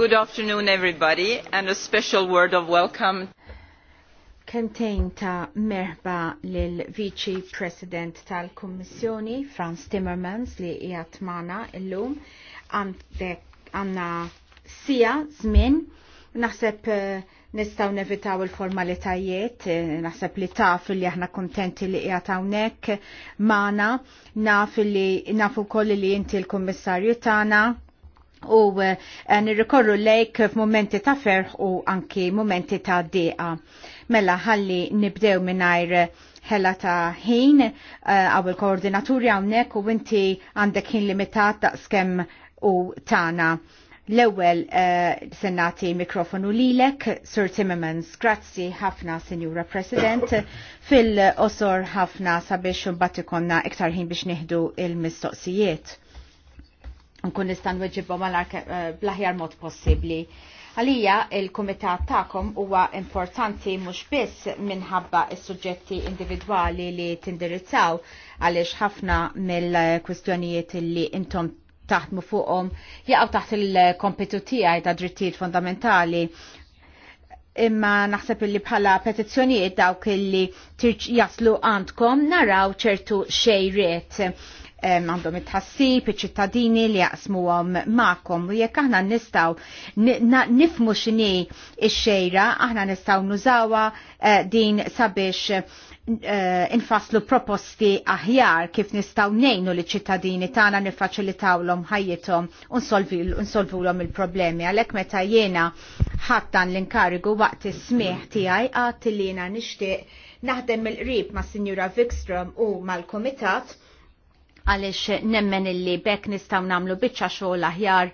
Good afternoon everybody and a special word of welcome. Kemtejn ta' merħba lil Vici President tal-Kummissjoni Franz Timmermans li qiegħed Mana illum, għanna sija żmien naħseb eh, nistaw nevitaw il-formalitajiet, eh, naħseb li fil li aħna kontenti li qiegħed hawnhekk Mana, naf li nafu koll li inti l-kummissarju tagħna u eh, eh, nirrikorru lejk f'momenti ta' ferħ u anki momenti ta' deqa. Mela ħalli nibdew minnajr eh, ħella ta' ħin għaw il-koordinaturi għawnek u inti għandek ħin limitat ta' skem u tana. L-ewel senati mikrofonu lilek, Sir Timmermans, grazzi ħafna, Signora President, fil-osor ħafna sabiex un battikonna iktar ħin biex nieħdu il-mistoqsijiet nkun nistan weġibba eh, bl aħjar mod possibbli. Għalija il-komitat ta'kom huwa importanti mhux biss minħabba is-suġġetti individwali li tindirizzaw għaliex ħafna mill-kwistjonijiet li intom taħdmu fuqhom jaqgħu taħt il-kompetu tiegħi ta' drittijiet fundamentali imma naħseb illi bħala petizzjonijiet dawk illi jaslu għandkom naraw ċertu xejriet għandhom it tħassib iċ-ċittadini li jaqsmuhom magħkom u jekk aħna nistgħu nifmu x'inhi x-xejra, aħna nistgħu nużawha eh, din sabiex eh, infaslu proposti aħjar kif nistgħu ngħinu li ċittadini tagħna niffaċilitawlhom ħajjithom u nsolvulhom il-problemi għalhekk meta jiena ħattan l-inkarigu waqt is-smieħ tiegħi għad li jiena nixtieq naħdem mill-qrib ma' Sinjura Vikstrom u mal-Komitat għalix nemmen illi bekk nistaw namlu bieċa xogħol aħjar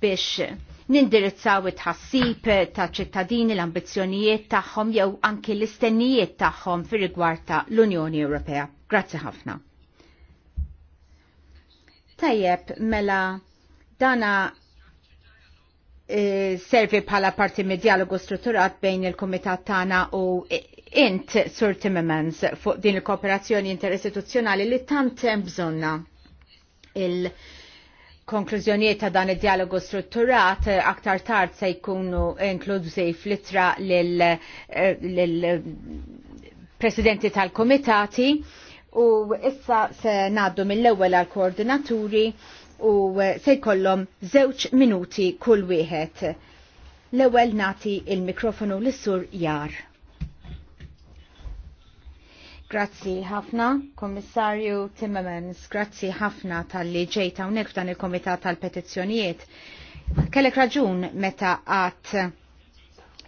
biex nindirizzaw it-ħassib ta' ċittadini l-ambizjonijiet tagħhom jew anki l-istennijiet tagħhom fir rigward ta' l-Unjoni Ewropea. Grazzi ħafna. Tajjeb, mela dana eh, servi bħala parti mid dialogu strutturat bejn il-Komitat tagħna u int, Sur Timmermans, fuq din il-kooperazzjoni interistituzzjonali li tant hemm bżonna il- konklużjonijiet ta' dan id-dialogu strutturat eh, aktar tard se jkunu inklużi flittra lill-presidenti eh, eh, tal-komitati u issa se naddu mill-ewwel għal koordinaturi u se jkollhom żewġ minuti kull wieħed. L-ewwel nati il-mikrofonu lis-sur Jar. Grazzi ħafna, Kommissarju Timmermans, grazzi ħafna tal-li ġejta unek f'dan il-Komitat tal-Petizzjonijiet. Kellek raġun meta għat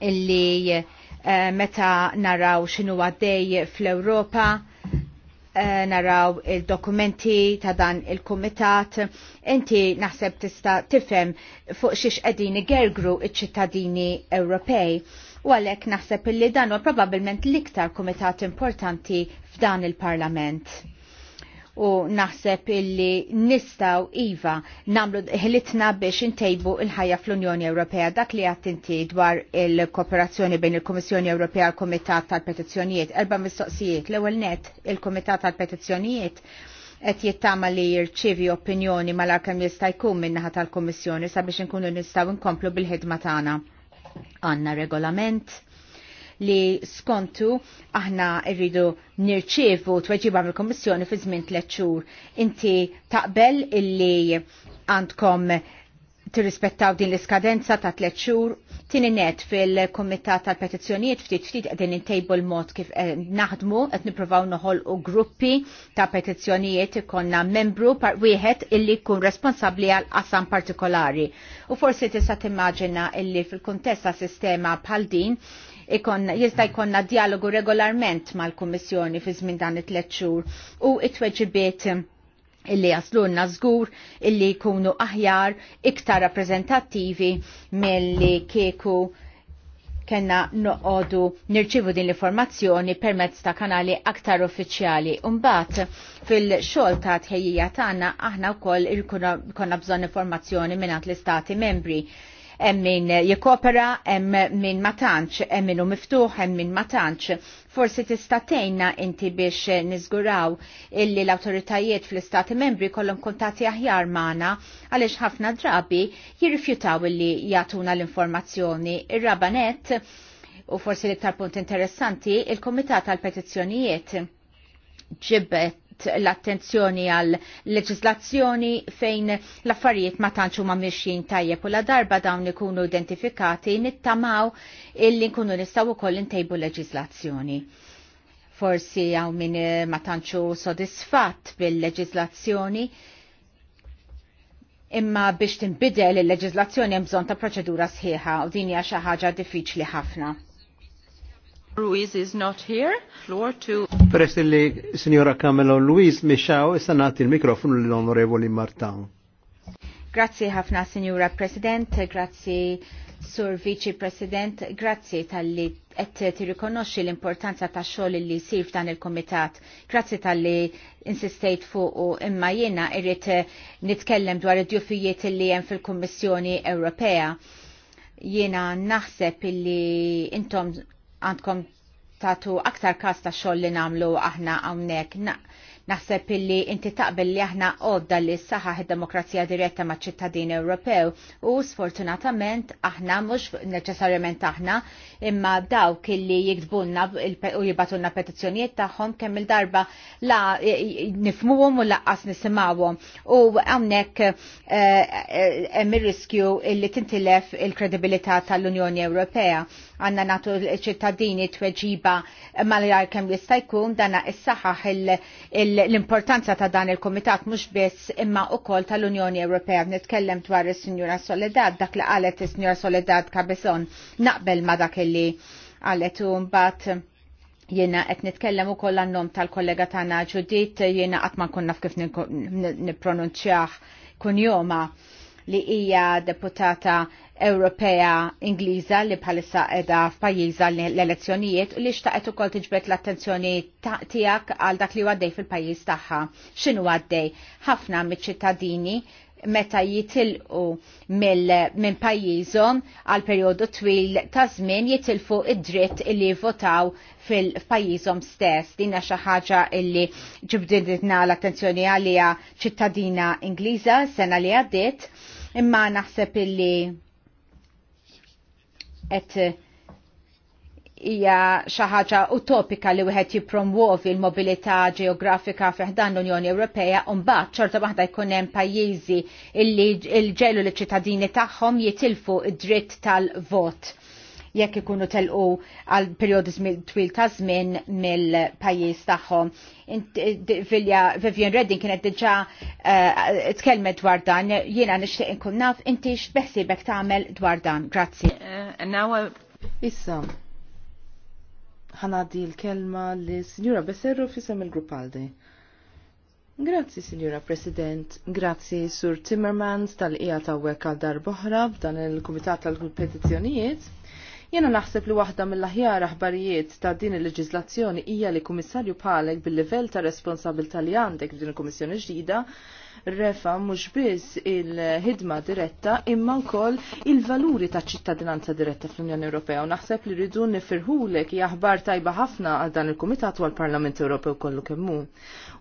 illi eh, meta naraw xinu għaddej fl-Europa, eh, naraw il-dokumenti ta' dan il-komitat, inti naħseb tista' tifhem fuq xiex qegħdin igergru iċ-ċittadini Ewropej u għalhekk naħseb illi dan huwa probabbilment l-iktar kumitat importanti f'dan il-Parlament. U naħseb illi nistaw iva namlu ħilitna biex intejbu il-ħajja fl-Unjoni Ewropea dak li għattinti dwar il-kooperazzjoni bejn il-Komissjoni Ewropea l komitat tal-Petizzjonijiet. Erba mistoqsijiet, l-ewwel net il-Komitat tal-Petizzjonijiet qed jittama li jirċivi opinjoni mal-arkem jista' jkun minnaħa tal-Kummissjoni sabiex inkunu nistgħu nkomplu bil-ħidma tagħna. Għanna regolament li skontu aħna rridu nirċievu tweġiba mill kommissjoni fi żmien tliet xhur. Inti taqbel illi għandkom tirrispettaw din l-iskadenza ta' tliet xhur. Tieni net fil-Kumitat tal-Petizzjonijiet ftit ftit qegħdin intejbu l-mod kif eh, naħdmu qed nippruvaw noħolqu gruppi ta' petizzjonijiet ikonna membru par wieħed illi jkun responsabbli għal qasam partikolari. U forsi tista' timmaġina illi fil-kuntest ta' sistema bħal din ikon, jista jkonna dialogu regolarment mal-Kummissjoni fi żmien dan it-tliet xhur u it-tweġibiet illi jaslunna zgur, illi jkunu aħjar, iktar rappresentativi mill-li kieku kena noqodu nirċivu din l-informazzjoni permezz ta' kanali aktar uffiċjali. Umbat, fil-xol ta' tħejjija tagħna aħna wkoll konna bżonn informazzjoni mingħand l-istati membri hemm min jikopera, hemm min ma tantx, hemm min hu miftuħ, hemm min ma tantx. Forsi tista' tgħinna inti biex niżguraw illi l-awtoritajiet fl-istati membri kollhom kuntati aħjar magħna għaliex ħafna drabi jirrifjutaw illi jagħtuna l-informazzjoni. Ir-rabanet u forsi l-iktar punt interessanti, il-Komitat tal-Petizzjonijiet ġibbet l-attenzjoni għal leġislazzjoni fejn l-affarijiet ma tantxu ma mixjin tajjeb u la darba dawn ikunu identifikati nittamaw illi nkunu nistgħu wkoll intejbu leġislazzjoni. Forsi għaw min eh, ma tantxu sodisfatt bil-leġislazzjoni imma biex tinbidel il-leġislazzjoni hemm bżonn ta' proċedura sħiħa u din hija xi ħaġa diffiċli ħafna. Ruiz is not here. Floor to... Peress li signora Camelo Luiz Mishaw sanati il-mikrofonu l-onorevoli Martan. Grazie ħafna, signora President, grazie Sur Vici President, grazie tal-li qed tirrikonoxxi l-importanza ta' xogħol li jsir f'dan il-kumitat. Grazzi tal-li insistejt fuq u imma jiena irrit nitkellem dwar id-djufijiet li hemm fil-Kummissjoni Ewropea. Jiena naħseb illi intom għandkom tatu aktar kas ta' xoll li namlu aħna għamnek. Naħseb illi inti taqbel li aħna għodda li saħaħ id-demokrazija diretta ma' ċittadin Ewropew u sfortunatament aħna mux neċessarjament aħna imma dawk illi jikdbunna u jibatunna petizjoniet tagħhom kemm il-darba la nifmuhom u laqqas nisimawhom u hawnhekk eh, eh, hemm ir-riskju illi tintilef il-kredibilità tal-Unjoni Ewropea għanna natu l-ċittadini tweġiba mal-jar kem jista' jkun is issaħħaħ l-importanza ta' dan il-Komitat mhux biss imma ukoll tal-Unjoni Ewropea nitkellem dwar is-Sinjura Soledad dak li qalet is-Sinjura Soledad Cabezon naqbel ma dak li qalet u mbagħad Jiena qed nitkellem ukoll għannom tal-kollega tagħna ġudit jiena qatt ma nkunna kif nippronunċjah kunjoma li hija deputata Ewropea Ingliża li bħalissa edha f'pajjiża l-elezzjonijiet u li xtaqet ukoll tiġbed l-attenzjoni tiegħek għal dak li għaddej fil-pajjiż tagħha. X'inhu għaddej? Ħafna miċ-ċittadini meta jitilqu minn pajjiżhom għal perjodu twil ta' żmien jitilfu id-dritt illi votaw fil-pajjiżhom stess. Dinna xi ħaġa illi ġibdidna l-attenzjoni għalija ċittadina Ingliża sena li għaddiet imma naħseb illi et eh, hija xi ħaġa utopika li wieħed jippromwovi l-mobilità ġeografika fiħdan l-Unjoni Ewropea u mbagħad xorta waħda jkun hemm pajjiżi illi l-ġelu l-ċittadini tagħhom jitilfu id-dritt tal-vot jekk ikunu telqu għal periodi twil ta' żmien mill-pajjiż tagħhom. Vivian Redding kienet diġà eh, tkellmet dwar dan, jiena nixtieq inkun naf inti x'beħsibek tagħmel dwar dan. Grazzi. Eh, Issa, ħanaddi l-kelma li Signora Becerro fisem il-Grupp Aldi. Grazzi, Signora President. Grazzi, Sur Timmermans, tal qija ta' wek għal boħra, b'dan il-Kumitat tal-Kompetizzjonijiet. Jena naħseb li waħda mill-aħjar aħbarijiet ta' din il-leġizlazzjoni hija li kummissarju bħalek bil-livell ta' responsabilità li għandek f'din il-Kummissjoni ġdida refa mhux biss il-ħidma diretta imma wkoll il-valuri ta' ċittadinanza diretta fl-Unjoni Ewropea u naħseb li rridu nifirħulek hija aħbar tajba ħafna għal dan il-Kumitat u għall-Parlament Ewropew kollu kemm hu.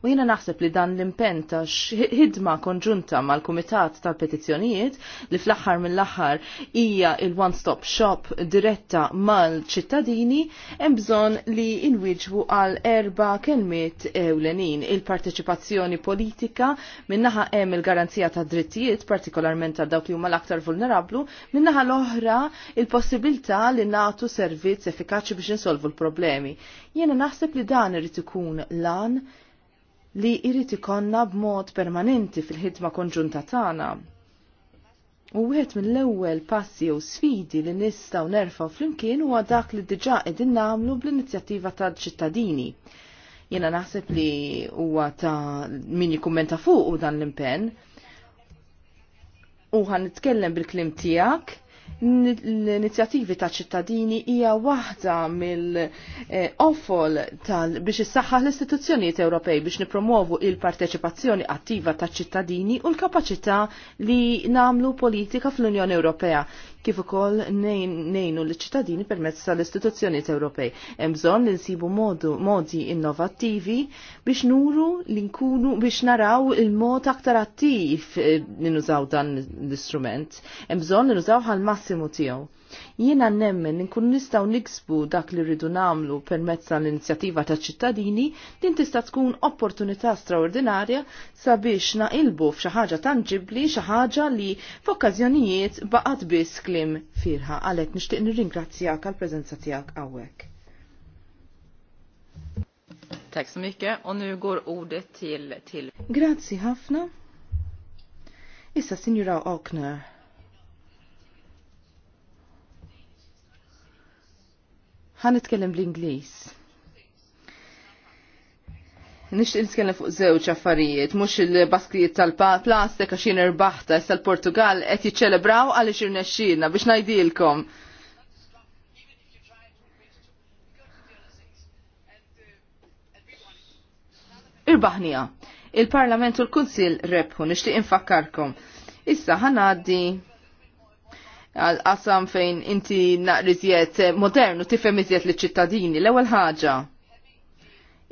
U jiena naħseb li dan l-impenn ta' ħidma konġunta mal-Kumitat tal-Petizzjonijiet li fl-aħħar mill-aħħar hija il-one-stop shop diretta mal-ċittadini hemm bżonn li inwiġbu għal erba' kelmiet ewlenin il-parteċipazzjoni politika minn Minnaħa hemm il-garanzija ta' drittijiet, partikolarment ta' dawk li huma l-aktar vulnerablu, minnaħa l-oħra il-possibilità li nagħtu servizz effikaċi biex insolvu l-problemi. Jiena naħseb li dan irid ikun lan li irid ikonna b'mod permanenti fil-ħidma konġunta tagħna. U wieħed mill-ewwel passi u sfidi li nistgħu nerfgħu flimkien huwa dak li diġà qegħdin nagħmlu bl-inizjattiva tal-ċittadini Jena naħseb li huwa ta' min jikkummenta fuq u dan l-impenn. U ħan nitkellem bil-klim tijak l inizjativi ta' ċittadini hija waħda mill-offol biex biex saxħa l-istituzzjonijiet Ewropej biex nipromovu il-parteċipazzjoni attiva ta' ċittadini u l-kapaċità li namlu politika fl-Unjoni Ewropea kif ukoll nejnu l-ċittadini permezz tal-istituzzjonijiet Ewropej. Hemm bżonn li nsibu modi innovattivi biex nuru li nkunu biex naraw il-mod aktar attiv li nużaw dan l-istrument. Hemm bżonn li nużaw għal massimu tiegħu Jiena nemmen nkun nistgħu niksbu dak li rridu nagħmlu permezz l inizjattiva ta' ċittadini din tista' tkun opportunità straordinarja sabiex naqilbu f'xi ħaġa tanġibli, xi ħaġa li f'okkażjonijiet baqgħet biss klim firħa. Għalhekk nixtieq nirringrazzjak għall-preżenza tiegħek hawnhekk. Tack så mycket. Och nu går ordet till... till... Grazie, Hafna. Issa, signora Okner. Ħan nitkellem bl-Ingliż. Nixtieq nitkellem fuq żewġ affarijiet, mhux il-baskrijiet tal-plastik għax irbaħta issa l-Portugal qed jiċċelebraw għaliex irnexxielna biex ngħidilkom. Irbaħnija. Il-Parlament u l-Kunsil rebħu nixtieq infakkarkom. Issa ħanaddi għal-qasam fejn inti naqriżiet eh, modernu tifem tifhem iżjed liċ-ċittadini. L-ewwel ħaġa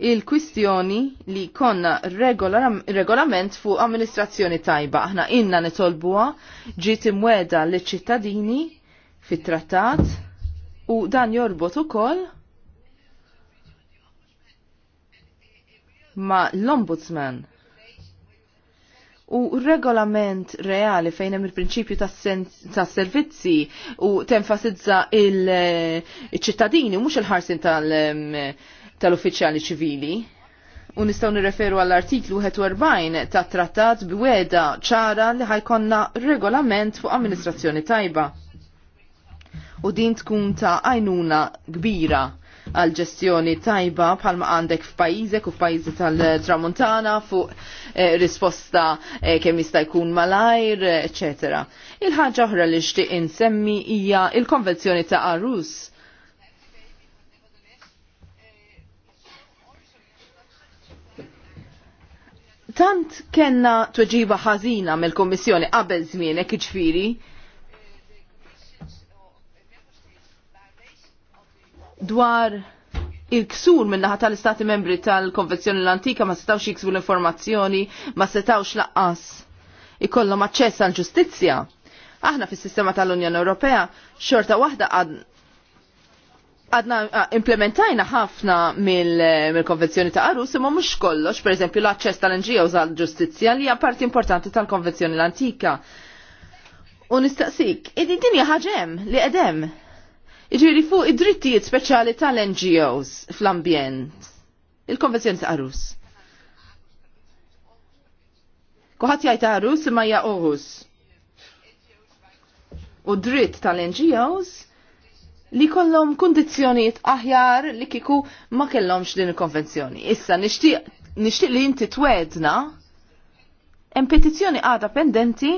il-kwistjoni li konna regolament fuq amministrazzjoni tajba. Aħna inna nitolbuha ġiet imweda l ċittadini fit-trattat u dan jorbot ukoll ma l-ombudsman u regolament reali fejn hemm il-prinċipju tas servizzi u tenfasizza il-ċittadini eh, mhux il-ħarsin tal-uffiċjali ċivili. U nistgħu nirreferu għall-artiklu 41 ta' trattat biweda ċara li ħajkonna regolament fuq amministrazzjoni tajba. U din tkun ta' għajnuna kbira għal ġestjoni tajba bħalma għandek f'pajjiżek u f'pajjiżi tal-Tramuntana fuq eh, risposta eh, kemm jista' jkun malajr, etc. Il-ħaġa oħra li xtieq insemmi hija il-Konvenzjoni ta' Arus Tant kenna tweġiba ħażina mill-Kommissjoni qabel żmienek iġfieri. dwar il-ksur minnaħa tal-istati membri tal-konvenzjoni l-antika ma setawx jiksbu l-informazzjoni, ma setawx laqqas ikollhom aċċess għal ġustizzja. Aħna fis-sistema tal-Unjoni Ewropea xorta waħda għadna implementajna ħafna mill-konvenzjoni ta' Arus imma mhux kollox, pereżempju l-aċċess tal-NGOs għal ġustizzja li hija parti importanti tal-konvenzjoni l-antika. U nistaqsik, id-dinja ħaġem li qedem Iġviri fuq id-drittijiet speċjali tal-NGOs fl-ambjent. Il-konvenzjoni ta' Arus. Kuħat jajta Arus imma hija Oħus. U dritt tal-NGOs li kollhom kundizzjonijiet aħjar li kiku ma kellhomx din il-konvenzjoni. Issa nixtieq nixtieq li inti twedna hemm petizzjoni għada pendenti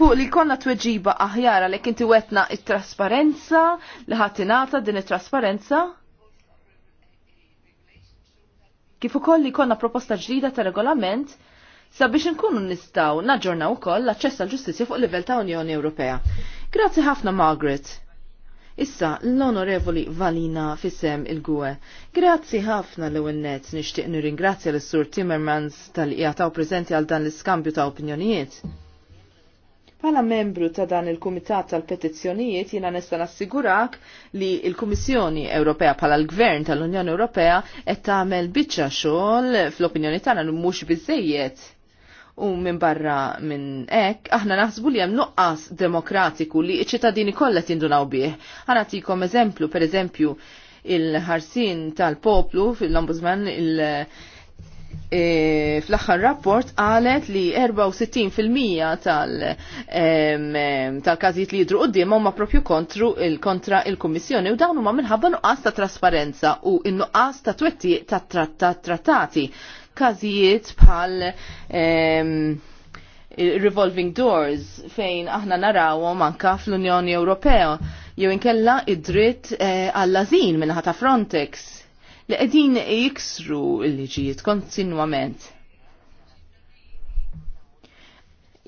fuq li konna tweġiba aħjara li kinti wetna il trasparenza li ħatinata din it-trasparenza? Kif ukoll li konna proposta ġdida ta' regolament sabiex nkunu nistaw naġġornaw ukoll l-aċċess għal ġustizzja fuq livell ta' Unjoni Ewropea. Grazzi ħafna Margaret. Issa l-Onorevoli Valina fissem il-Gwe. Grazzi ħafna l net nixtieq nirringrazzja l-Sur Timmermans tal-qija taw preżenti għal dan l-iskambju ta' opinjonijiet. Pala membru ta' dan il-Kumitat tal-Petizzjonijiet jiena nista' nassigurak li l-Kummissjoni Ewropea pala l-Gvern tal-Unjoni Ewropea qed tagħmel biċċa xogħol fl-opinjoni tagħna mhux biżejjed u minn barra minn hekk aħna naħsbu li hemm nuqqas demokratiku li ċ-ċittadini kollha tindunaw bih. tikom eżempju, pereżempju, il-ħarsin tal-poplu fil-Ombudsman il-, -ombudsman, il E, fl-axħar rapport għalet li 64% tal em, tal, kazijiet li jidru qoddim huma propju kontru il-kontra il-Kummissjoni u dawn huma minħabba nuqqas ta' trasparenza u n-nuqqas ta' twetti ta' trattati. Kazijiet bħal revolving doors fejn aħna narawhom anka fl-Unjoni Ewropea jew inkella id-dritt eh, għall-azin minħata Frontex li qegħdin jiksru l-liġijiet kontinwament.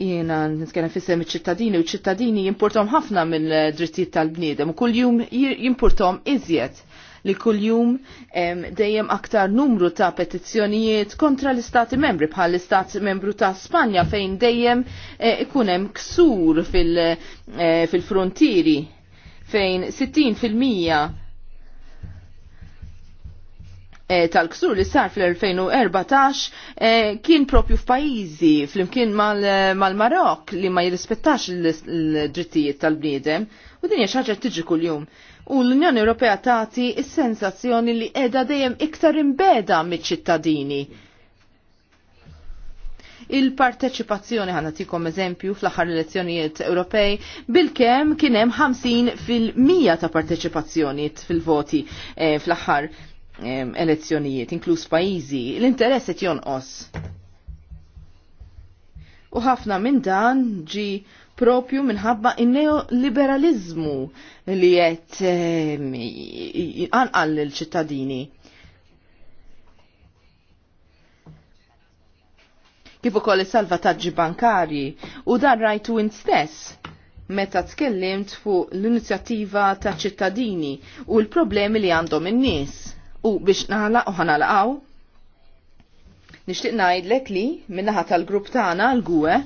Jiena nitkellem fissem iċ-ċittadini u ċittadini jimportom ħafna minn drittijiet tal-bniedem u kuljum jimportom iżjed li kuljum dejjem aktar numru ta' petizzjonijiet kontra l-istati membri bħal l istati membru ta' Spanja fejn dejjem eh, ikunem ksur eh, fil-frontieri 60 fil fejn 60% Eh, tal-ksur li sar fl-2014 eh, kien propju f'pajjiżi flimkien eh, mal-Marok li ma jirrispettax l-drittijiet tal-bniedem u din hija xi tiġi kuljum. U l-Unjoni Ewropea tagħti s-sensazzjoni li qiegħda dejjem iktar imbeda miċ-ċittadini il-parteċipazzjoni ħana tikom eżempju fl-aħħar elezzjonijiet Ewropej bil-kem kien hemm 50 fil-mija ta' parteċipazzjoni fil-voti fl-aħħar elezzjonijiet, inkluż pajjiżi, l-interess qed jonqos. U ħafna minn dan ġi propju minħabba in neoliberalizmu li qed anqal l-ċittadini. Kif ukoll is-salvataġġi bankarji u dan rajtu instess stess meta tkellimt fuq l-inizjattiva ta' ċittadini u l-problemi li għandhom in-nies U biex naħla u ħanalaqaw, nishtiq najdlek li minnaħat tal-grupp tagħna l-gwe,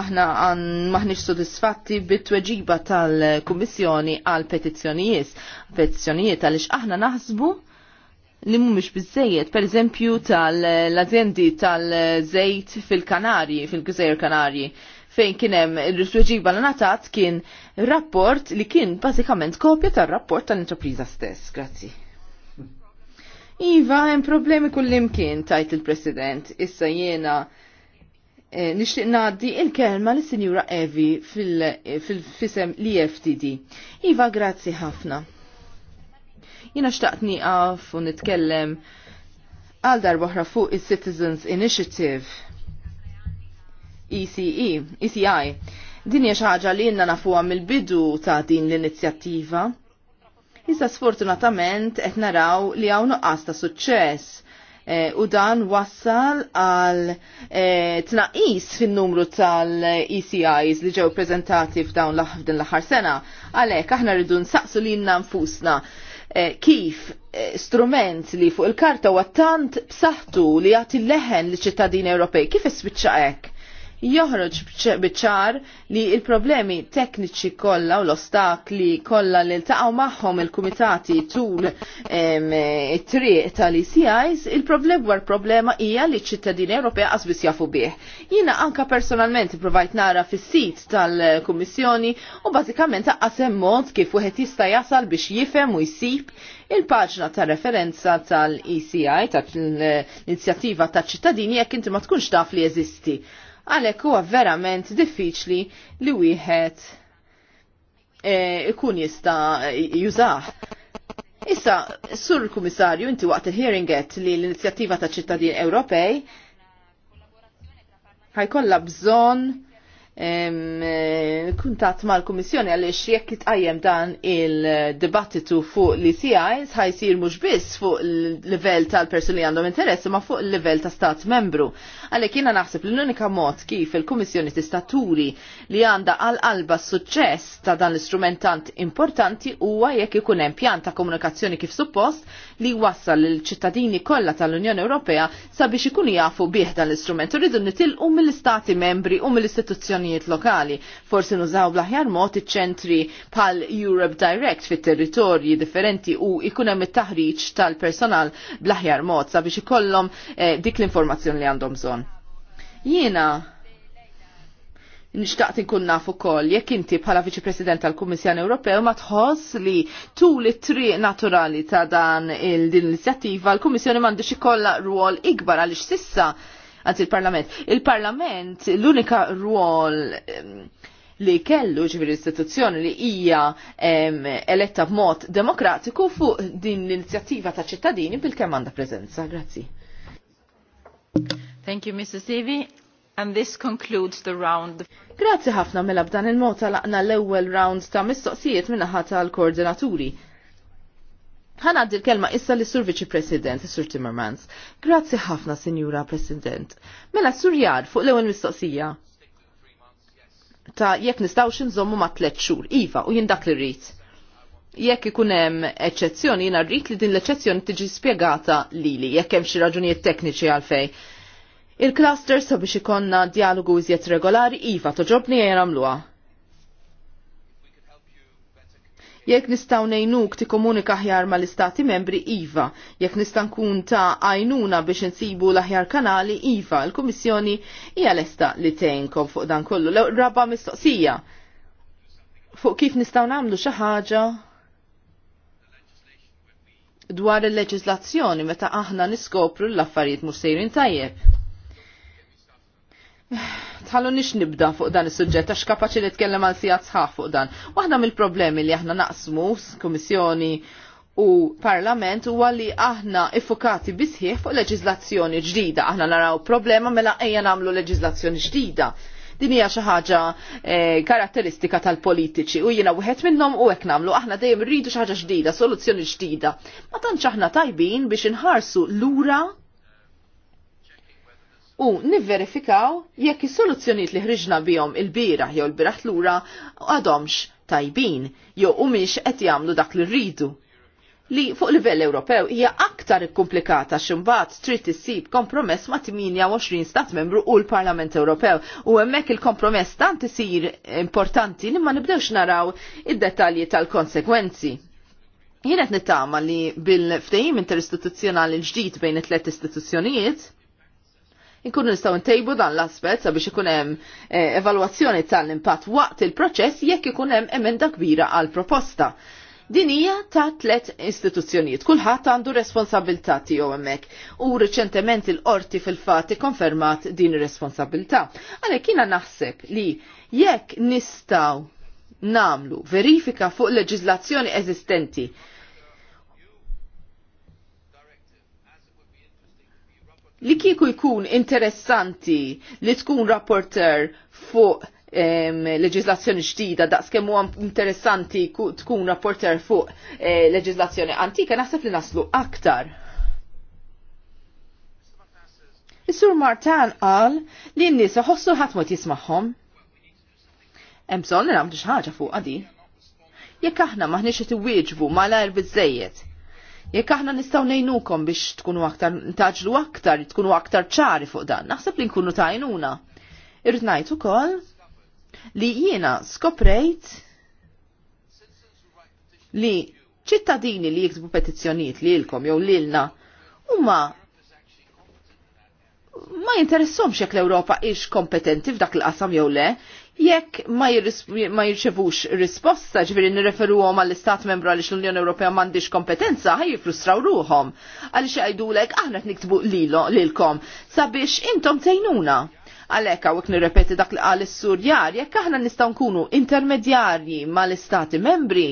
aħna għan maħnix sodisfatti bit-tweġiba tal-Kummissjoni għal petizzjonijiet, petizzjonijiet għaliex aħna naħsbu li mhumiex bizzejiet, per eżempju tal-azjendi tal-żejt fil-Kanarji, fil-Gżejjer Kanarji, fejn kien hemm il-tweġiba l natat kien rapport li kien bażikament kopja tar-rapport tal-intrapriża stess. Grazzi. Iva, hemm problemi kullimkien, tajt il-President. Issa jiena E, nixtieq ngħaddi il-kelma lis sinjura Evi fil-fisem fil l-EFTD. Iva, grazzi ħafna. Jiena xtaqt niqaf u nitkellem għal darboħra fuq is citizens Initiative ECE, ECI. Din hija xi ħaġa li jenna nafuha mill-bidu ta' din l-inizjattiva Issa sfortunatament qed naraw li hawn nuqqas ta' suċċess e, u dan wassal għal e, tnaqis fin-numru tal-ECIs li ġew prezentati f'dawn l-aħħar sena. Għalhekk aħna rridu nsaqsu lilna nfusna e, kif strument li fuq il-karta huwa tant b'saħħtu li jagħti leħen liċ ċittadini Ewropej, kif iswiċċa hekk? joħroġ biċar li il-problemi tekniċi kollha u l-ostakli kollha li l-taqaw magħhom il-kumitati tul it-triq tal-ECIs, il-problem war problema hija li ċ-ċittadini Ewropea qasbis jafu bih. Jiena anka personalment provajt nara fis-sit tal-Kummissjoni u bażikament taqqasem mod kif wieħed jista' jasal biex jifhem u jsib il-paġna ta' referenza tal-ECI, tal-inizjattiva ta' ċittadini, jekk inti ma tkunx taf li jeżisti għalhekk huwa verament diffiċli li wieħed e, ikun jista' jużah. Issa, sur il-Kummissarju, inti waqt il-hearing li l-inizjattiva ta' ċittadin Ewropej ħajkolla bżonn Eh, kuntat mal-Kummissjoni għaliex jekk itqajjem dan il-dibattitu fuq li CIs ħajsir mhux biss fuq il level tal-persuni li għandhom interess ma fuq il-livell ta' stat membru. Għalhekk jiena naħseb li l-unika mod kif il-Kummissjoni tista' turi li għandha għal alba suċċess ta' dan l-istrumentant importanti huwa jekk ikun hemm pjan ta' komunikazzjoni kif suppost li wassal il ċittadini kollha tal-Unjoni Ewropea sabiex ikunu jafu bih dan l-istrument. Rridu nitilqu mill-istati membri u mill-istituzzjonijiet lokali. Forsi nużaw bl-aħjar mod iċ-ċentri bħal Europe Direct fit-territorji differenti u ikun hemm it-taħriġ tal-personal bl-aħjar mod sabiex ikollhom eh, dik l-informazzjoni li għandhom bżonn. Jiena Nixtaqt nkun naf ukoll jekk inti bħala Viċi President tal-Kummissjoni Ewropew ma tħoss li tul it-triq naturali ta' dan il-din l-inizjattiva l-Kummissjoni m'għandux ikollha rwol ikbar għaliex sissa għanzi il-Parlament. Il-Parlament l-unika rwol li kellu ġviri istituzzjoni li hija eletta b'mod demokratiku fuq din l-inizjattiva ta' ċittadini bil-kemm għandha preżenza. Grazzi. Thank you, Mrs. Sevi. And this concludes the round. Grazzi ħafna mela b'dan il-mod laqna l-ewwel round ta' mistoqsijiet min-naħa tal-koordinaturi. għaddi l-kelma issa li sur Viċi President, Sur Timmermans. Grazzi ħafna, Sinjura President. Mela Sur Jar fuq l-ewwel mistoqsija ta' jekk nistawx nżommu ma' tliet xhur, iva, u jien dak li rrit. Jekk ikun hemm eċċezzjoni, jiena rrit li din l-eċċezzjoni tiġi spjegata lili, jekk hemm xi raġunijiet tekniċi għalfej. Il-cluster sabiex ikonna dialogu iżjed regolari iva toġobni e jgħan għamluwa. Jekk nistaw nejnuk ti komunika ħjar ma l-istati membri IVA, jekk nista' nkun ta' għajnuna biex insibu l-aħjar kanali IVA, l-Kummissjoni hija lesta li tgħinkom fuq dan kollu. Raba mistoqsija fuq kif nistaw nagħmlu xi ħaġa dwar il-leġislazzjoni meta aħna niskopru l-affarijiet mhux sejrin tajjeb. Tħallu nix nibda fuq dan is-suġġett għax kapaċi li tkellem għal sijat sħaħ fuq dan. Waħda mill-problemi li aħna naqsmu s-Kummissjoni u parlament huwa li aħna iffukati bisħieħ fuq leġizlazzjoni ġdida. Aħna naraw problema mela ejja nagħmlu leġizlazzjoni ġdida. Din hija xi ħaġa eh, karatteristika tal-politiċi u jiena wieħed minnhom u hekk nagħmlu aħna dejjem rridu xi ħaġa ġdida, soluzzjoni ġdida. Ma tantx aħna tajbin biex inħarsu lura u nivverifikaw jekk is-soluzzjonijiet li ħriġna bihom il-biraħ jew l-biraħ lura għadhomx tajbin jew humiex qed jagħmlu dak li rridu. Li fuq livell Ewropew hija aktar ikkumplikata x'imbagħad trid issib kompromess ma' 28 stat membru u l-Parlament Ewropew u hemmhekk il-kompromess tant isir importanti li ma nibdewx naraw id-dettalji tal-konsekwenzi. qed nittama li bil-ftehim interistituzzjonali l-ġdid bejn it-tlet istituzzjonijiet, Inkunu nistgħu ntejbu dan l-aspett sabiex ikun hemm eh, evalwazzjoni tal-impatt waqt il-proċess jekk ikun hemm emenda kbira għal proposta. Din hija ta' tlet istituzzjonijiet, kulħadd għandu responsabilità tiegħu hemmhekk u riċentement il-qorti fil-fatt ikkonfermat din ir-responsabilità. Għalhekk jiena naħseb li jekk nistgħu namlu verifika fuq leġiżlazzjoni eżistenti li kieku jkun interessanti li tkun rapporter fuq um, leġislazzjoni ġdida daqskemm għam interessanti tkun rapporter fuq eh, leġislazzjoni antika naħseb li naslu aktar. Is-Sur Martan qal li n-nies iħossu ħadd ma jismagħhom. Hemm bżonn nagħmlu xi ħaġa fuq għadi. Jekk aħna maħniex qed iwieġbu malajr biżejjed Jekk aħna nistgħu ngħinukom biex tkunu aktar ntaġlu aktar, tkunu aktar ċari fuq dan, naħseb li nkunu tajnuna. Irrid ngħid ukoll li jiena skoprejt li ċittadini li jiksbu petizzjonijiet li ilkom jew lilna huma ma jinteressomx jekk l-Ewropa ix kompetenti f'dak il-qasam jew le, jekk ma jirċevux risposta ġviri nireferu għom għall-Istat membru għalix l-Unjoni Ewropea mandiġ kompetenza ħaj jifrustraw ruħom għalix għajdu l aħna t-niktbu lilkom sabiex intom tejnuna għalek għawek nirrepeti dak li għal jar, jekk aħna nistaw nkunu intermedjarji mal-istati membri,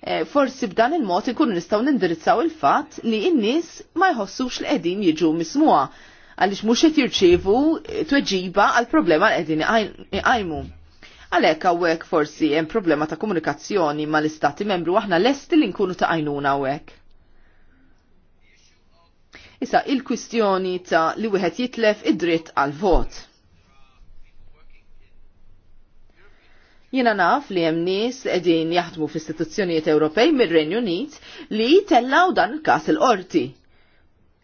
eh, forsi b'dan il-mod ikunu nistaw nindirizzaw il-fat li n ma jħossux li qegħdin jiġu mismuha għaliex mhux qed jirċievu tweġiba għal problema l qegħdin iqajmu. Għalhekk hawnhekk forsi hemm problema ta' komunikazzjoni mal-istati membru aħna lesti li nkunu ta' għajnuna għawek. Issa il-kwistjoni ta' li wieħed jitlef id-dritt għal vot. Jiena naf li hemm nies qegħdin jaħdmu fl-istituzzjonijiet Ewropej mir-Renju Unit li tellaw dan il-każ il-qorti.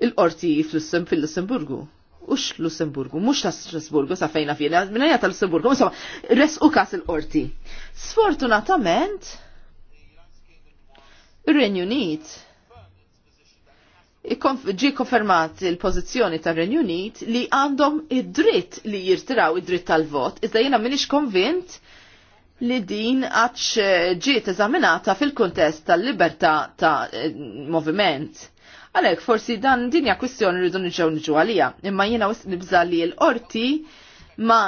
Il-qorti fil-Lussemburgu ux x-Lussemburgu, mux ta' Strasburgu, sa' fejna fjena, minna ta' Lussemburgu, insomma, res u kas il-qorti. Sfortunatament, il-Renju Unit ġi konfermat il-pozizjoni tar renju Unit li għandhom id-dritt li jirtiraw id-dritt tal-vot, iżda jena minix konvint li din għax ġiet eżaminata fil-kontest tal-libertà ta' eh, moviment Għalek, forsi dan dinja kwistjoni rridu nġew nġu għalija, imma jena wis nibza li l-orti ma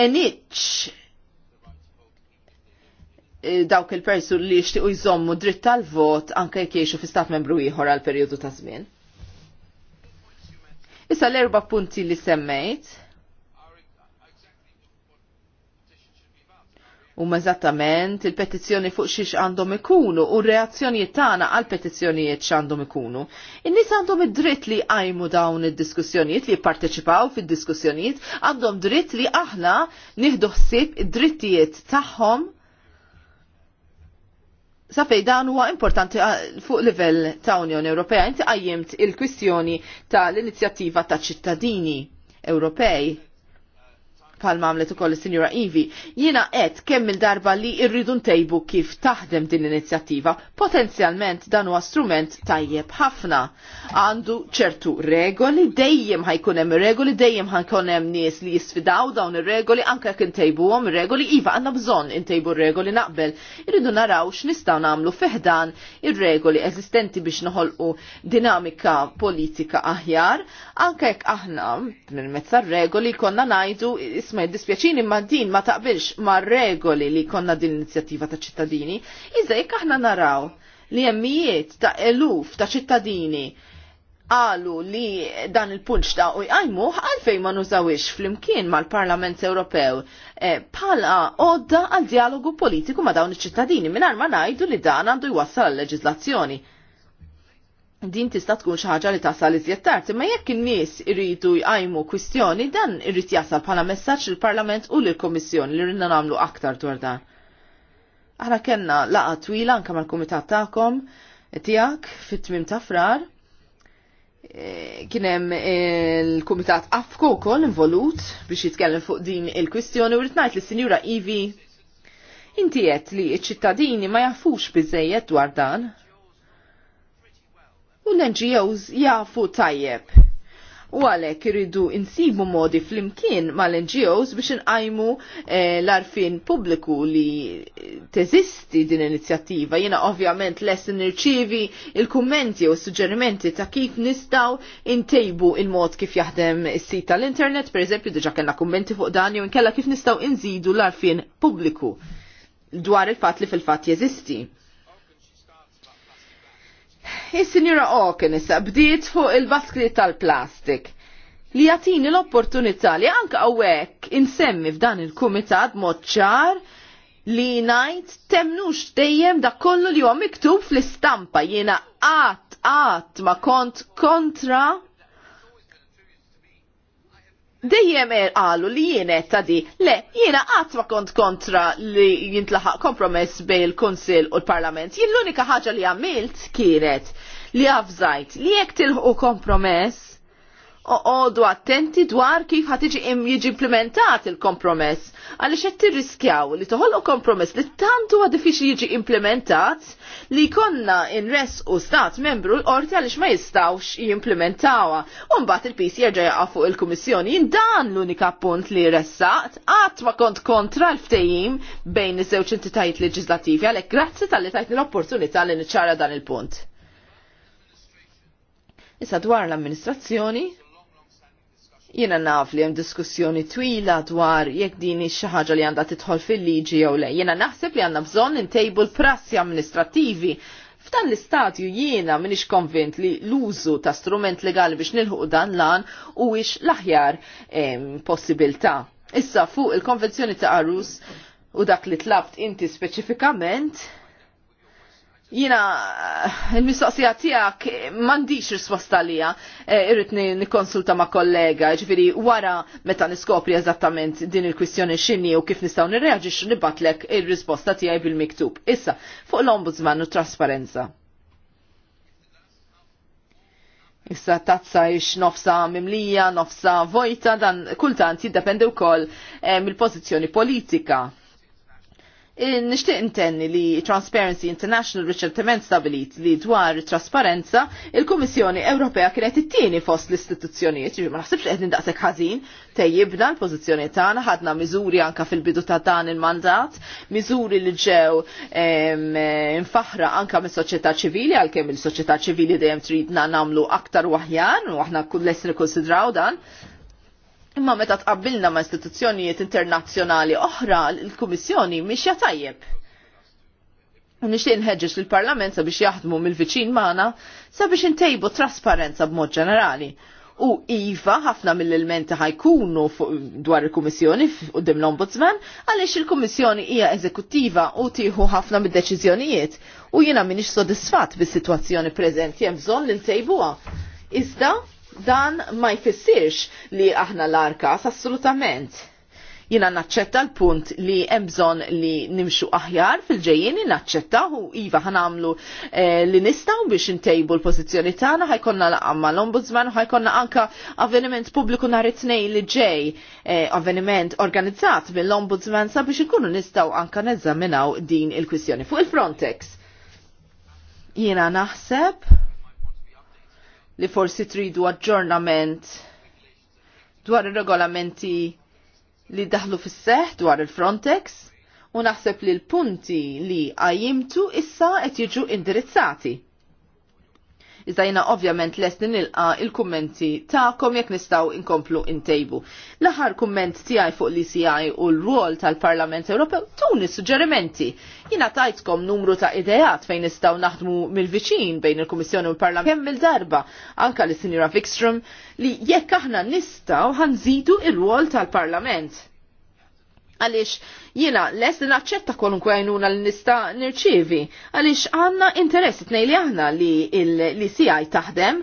enitx eh, dawk il-persu li jixtiqu jżommu dritt tal-vot anke jekk jgħixu fi stat membru ieħor għal perjodu ta' żmien. Issa l-erba punti li semmejt u mażattament il-petizzjoni fuq xiex għandhom ikunu u reazzjonijiet tagħna għal petizzjonijiet x'għandhom ikunu. In-nies għandhom id-dritt li jqajmu dawn id-diskussjonijiet li jipparteċipaw fid-diskussjonijiet, għandhom dritt li aħna nieħdu ħsieb id-drittijiet tagħhom Safej, dan huwa importanti fuq livell ta' Unjoni Ewropea. Inti qajjimt il-kwistjoni tal-inizjattiva ta' ċittadini Ewropej palma għamlet ukoll is-Sinjura Ivi, jiena għed kemm il-darba li rridu ntejbu kif taħdem din l-inizjattiva, potenzjalment dan huwa strument tajjeb ħafna. Għandu ċertu regoli, dejjem ħajkun hemm regoli, dejjem ħajkun hemm nies li jisfidaw dawn ir-regoli anke jekk intejbuhom għom regoli iva għandna bżonn intejbu r-regoli naqbel. Irridu naraw x'nistgħu nagħmlu fiħdan ir-regoli eżistenti biex noħolqu dinamika politika aħjar, anke jekk aħna minn mezza regoli konna ngħidu Isma jiddispjaċin imma din ma taqbilx ma regoli li konna din l-inizjattiva ta' ċittadini, iżda jekk aħna naraw li jemmijiet ta' eluf ta' ċittadini għalu li dan il-punċ ta' u jgħajmu għalfej ma nużawix fl-imkien mal-Parlament Ewropew eh, bħala odda għal dialogu politiku ma dawn iċ-ċittadini minn ma najdu li dan għandu jwassal għal leġizlazzjoni din tista' tkun xi ħaġa li tasal iżjed tard, imma jekk in-nies iridu jqajmu kwistjoni dan irid jasal bħala messaġġ lill-Parlament u lill-Kummissjoni li rinna nagħmlu aktar dwar dan. Aħna kellna laqgħa twila anke mal-kumitat tagħkom tiegħek fit-tmim ta' frar. E, kien hemm il-kumitat Afko wkoll involut biex jitkellem fuq din il-kwistjoni u rid ngħid lis-Sinjura Ivi inti qed li ċ-ċittadini ma jafux biżejjed dwar dan u l-NGOs jafu tajjeb. U għalek rridu insibu modi fl-imkien mal-NGOs biex nqajmu eh, l-arfin publiku li teżisti din inizjattiva. Jena ovvjament les nirċivi il-kummenti u suġġerimenti ta' kif nistaw intejbu il-mod kif jaħdem is-sit tal-internet, per eżempju, diġa kellna kummenti fuq dan jew inkella kif nistaw inżidu l-arfin publiku dwar il-fat li fil-fat jeżisti Is-Sinjura Oken issa bdiet fuq il baskri tal-plastik li jatini l-opportunità li anka għawek insemmi f'dan il-kumitat moċċar li najt temnux dejjem da kollu li huwa miktub fl-istampa jiena għat għat ma kont kontra dejjem er qalu li jiena ta' di, le, jiena qatt ma kont kontra li jintlaħaq kompromess bejn il-Kunsil u l-Parlament. Jien l-unika ħaġa li għamilt kienet li għafżajt li jekk tilħu kompromess oqodu attenti dwar kif ħatiġi jiġi implementat il-kompromess. Għaliex qed tirriskjaw li toħolqu kompromess li tantu huwa diffiċli jiġi implementat li konna res u stat membru l-qorti għaliex ma jistawx jimplementawa. Umbat il-PC jerġa' jaqa' fuq il-Kummissjoni dan l-unika punt li ressaqt qatt ma kont kontra l-ftejim bejn iż-żewġ entitajiet leġislativi għalhekk grazzi tal-li tajtni l-opportunità li niċċara dan il-punt. Issa dwar l-amministrazzjoni, Jiena naf li hemm diskussjoni twila dwar jekk din xi ħaġa li għandha tidħol fil-liġi jew le. Jiena naħseb li għandna bżonn intejbu l-prassi amministrattivi F'dan l istatju jiena minix konvint li l-użu ta' strument legali biex nilħuq dan lan u biex l-aħjar possibilta. Issa fuq il-konvenzjoni ta' Arus u dak li tlabt inti speċifikament, jina eh, il-mistoqsija tijak mandiċ risposta lija eh, irritni nikonsulta ma kollega ġviri wara meta niskopri eżattament din il-kwistjoni xinni u kif nistaw nirreagġix nibatlek il-risposta tijaj bil-miktub. Issa, fuq l-ombudsman u trasparenza. Issa tazza ix nofsa mimlija, nofsa vojta, dan kultant jiddependi wkoll eh, mill-pożizzjoni politika Nishtiq intenni li Transparency International riċentement stabilit li dwar trasparenza il-Kummissjoni Ewropea kienet it-tieni fost l-istituzzjonijiet, ma naħsibx qed nindaqsek ħażin tejjibna l-pożizzjoni tagħna, ħadna miżuri anka fil-bidu ta' dan il-mandat, miżuri li ġew infaħra anka mis-soċjetà ċivili għalkemm il-soċjetà ċivili dejjem tridna nagħmlu aktar waħjan u aħna kull lest nikkonsidraw dan Imma meta tqabbilna ma' istituzzjonijiet internazzjonali oħra, il-Kummissjoni mhix tajjeb. U nixtieq nħeġġeġ lill-Parlament sabiex jaħdmu mill-viċin magħna sabiex intejbu trasparenza b'mod ġenerali. U Iva, ħafna mill-elementi ħajkunu dwar il-Kummissjoni u dim l-Ombudsman, għaliex il-Kummissjoni hija eżekuttiva u tieħu ħafna mid-deċiżjonijiet u jiena m'iniex sodisfatt bis-sitwazzjoni preżenti hemm bżonn li ntejbuha. Iżda Dan ma jfissirx li aħna l-arkas assolutament. Jina naċċetta l-punt li emżon li nimxu aħjar fil-ġejjini naċċetta u iva ħanamlu eh, li nistaw biex intejbu l-pozizjoni tagħna ħajkonna l-għamma l-ombudsman u ħajkonna anka avveniment pubbliku nhar it-tnejn li ġej eh, avveniment organizzat mill-ombudsman sabiex ikunu nistaw anka nezzaminaw din il-kwistjoni fuq il-Frontex. Jina naħseb li forsi tridu aġġornament dwar ir-regolamenti li daħlu fis-seħ dwar il-Frontex u naħseb li l-punti li għajimtu issa qed jiġu indirizzati. Iżda ovvjament lest nilqa il-kummenti ta'kom jekk nistaw inkomplu intejbu. L-aħar kumment tiegħi fuq l-ICI u l-rwol tal-Parlament Ewropew tuni suġġerimenti. Jina tajtkom numru ta' idejat fejn nistaw naħdmu mill-viċin bejn il-Kummissjoni u l-Parlament kemm il-darba anka l-Sinjura Vikstrom li jekk aħna nistaw ħanżidu il-rwol tal-Parlament għaliex jiena les li naċċetta kwalunkwe għajnuna li nista nirċievi għaliex għandna interess tnej li aħna li CI taħdem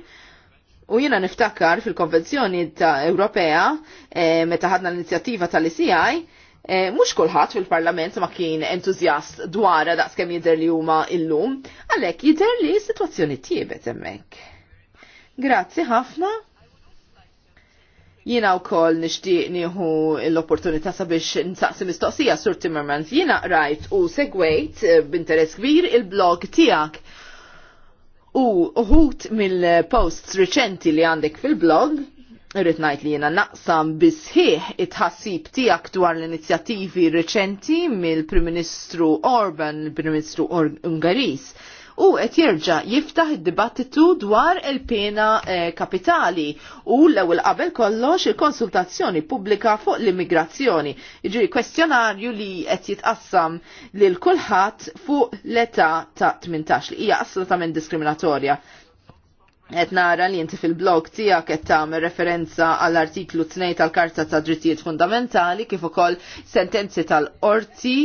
u jiena niftakar fil-konvenzjoni ta' Ewropea e, meta ħadna l-inizjattiva tal-ICI e, eh, mhux kulħadd fil-Parlament ma kien entużjast daqs daqskemm jidher li huma illum, għalhekk jidher li s-sitwazzjoni tiebet hemmhekk. Grazzi ħafna. Jina u koll nishtiq nieħu l-opportunità sabiex nsaqsi mistoqsija Sur Timmermans. Jina rajt u segwejt eh, b'interess kbir il-blog tijak. U uħut mill-posts reċenti li għandek fil-blog, Rritnajt li jena naqsam bisħiħ it-ħassib tijak dwar l-inizjattivi reċenti mill-Prim Ministru Orban, il-Prim Ministru Ungaris. Or u qed jerġa' jiftaħ id-dibattitu dwar il-pena eh, kapitali u l-ewwel qabel kollox il-konsultazzjoni pubblika fuq l-immigrazzjoni. Jiġri kwestjonarju li qed jitqassam lil kulħadd fuq l-età ta' 18 li hija assolutament diskriminatorja. Et nara li inti fil-blog tijak et tam referenza għall-artiklu 2 tal-Karta ta' Drittijiet Fundamentali kif ukoll sentenzi tal-Orti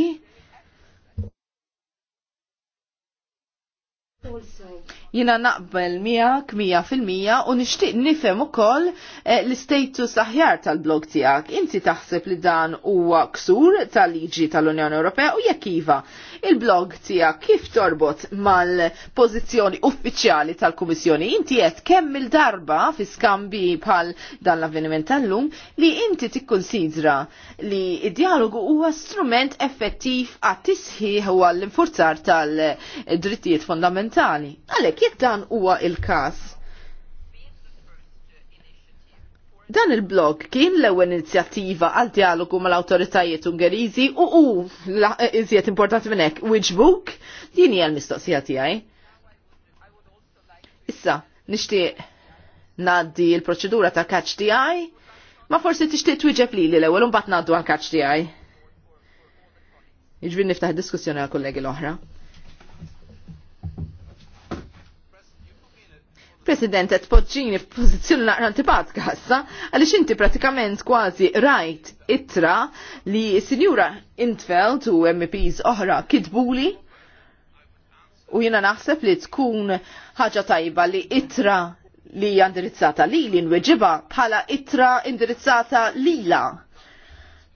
Also. Jina naqbel miegħek mija fil-mija u nixtieq nifhem ukoll eh, l-istatus aħjar tal-blog tiegħek. Inti taħseb li dan huwa ksur tal-liġi tal-Unjoni Ewropea u jekk iva il-blog tiegħek kif torbot mal-pożizzjoni uffiċjali tal-Kummissjoni. Inti jett kemm il-darba fi skambi bħal dan l-avveniment tal-lum li inti tikkonsidra li id-dialogu huwa strument effettiv għat-tisħiħ u għall-infurzar tal-drittijiet fondamentali. Għalek, jekk dan huwa il-każ. Dan il-blog kien l-ewwel inizjattiva għal dialogu mal-awtoritajiet Ungeriżi u u e, iżjed importanti minn hekk Wiġbuk din hija l-mistoqsija tiegħi. Issa, nixtieq ngħaddi l-proċedura ta' catch TI, ma forsi tixtieq twiġeb lili l-ewwel u mbagħad ngħaddu għal catch tiegħi. Iġbin niftaħ diskussjoni għal kollegi l-oħra. President qed poġġini f'pożizzjoni naqra antipatika għassa, għaliex inti pratikament kważi rajt ittra li Sinjura Intfeld u MPs oħra kidbuli u jiena naħseb li tkun ħaġa tajba li itra li hija indirizzata li li nweġiba bħala itra indirizzata la.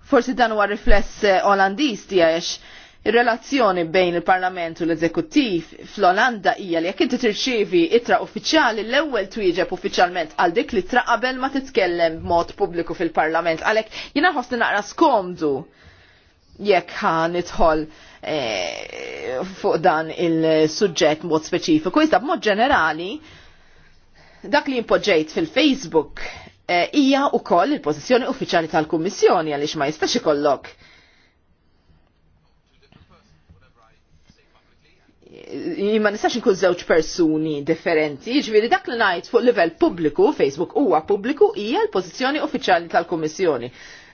Forsi dan huwa rifless eh, Olandiż tiegħek Ir-relazzjoni bejn il-Parlament u l-Eżekuttiv fl-Olanda hija li jekk inti tirċievi ittra uffiċjali l-ewwel twieġeb uffiċjalment għal dik li tra qabel ma titkellem b'mod pubbliku fil-Parlament għalhekk jiena ħossni naqra skomdu jekk ħa nidħol eh, fuq dan il-suġġett mod speċifiku. Iżda b'mod ġenerali dak li jimpoġġejt fil-Facebook eh, hija wkoll il-pożizzjoni uffiċjali tal-Kummissjoni għaliex ma jistax ikollok ma nistax inkun żewġ persuni differenti, ġviri jiġifieri dak li ngħid fuq livell pubbliku, Facebook huwa pubbliku, hija l-pożizzjoni uffiċjali tal-Kummissjoni.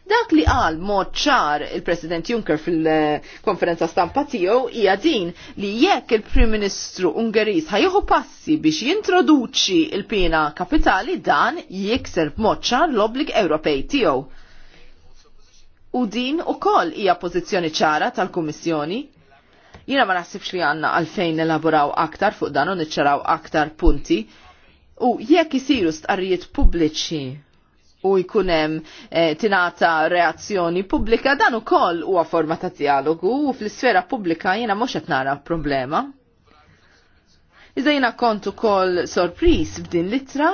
Dak li qal mod ċar il-President Juncker fil-konferenza stampa tiegħu hija din li jekk il-Prim Ministru Ungeriż ħajħu passi biex jintroduċi il pina kapitali dan jikser b'mod ċar l-oblig Ewropej tiegħu. U din ukoll hija pożizzjoni ċara tal-Kummissjoni Jiena ma naħsibx li għandna għalfejn elaboraw aktar fuq dan u niċċaraw aktar punti. U jekk isiru stqarrijiet pubbliċi u jkun hemm eh, tingħata reazzjoni pubblika dan ukoll huwa forma ta' dialogu u fl-isfera pubblika jiena mhux qed nara problema. Iżda jiena kont ukoll sorpriż b'din litra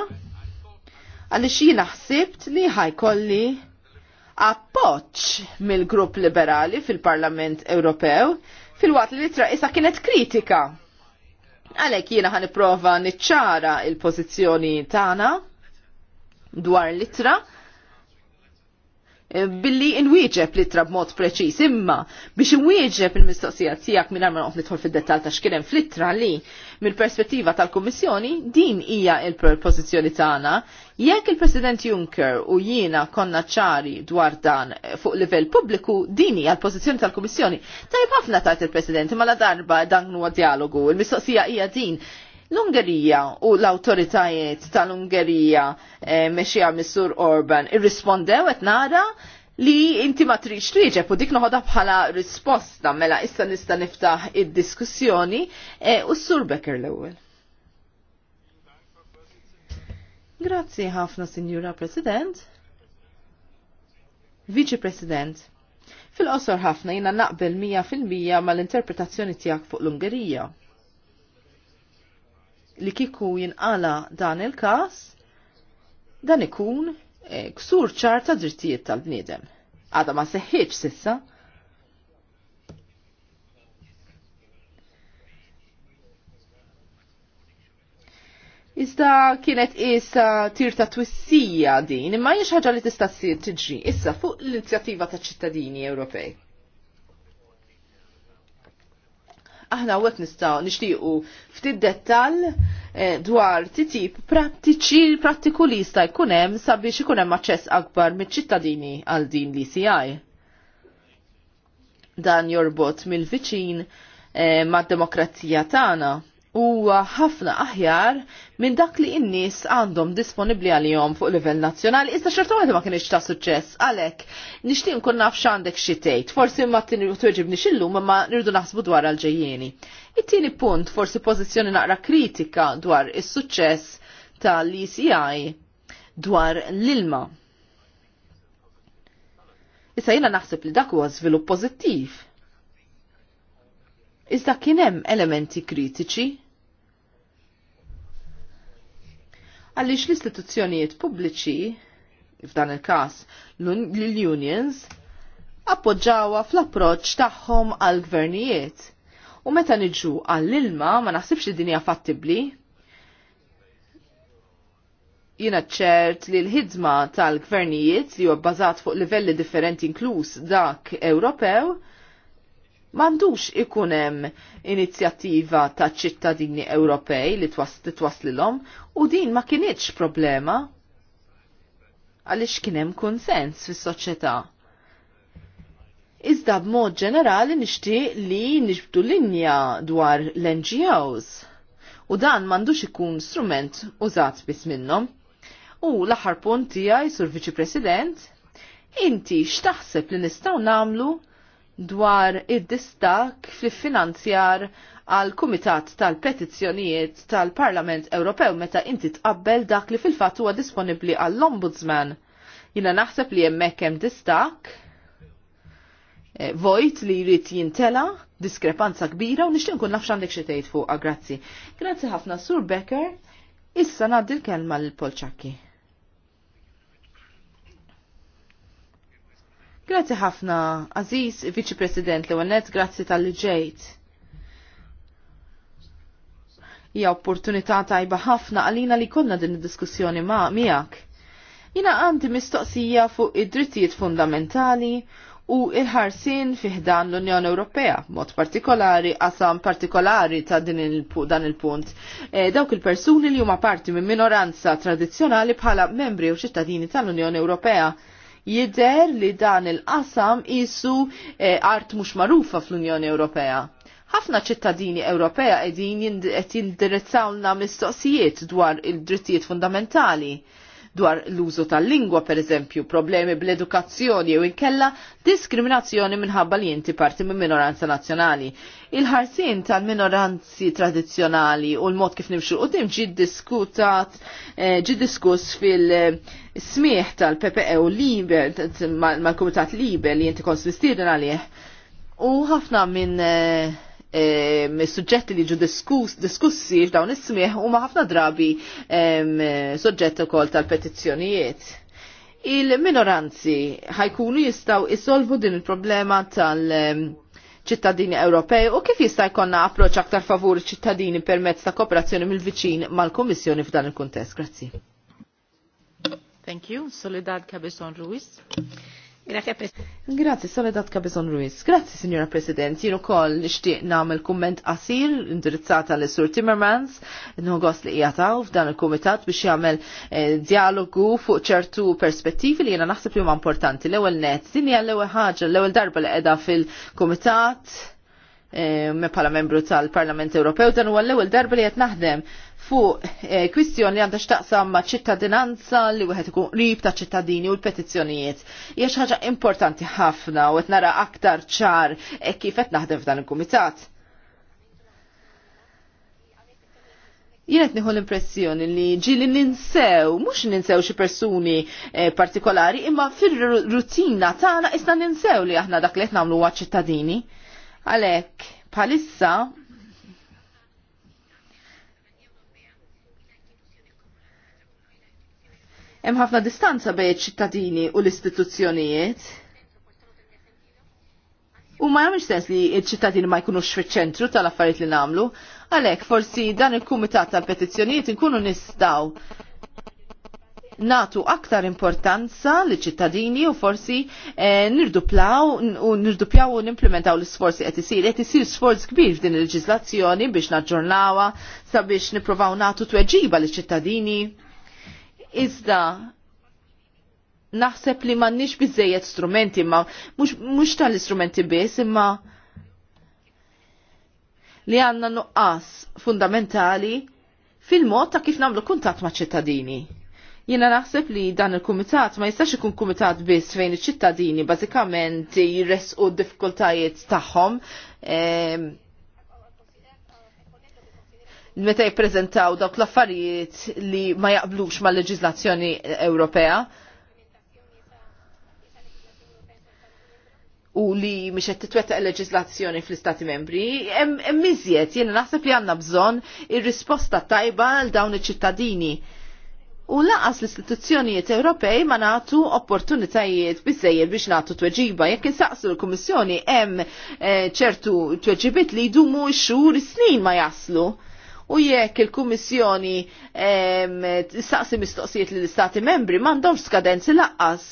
għaliex jiena ħsibt li ħajkolli appoġġ mill-grupp liberali fil-Parlament Ewropew fil-wat li litra issa kienet kritika. Għalek jiena ħan prova niċċara il-pozizjoni tana dwar litra Eh, billi inwieġeb li trab mod preċis imma biex inwieġeb il-mistoqsija tiegħek minn ma noqgħod nidħol fid-dettall ta' x'kien flittra li mill-perspettiva tal-Kummissjoni din hija il-pożizzjoni tagħna jekk il-President Juncker u jiena konna ċari dwar dan fuq livell pubbliku din hija l-pożizzjoni tal-Kummissjoni. Tajb ħafna tajt il-President imma la darba dan huwa dialogu, il-mistoqsija hija din L-Ungerija u l-autoritajiet tal-Ungerija e, eh, meċija Missur Orban irrispondew et nara li inti ma trix triġeb u dik noħodha bħala risposta mela issa nista' niftaħ id-diskussjoni e, u s-Sur Becker l-ewwel. Grazzi ħafna, Sinjura President. Viċi President, fil-qosor ħafna jina naqbel 100% mal-interpretazzjoni tijak fuq l-Ungerija li kiku jinqala dan il-kas, dan ikun eh, ksur ċar ta' drittijiet tal-bniedem. Għada ma seħħieċ sissa. Iżda kienet isa tir ta' twissija din, imma jiex ħaġa li tista' ssir tiġri issa fuq l-inizjattiva ta' ċittadini Ewropej. aħna għek nistaw nishtiqu ftit dettal eh, dwar titip prattiċi prattiku li jista' jkunem sabiex jkunem aċċess akbar miċ-ċittadini għal din li CI. Dan jorbot mill-viċin ma' eh, mad-demokrazija tagħna huwa ħafna aħjar minn dak li n-nies għandhom disponibbli għalihom fuq livell nazzjonali, iżda xorta waħda ma kienx ta' suċċess għalhekk nixtieq nkun naf x'għandek xi tgħid, forsi ma tweġibni xillum imma nirdu naħsbu dwar għal-ġejjieni. It-tieni punt forsi pożizzjoni naqra kritika dwar is-suċċess tal-ECI dwar l-ilma. Issa jiena naħseb li dak huwa żvilupp pożittiv. Iżda kien hemm elementi kritiċi għaliex l-istituzzjonijiet pubbliċi, f'dan il-każ l-unions, appoġġawa fl-approċċ tagħhom għall gvernijiet U meta niġu għall-ilma ma naħsibx li dinja fattibli. Jina ċert li l-ħidma tal-gvernijiet li huwa bbażat fuq livelli differenti inkluż dak Ewropew, mandux ikunem inizjattiva ta' ċittadini Ewropej li twaslilhom u din ma kienieċ problema għaliex kienem konsens fis soċjetà Iżda b'mod ġenerali nixtieq li nixbdu linja dwar l-NGOs u dan mandux ikun strument użat biss minnhom. U l-aħħar punt tiegħi sur Viċi President, inti x'taħseb li nistgħu nagħmlu dwar id-distak fil-finanzjar għal Kumitat tal-Petizzjonijiet tal-Parlament Ewropew meta inti tqabbel dak li fil-fatt huwa disponibbli għall-Ombudsman. Jina naħseb li hemmhekk hemm distak eh, vojt li jrid jintela diskrepanza kbira u nixtieq nkun naf x'għandek xi tgħid fuqha, grazzi. Grazzi ħafna Sur Becker, issa ngħaddi l-kelma l-Polċakki. Grazie ħafna, Aziz Viċi President Lewanet, grazzi tal ġejt. Hija opportunità tajba ħafna għalina li konna din id-diskussjoni ma' miegħek. Jina għandi mistoqsija fuq id-drittijiet fundamentali u il-ħarsin fiħdan l-Unjoni Ewropea, mod partikolari, qasam partikolari ta' din il dan il-punt. E, dawk il-persuni li huma parti minn minoranza tradizzjonali bħala membri u ċittadini tal-Unjoni Ewropea Jider li dan il-qasam isu eh, art mux marufa fl-Unjoni Ewropea. Ħafna ċittadini Ewropea edin qed jindirizzawna mistoqsijiet dwar il-drittijiet fundamentali dwar l-użu tal-lingwa pereżempju, problemi bl-edukazzjoni jew inkella diskriminazzjoni minħabba li inti parti minn minoranza nazzjonali. Il-ħarsin tal-minoranzi tradizzjonali u l-mod kif nimxu qudiem ġi diskutat eh, ġi diskuss fil- smieħ tal-PPE u Liber, mal-Komitat Liber li jinti konsistirin għalih. U ħafna minn eh, suġġetti li ġu diskussi f'dawn is-smieħ huma ħafna drabi suġġett ukoll tal-petizzjonijiet. Il-minoranzi ħajkunu jistaw isolvu din il-problema tal- ċittadini Ewropej u kif jista' jkollna approċċ aktar favur ċittadini permezz ta' kooperazzjoni mill-viċin mal-Kummissjoni f'dan il-kuntest. Grazzi. Thank you. Soledad Cabezon Ruiz. Grazie, President. Grazie, Soledad Cabezon Ruiz. Grazie, Signora President. Jien ukoll nixtieq nagħmel kumment qasir indirizzata l sur Timmermans, nħogos li jataw f'dan il-Kumitat biex jagħmel eh, dialogu fuq ċertu perspettivi li jiena naħseb li huma importanti. L-ewwel net, din hija l-ewwel ħaġa, l-ewwel darba li qiegħda fil-Kumitat eh, me pala membru tal-Parlament Ewropew dan huwa l-ewwel darba li qed naħdem fuq eh, kwistjoni li għandha x'taqsam ma' ċittadinanza li wieħed ikun qrib ta' ċittadini u l-petizzjonijiet. Hija xi ħaġa importanti ħafna u qed nara aktar ċar eh, kif qed naħdem f'dan il-kumitat. Jien qed nieħu l-impressjoni li ġili ninsew, mhux ninsew xi persuni eh, partikolari, imma fir-rutina tagħna isna ninsew li aħna dak li qed nagħmlu ċittadini. Għalhekk, bħalissa hemm ħafna distanza bejn iċ-ċittadini u l-istituzzjonijiet. U ma jagħmlux sens li iċ ċittadini ma jkunux fiċ-ċentru tal-affarijiet li nagħmlu, għalhekk forsi dan il-kumitat tal-petizzjonijiet inkunu nistgħu natu aktar importanza li ċittadini u forsi eh, nirduplaw u nirdupjaw u nimplementaw l-sforzi qed isir. Qed isir sforz kbir f'din il-leġiżlazzjoni biex naġġornawha sabiex nippruvaw natu tweġiba li ċittadini iżda naħseb li m'għandniex bizzejet strumenti ma mhux tal-istrumenti biss imma li għandna nuqqas fundamentali fil-mod ta' kif nagħmlu kuntat ma' ċittadini jina naħseb li dan il-kumitat ma jistax ikun kumitat biss fejn iċ-ċittadini bażikament jirresqu d-diffikultajiet tagħhom ehm, meta jippreżentaw dawk l-affarijiet li ma jaqblux ma' leġizlazzjoni Ewropea u li mhix qed titwettaq leġiżlazzjoni fl-Istati Membri, hemm miżjed jiena naħseb li għandna bżonn ir-risposta tajba għal dawn iċ-ċittadini. U laqas l-istituzzjonijiet Ewropej ma nagħtu opportunitajiet biżejjed biex nagħtu tweġiba jekk insaqsu l-Kummissjoni hemm eh, ċertu tweġibiet li jdumu x-xhur is-snin ma jaslu u jekk il-Kummissjoni saqsi mistoqsijiet lill istati membri m'għandhomx skadenzi laqqas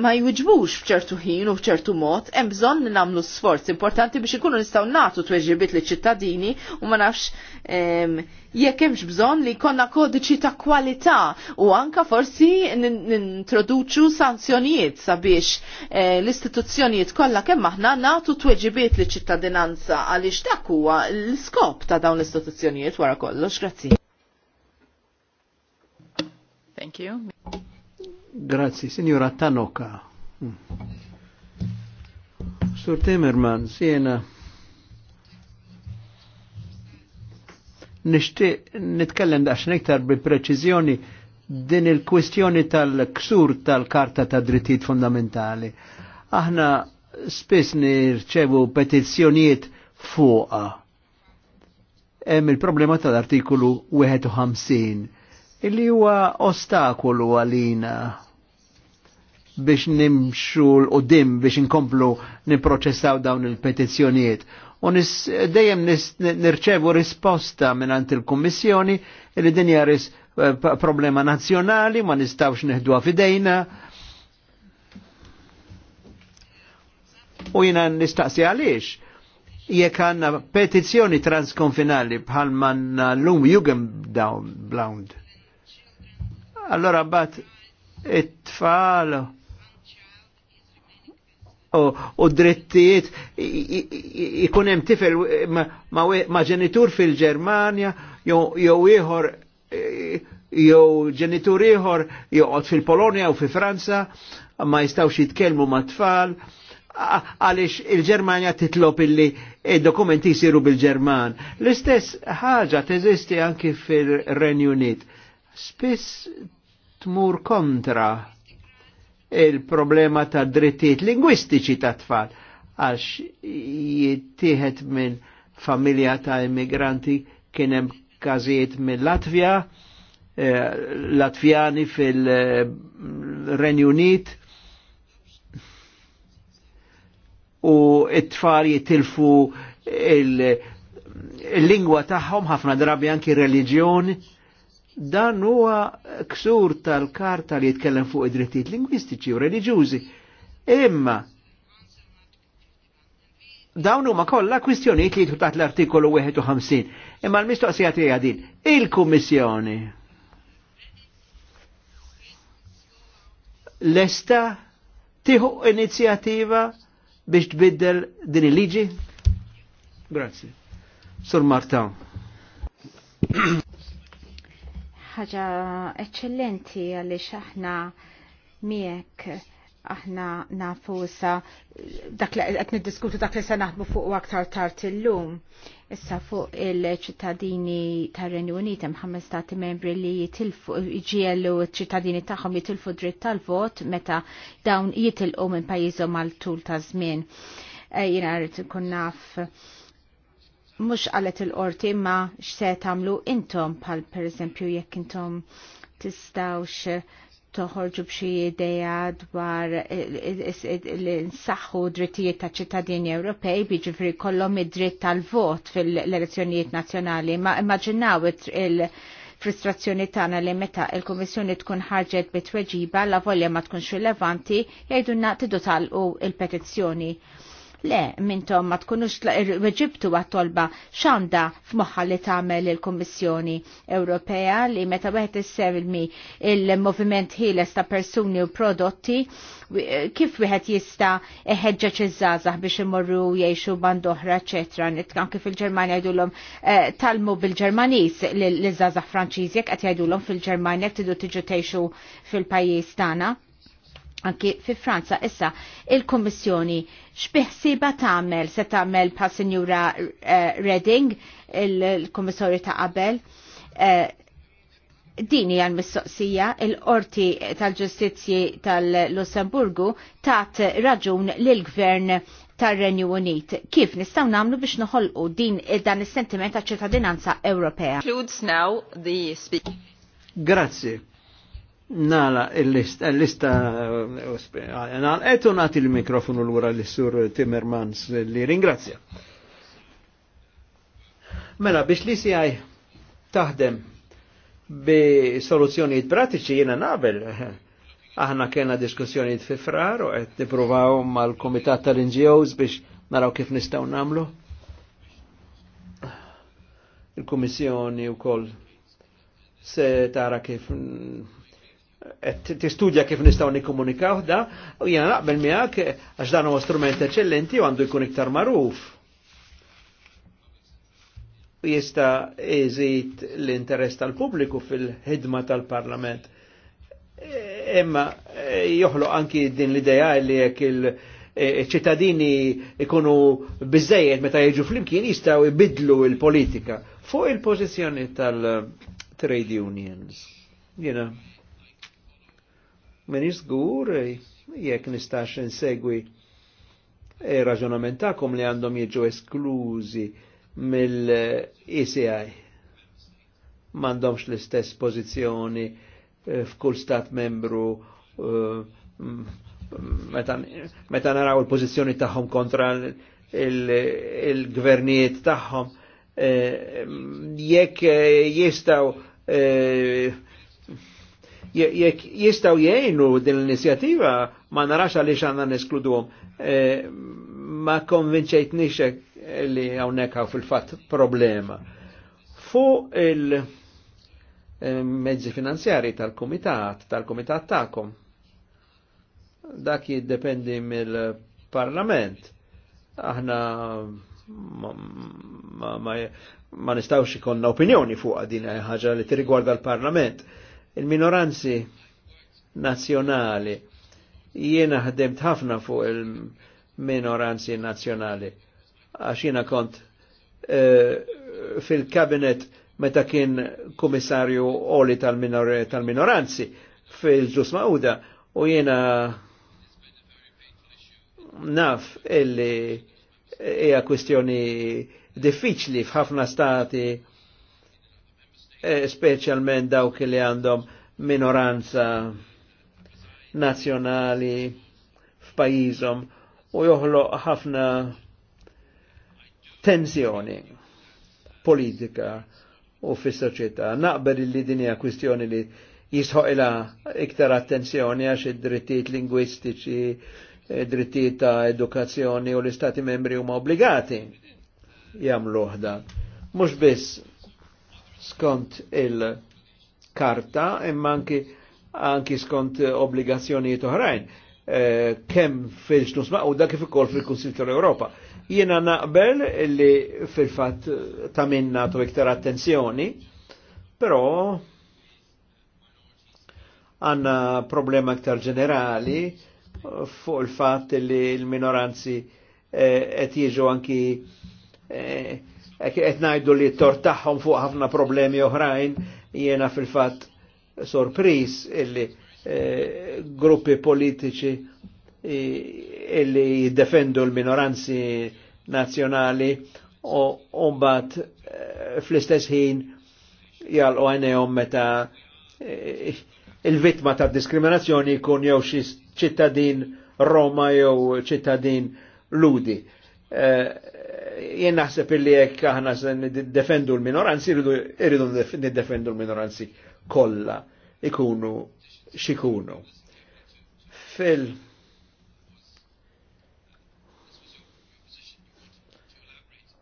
ma jwiġbux f'ċertu ħin u f'ċertu mod hemm bżonn li nagħmlu sforz importanti biex ikunu nistgħu nagħtu tweġibiet liċ-ċittadini u ma nafx jekk hemmx bżonn li jkollna kodiċi ta' kwalità u anka forsi nintroduċu sanzjonijiet sabiex e, l-istituzzjonijiet kollha kemm aħna nagħtu tweġibiet li ċittadinanza għaliex dak huwa l-iskop ta' dawn l-istituzzjonijiet wara kollox. Grazzi. Thank you. Grazzi, Signora Tanoka. Mm. Sur Timmerman, Siena nixtieq nitkellem daqsxejn iktar bi preċiżjoni din il-kwistjoni tal-ksur tal-Karta ta' Drittijiet Fundamentali. Aħna spiss nirċevu petizzjonijiet fuqa. Hemm il-problema tal-artikolu 51 illi huwa ostakolu għalina biex nimxu l-qoddim biex inkomplu niproċessaw dawn il-petizzjonijiet u dejjem nirċevu risposta minnant il-Kommissjoni li din jaris eh, problema nazjonali ma nistawx neħduha fidejna. U jina nistaqsi għaliex jekk għandna petizzjoni transkonfinali bħal manna lum jugem blound. Allora bat it-tfal u drittijiet ikun hemm tifel ma' ġenitur fil-Ġermanja jew ieħor eh, jew ġenitur ieħor joqgħod fil-Polonja u fi Franza ma jistgħux jitkellmu ma' tfal għaliex il-Ġermanja titlob illi id-dokumenti jisiru bil-Ġerman. L-istess ħaġa teżisti anki fil-Renju Unit. Spiss tmur kontra il-problema ta' drittijiet lingwistiċi ta' tfal għax jittieħed minn familja ta' immigranti kien hemm każijiet minn Latvja, eh, Latvjani fil-Renju Unit u it-tfal jitilfu il-lingwa tagħhom ħafna drabi anki reliġjoni dan huwa ksur tal-karta li jitkellem fuq id-drittijiet lingwistiċi u reliġjużi. Imma dawn huma kollha kwistjonijiet li jidħu l-artikolu 51. Imma l-mistoqsija tiegħi din il-Kummissjoni lesta tieħu inizjattiva biex tbiddel din il-liġi? Grazie. Sur Martin ħaġa eccellenti għaliex aħna miegħek aħna nafu sa dak li qed niddiskutu dak li se naħdmu fuq aktar tard illum. Issa fuq il-ċittadini tar-Renju Unit hemm ħames stati membri li jitilfu ġielu ċ-ċittadini tagħhom jitilfu dritt tal-vot meta dawn jitilqu minn pajjiżhom għal tul ta' żmien. Jiena rrid ikun naf mux għalet il-qorti ma xse tamlu intom pal per eżempju jekk intom tistawx toħorġu b'xi ideja dwar l-insaxħu drittijiet ta' ċittadini Ewropej biġifri kollom id-dritt tal-vot fil-elezzjonijiet nazzjonali. Ma immaginaw il-frustrazzjoni tagħna li meta il-Kummissjoni tkun ħarġet bit-tweġiba la volja ma tkunx rilevanti jgħidulna tidu talqu il-petizzjoni. il il petizzjoni Le, mintom ma tkunux reġibtu għat-tolba xanda f'moħħa li tagħmel il-Kummissjoni Ewropea li meta wieħed issevmi il-moviment ħieles ta' persuni u prodotti kif wieħed jista' iħeġġeġ iż-żgħażagħ biex imorru jgħixu band oħra, eċetera. Nitkan kif il-Ġermanja jgħidulhom eh, talmu bil-Ġermaniż li żgħażagħ Franċiż jekk qed jgħidulhom fil-Ġermanja tidu tiġu tgħixu fil-pajjiż tagħna anki fi Franza. Issa, il-Kommissjoni xbiħsiba tagħmel se tagħmel pa' signora uh, eh, Redding, il-Kommissarju ta' qabel. Uh, dini għal mistoqsija il-qorti tal-ġustizji tal-Lussemburgu tat raġun l gvern tar-Renju Unit. Kif nistaw namlu biex noħolqu din dan is-sentiment ta' ċittadinanza Ewropea? Includes now the Grazie. Nala, il-lista għetu eh, eh, nati il-mikrofonu l-għura l-sur Timmermans li ringrazzja. Mela, biex li si għaj taħdem bi soluzzjonijiet pratiċi jena nabel. Eh, aħna kena diskussjoni fi fifrar u għed nipruvaw mal-komitat tal-NGOs biex naraw kif nistaw namlu. Il-Komissjoni u koll se tara kif tistudja kif nistaw nikkomunikaw da, u jena naqbel miegħek għax dan huwa strument eċċellenti u għandu jkun iktar magħruf. Jista iżid l-interess tal-pubbliku fil-ħidma tal-Parlament. Emma joħloq anki din l-idea li jekk il-ċittadini ikunu biżejjed meta jiġu flimkien jistgħu ibidlu il-politika fuq il-pożizzjoni tal-trade unions. You know Men jizgur, jekk nistax insegwi e, raġunamentakum li għandhom jiġu esklużi mill-ECI. Mandomx l-istess pozizjoni e, f'kull stat membru e, meta naraw il-pozizjoni tagħhom kontra il-gvernijiet tagħhom jekk jistaw jekk jistaw jgħinu din l-inizjativa ma narax għaliex għandna neskluduhom. E, ma nixe li hawnhekk fil-fatt problema. Fuq il-mezzi e, finanzjari tal-Kumitat, tal-Kumitat tagħkom. Dak jiddependi mill-Parlament. Aħna ma, ma, ma, ma nistawx ikonna opinjoni fuq din ħaġa li tirrigwarda l-Parlament il-minoranzi nazjonali. Jiena ħdemt ħafna fuq il-minoranzi nazjonali, għax jiena kont eh, fil-kabinet meta kien komissarju oli tal-minoranzi tal minoranzi fil ġus mauda u jiena naf illi hija kwistjoni diffiċli f'ħafna stati E specialment dawk li għandhom minoranza nazjonali f'pajjiżhom u joħloq ħafna tensjoni politika u fis-soċjetà. Naqbel li din hija kwistjoni li jisħoq ila iktar attenzjoni għax id-drittijiet lingwistiċi, id-drittijiet ta' edukazzjoni u l-istati membri huma obbligati jagħmlu dan. Mhux biss skont il-karta imma anki anki skont obbligazzjonijiet oħrajn eh, kemm fil-ġnus maqda kif ukoll fil-Kunsil tal-Ewropa. Jiena naqbel li fil-fatt ta' minna tu iktar attenzjoni, però għanna problema iktar ġenerali fuq il-fatt li l-minoranzi eh, qed eh, jiġu anki eh, qed ngħidu li t tagħhom fuq ħafna problemi oħrajn jiena fil-fatt sorpris illi eh, gruppi politiċi illi jiddefendu l-minoranzi nazjonali u mbagħad eh, fl-istess ħin jgħalqu għajnejhom meta eh, il-vittma ta' diskriminazzjoni jkun jew xi ċittadin Roma jew ċittadin Ludi. Eh, jien naħseb illi jekk aħna se niddefendu l-minoranzi, irridu niddefendu l-minoranzi kollha ikunu xikunu. Fil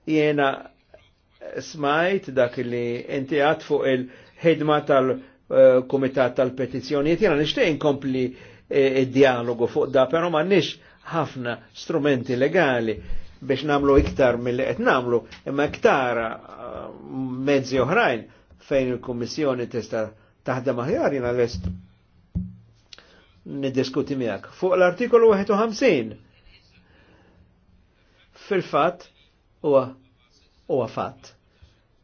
jiena smajt dak li inti għad fuq il-ħidma tal-Kumitat tal-Petizzjonijiet, jiena nixtieq inkompli eh, id-dialogu fuq da, però m'għandniex ħafna strumenti legali biex namlu iktar mill-li qed namlu, imma iktar eh, mezzi oħrajn fejn il-Kummissjoni tista' taħdem aħjar jiena lest niddiskuti miegħek. Fuq l-artikolu 51 fil-fatt huwa huwa fatt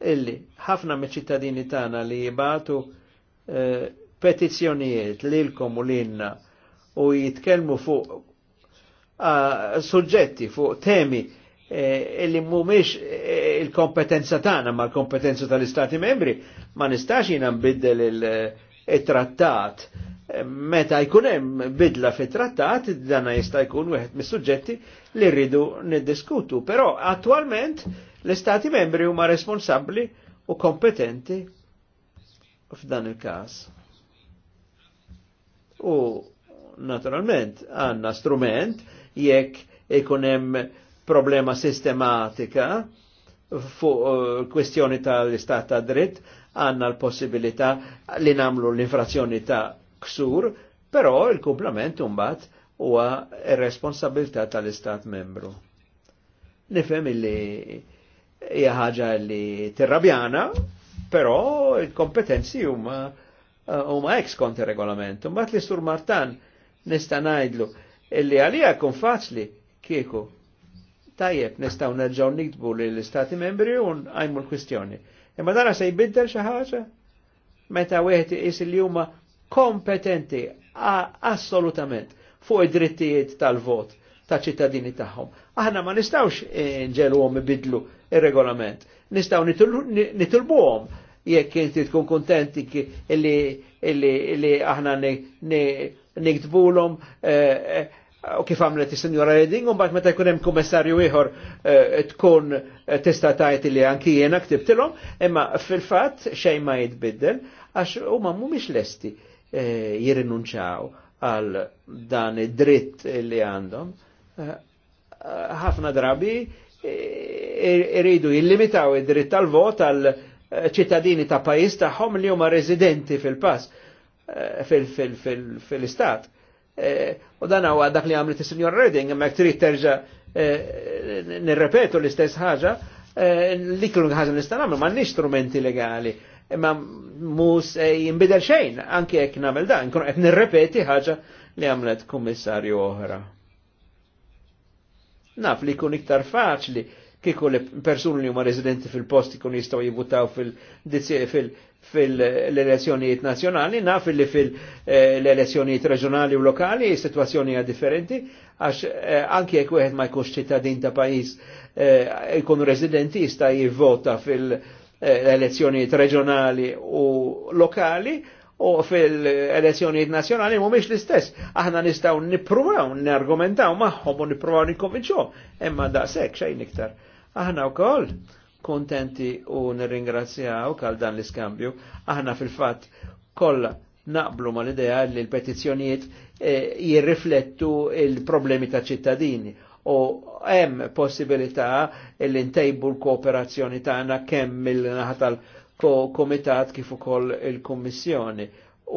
illi ħafna mill-ċittadini tagħna li jibatu eh, petizzjonijiet lilkom u lilna u jitkellmu fuq suġġetti, fuq temi eh, li mumiex eh, il-kompetenza tagħna ma l-kompetenza tal-Istati membri, ma nistax jina nbiddel il-trattat. Eh, eh, meta jkun hemm bidla fit-trattat, dana jista' jkun wieħed mis-suġġetti li rridu niddiskutu, però attualment l-Istati membri huma responsabbli u kompetenti f'dan il-każ. U naturalment għandna strument jekk ikun hemm problema sistematika fuq eh, kwestjoni tal-istat ta' dritt għanna l-possibilità li namlu l-infrazzjoni ta' ksur, però il-kumplament umbat huwa responsabilità tal-istat membru. Nifhem illi hija ħaġa li tirrabjana, però il-kompetenzi huma eh, huma ex konti regolament. Mbagħad li sur Martan nista' ngħidlu illi għalija kun faċli kieku. Tajjeb, nistaw nerġaw nikdbu li l-istati membri un għajmu l-kwistjoni. Imma dara se jibiddel xi ħaġa? Meta wieħed jis li huma kompetenti assolutament fuq id-drittijiet tal-vot ta' ċittadini tagħhom. Aħna ma nistawx eh, nġelhom ibidlu ir-regolament. Nistgħu nitulbuhom jekk inti tkun kontenti li aħna niktbulhom eh, eh u kif għamlet is-Sinjora Reding, un meta jkun hemm kummissarju ieħor eh, tkun eh, tista' tajt li anki jiena ktibtilhom, imma fil-fatt xejn ma jitbiddel għax huma mhumiex lesti eh, jirinunċaw għal dan id-dritt li għandhom. Ħafna drabi iridu jillimitaw id-dritt tal-vot għal ċittadini ta' pajis tagħhom li huma residenti fil-pass fil-istat. Eh, u dan huwa dak li għamlet is-Sinjor Reding, imma trid terġa' eh, nirrepetu l-istess ħaġa, eh, li kienu ħaġa nista' nagħmel m'għandniex strumenti legali. Imma mus jinbidel xejn, anke jekk nagħmel dan, nkunu qed nirrepeti ħaġa li għamlet kummissarju oħra. Naf li kun iktar faċli kieku li persuni li huma residenti fil-post kun jistgħu jivutaw fil-elezzjonijiet fil fil-elezzjonijiet nazjonali, naf li fil-elezzjonijiet reġjonali u lokali situazzjoni hija differenti, għax eh, anki jekk wieħed ma jkunx ċittadin ta' pajjiż eh, jkun residenti jista' jivvota fil-elezzjonijiet reġjonali u lokali u fil-elezzjonijiet nazjonali mhumiex l-istess. Aħna nistgħu nippruvaw nargumentaw magħhom u nippruvaw emma da' daqshekk xejn iktar. Aħna wkoll kontenti u nirringrazzjaw għal dan l-iskambju. Aħna fil-fatt kollha naqblu ma l-idea li l-petizzjonijiet eh, jirriflettu il-problemi ta' ċittadini u hemm possibilità li ntejbu l-kooperazzjoni tagħna kemm mill naħatal tal-komitat kif ukoll il-kummissjoni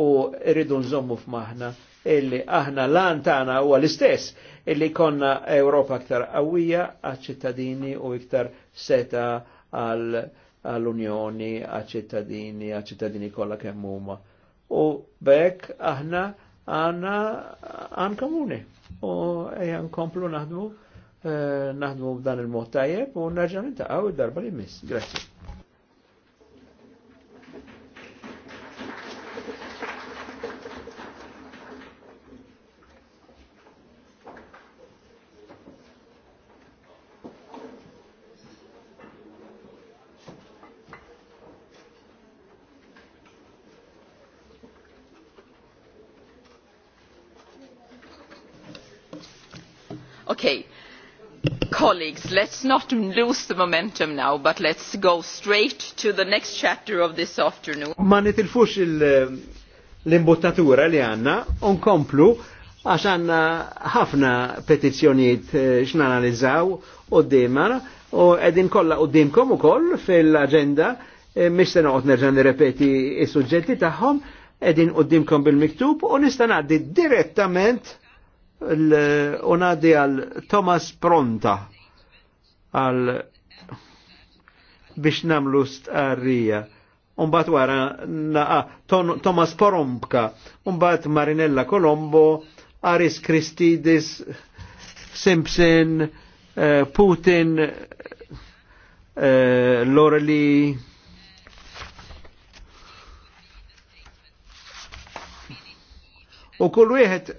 u rridu nżommu f'maħna illi aħna lan tagħna huwa l-istess illi konna Ewropa aktar qawwija għaċ-ċittadini u iktar seta' għall-Unjoni, għal-ċittadini, għal-ċittadini kolla kemmuma. U bekk aħna għanna għan komuni. U għan komplu naħdmu eh, naħdmu b'dan il-mod tajjeb u nerġa' nintaqgħu id-darba li mis. Grazie. colleagues let's not lose the momentum now but let's go straight to the next chapter of this afternoon. Ma nitilfux eh, l-imbottatura li għanna, unkomplu għax għanna ħafna petizzjonijiet eh, x'nanalizzaw u d-demar u għedin kolla u d-dimkom u koll fil-agenda eh, mis se noqot nerġan nirrepeti il suġġetti tagħhom għedin u d-dimkom bil-miktub u nistan ngħaddi direttament l ngħaddi għal Thomas Pronta għal biex namlu stqarrija. Umbat wara naqa Thomas Porombka, umbat Marinella Colombo, Aris Christidis, Simpson, eh, Putin, uh, eh, Loreli, u kull wieħed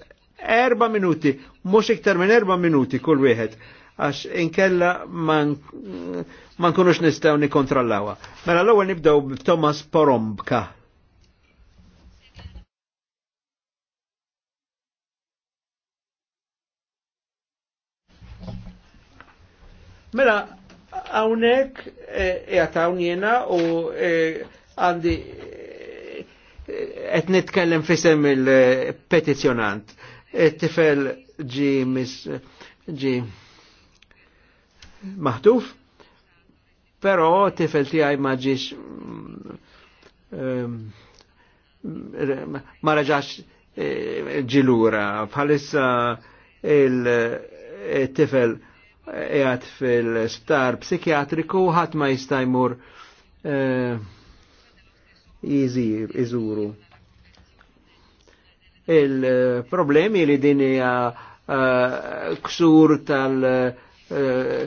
erba minuti, mhux iktar minn erba minuti kull wieħed għax inkella ma nkunux nistaw nikontrollawa. Mela l-ewwel nibdew b'Tomas Porombka. Mela, għawnek jgħatawn e, e jena u e, għandi għet qed nitkellem fisem il-petizjonant. E, tifel ġi mis ġi maħtuf, pero tifel tiegħi ma ġiex mm, mm, eh, ma eh, ġilura bħalissa il-tifel eh, qiegħed fil-sptar psikiatriku ħat ma jistajmur jizir, jizuru. Il-problemi li dini hija ksur tal- uh,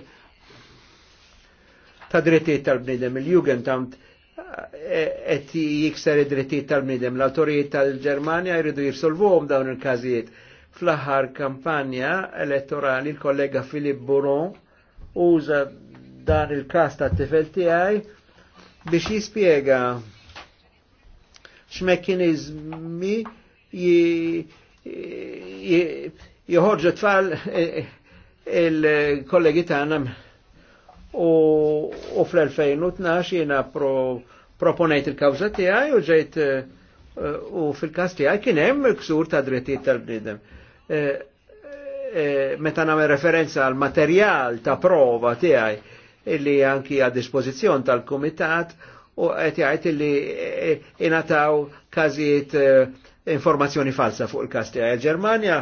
ta' drittijiet tal-bnidem. Il-Jugendamt qed eh, jikser id-drittijiet tal-bnidem. L-autorijiet tal-Ġermanja jridu jirsolvuhom dawn il kazijiet fl ħar kampanja elettorali il kollega Filip Buron uża dan il-każ tat-tifel tiegħi biex jispjega x-mekkinizmi jħorġu tfal eh, eh, il-kollegi tagħna u, u fl-2012 jena pro, proponajt il-kawza tijaj u ġejt uh, u fil-kas tijaj kienem ksur ta' drittijiet tal-bnidem. E, eh, e, eh, Meta namme referenza għal materjal ta' prova tijaj illi anki għad dispozizjon tal-komitat u għet jgħajt illi inataw kazijiet informazzjoni falsa fuq il kastija Il-Germania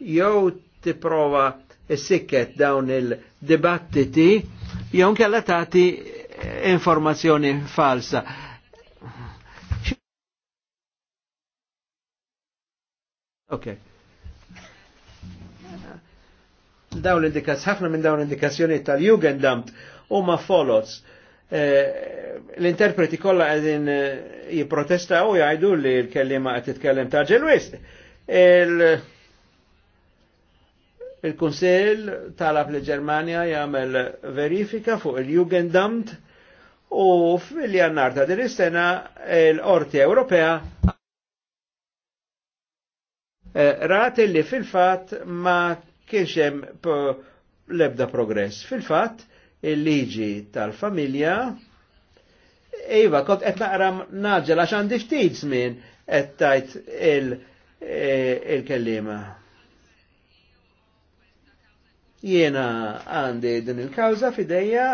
jew tiprova prova s-sikket dawn il-dibattiti jew kella tagħti informazzjoni falsa. Ok. Dawn l-indikazzjoni, ħafna minn dawn l-indikazzjoni tal-Jugendamt huma follows. Eh, L-interpreti kollha qegħdin eh, u jgħidu li l-kellima qed titkellem ta' ġelwis. Il-Kunsell talab li Ġermanja jagħmel verifika fuq il-Jugendamt u fil-jannar ta' din is-sena l-Qorti Ewropea eh, rat li fil-fatt ma kienx hemm l-ebda progress. Fil-fatt il-liġi tal-familja Iva, kont qed naqra naġel għax għandi ftit żmien qed tajt il-kellima. Il eh, Jiena għandi din il-kawza fidejja,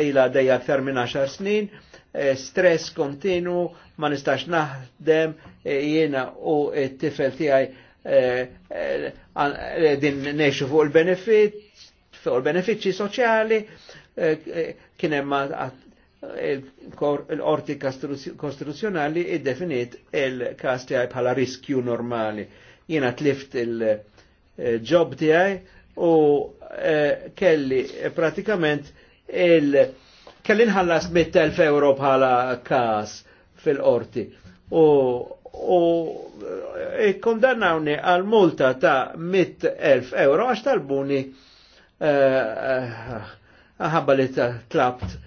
ila dejja aktar minn 10 snin, e, stress kontinu, ma nistax naħdem, e, jiena u t-tifel tijaj e, din neċu fuq il-benefit, fuq il-benefiċi soċjali, kienem l orti kostituzjonali id-definit il-kas tijaj bħala riskju normali. t tlift il-ġob tijaj u e, kelli pratikament il- kelli nħallas 100.000 euro bħala kas fil-qorti. U u e, kondannawni għal multa ta' 100.000 euro għax talbuni e, ħabba li tlabt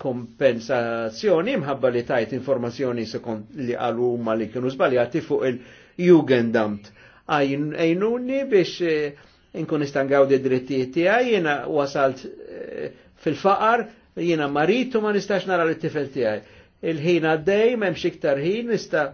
kompensazzjoni mħabba li tajt informazzjoni sekond li għalu ma li kienu zbaljati fuq il-Jugendamt. Għajnuni biex inkun nistangaw di drittijiet tiegħi, jiena wasalt eh, fil-faqar, jiena marit u ma nistax nara l-tifel tiegħi. Il-ħin għaddej, m'hemmx iktar ħin, nista'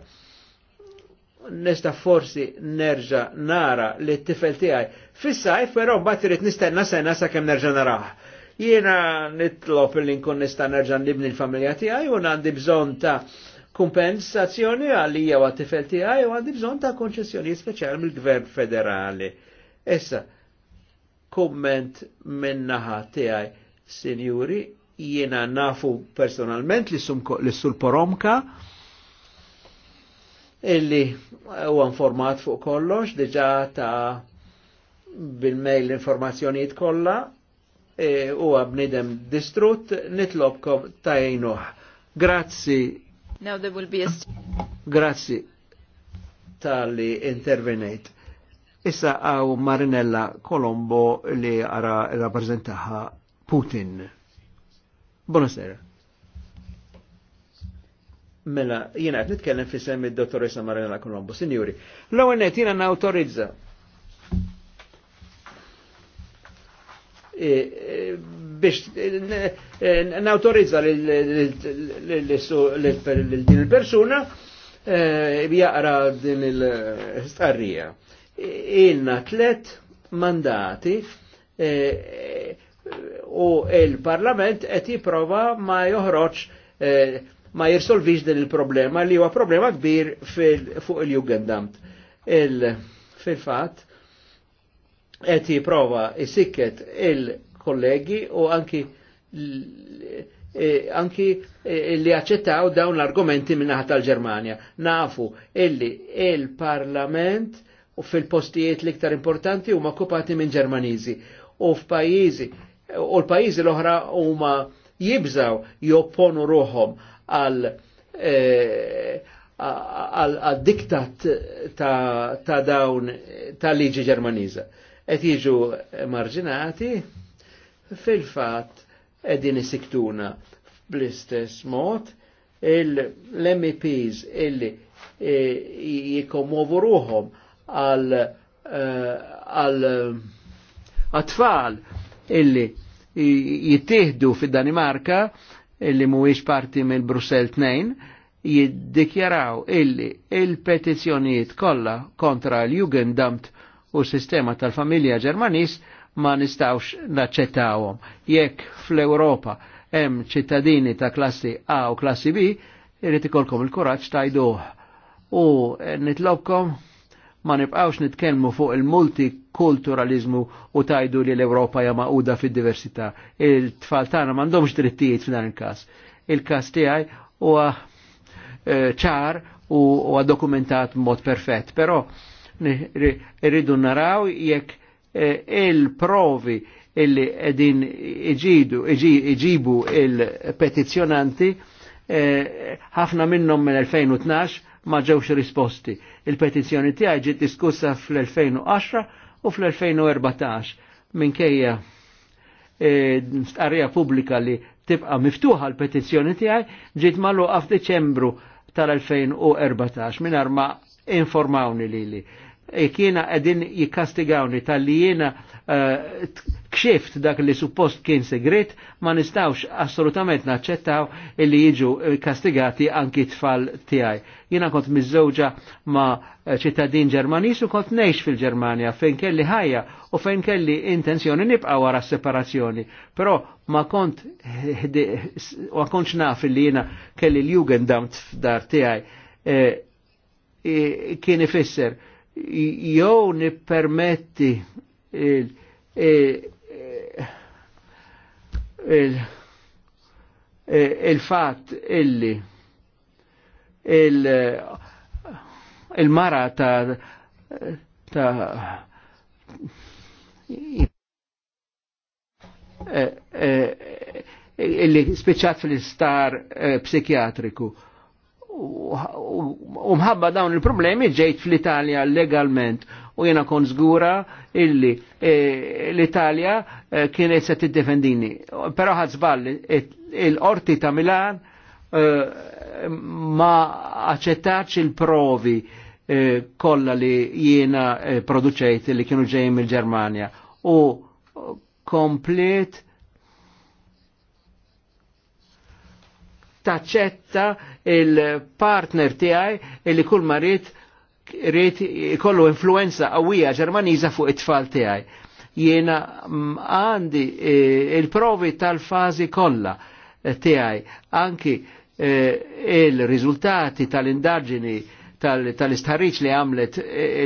nista' forsi nerġa' nara lit tifel tiegħi. Fis-sajf, però mbagħad irid nistenna sena sakemm nerġa' naraha. Jiena nitlob li nkun nista' nerġa' nibni l-familja tiegħi u għandi bżonn ta' kumpensazzjoni għalija u għat-tifel tiegħi u għandi bżonn ta' konċessjoni speċjali mill-Gvern Federali Issa, komment minnaħa tijaj, senjuri. jiena nafu personalment li sul poromka illi huwa informat fuq kollox, diġà ta' bil-mail l-informazzjonijiet kollha e, u għabnidem bnidem distrutt nitlobkom jenuħ. Grazzi. Now there will be a... Grazzi tal-li Issa għaw Marinella Colombo li għara rappresentaħa Putin. Buonasera. Mela, jiena għet nitkellem fi semmi dottoressa Marinella Colombo. Signori, l-għonet jina nautorizza biex nautorizza l-din il-persuna jaqra din il-starrija ilna tlet mandati eh, eh, u il-Parlament qed jipprova ma joħroġ eh, ma jirsolvix din il-problema li huwa problema kbir fuq il-Jugendamt. Fil-fatt qed jipprova isikket il-kollegi u anki anki li accettaw dawn l-argumenti minnaħat tal-Germania. Nafu illi il-Parlament il parlament u fil-postijiet l-iktar importanti huma kupati minn Ġermaniżi u f'pajjiżi u l-pajjiżi l-oħra huma jibżaw jopponu ruhom għal e, għal diktat ta', ta dawn ta' liġi Ġermaniża. Qed jiġu marġinati fil-fatt qegħdin isiktuna bl-istess mod il l-MEPs illi e, jikomovu ruhom għal eh, għal eh, għatfall illi jittihdu fid danimarka illi muwiex parti mill Brussel 2 jiddikjaraw illi il-petizjonijiet kollha kontra l-Jugendamt u sistema tal-familja Ġermanis ma nistawx naċċettawhom. Jekk fl-Ewropa hemm ċittadini ta' klassi A u klassi B, irid ikolkom il-kuraġġ tajduh. U nitlobkom ma nibqawx nitkellmu fuq il-multikulturalizmu u tajdu li l-Ewropa hija maquda fid-diversità. Il-tfal tagħna m'għandhomx drittijiet f'dan il-każ. Il-każ tiegħi huwa eh, ċar u huwa dokumentat mod perfett, però irridu naraw jekk eh, il-provi illi edin iġidu, iġibu il-petizjonanti eh, ħafna eh, minnom mill-2012 ma ġewx risposti. Il-petizzjoni tiegħi ġiet diskussa fl-2010 u fl-2014 minkejja starija e, pubblika li tibqa' miftuħa l-petizzjoni tiegħi ġiet magħluqa f'Diċembru tal-2014 mingħajr ma informawni lili. E kiena qegħdin jikkastigawni tal-li jiena kxift dak li suppost kien segret ma nistawx assolutament naċċettaw illi jiġu eh, kastigati anki tfal tiegħi. Jiena kont miżżewġa ma ċittadin Ġermanis u kont nejx fil-Ġermanja fejn kelli ħajja u fejn kelli intenzjoni nibqa' wara s-separazzjoni. Però ma kont ma kontx naf illi jiena kelli l-Jugendamt f'dar tiegħi eh, kien ifisser jew nippermetti il, il, il, il fatt illi il-mara il ta' ta' eh, eh, illi speċat fil star eh, psikiatriku. U mħabba dawn il-problemi ġejt fl-Italja legalment u jena kon zgura illi e, l-Italja e, kienet se tiddefendini. Però ħadżball e, il orti ta' Milan ma aċċettax il-provi kolla li jiena produċejt li kienu ġejjin mill germania u komplet taċċetta il-partner tiegħi li kull marit rrit kollu influenza għawija Ġermaniża fuq it-tfal tijaj. Jena mm, għandi e, il-provi tal-fażi kollha e, tijaj, anki e, il-riżultati tal-indagġini tal istarriċ li għamlet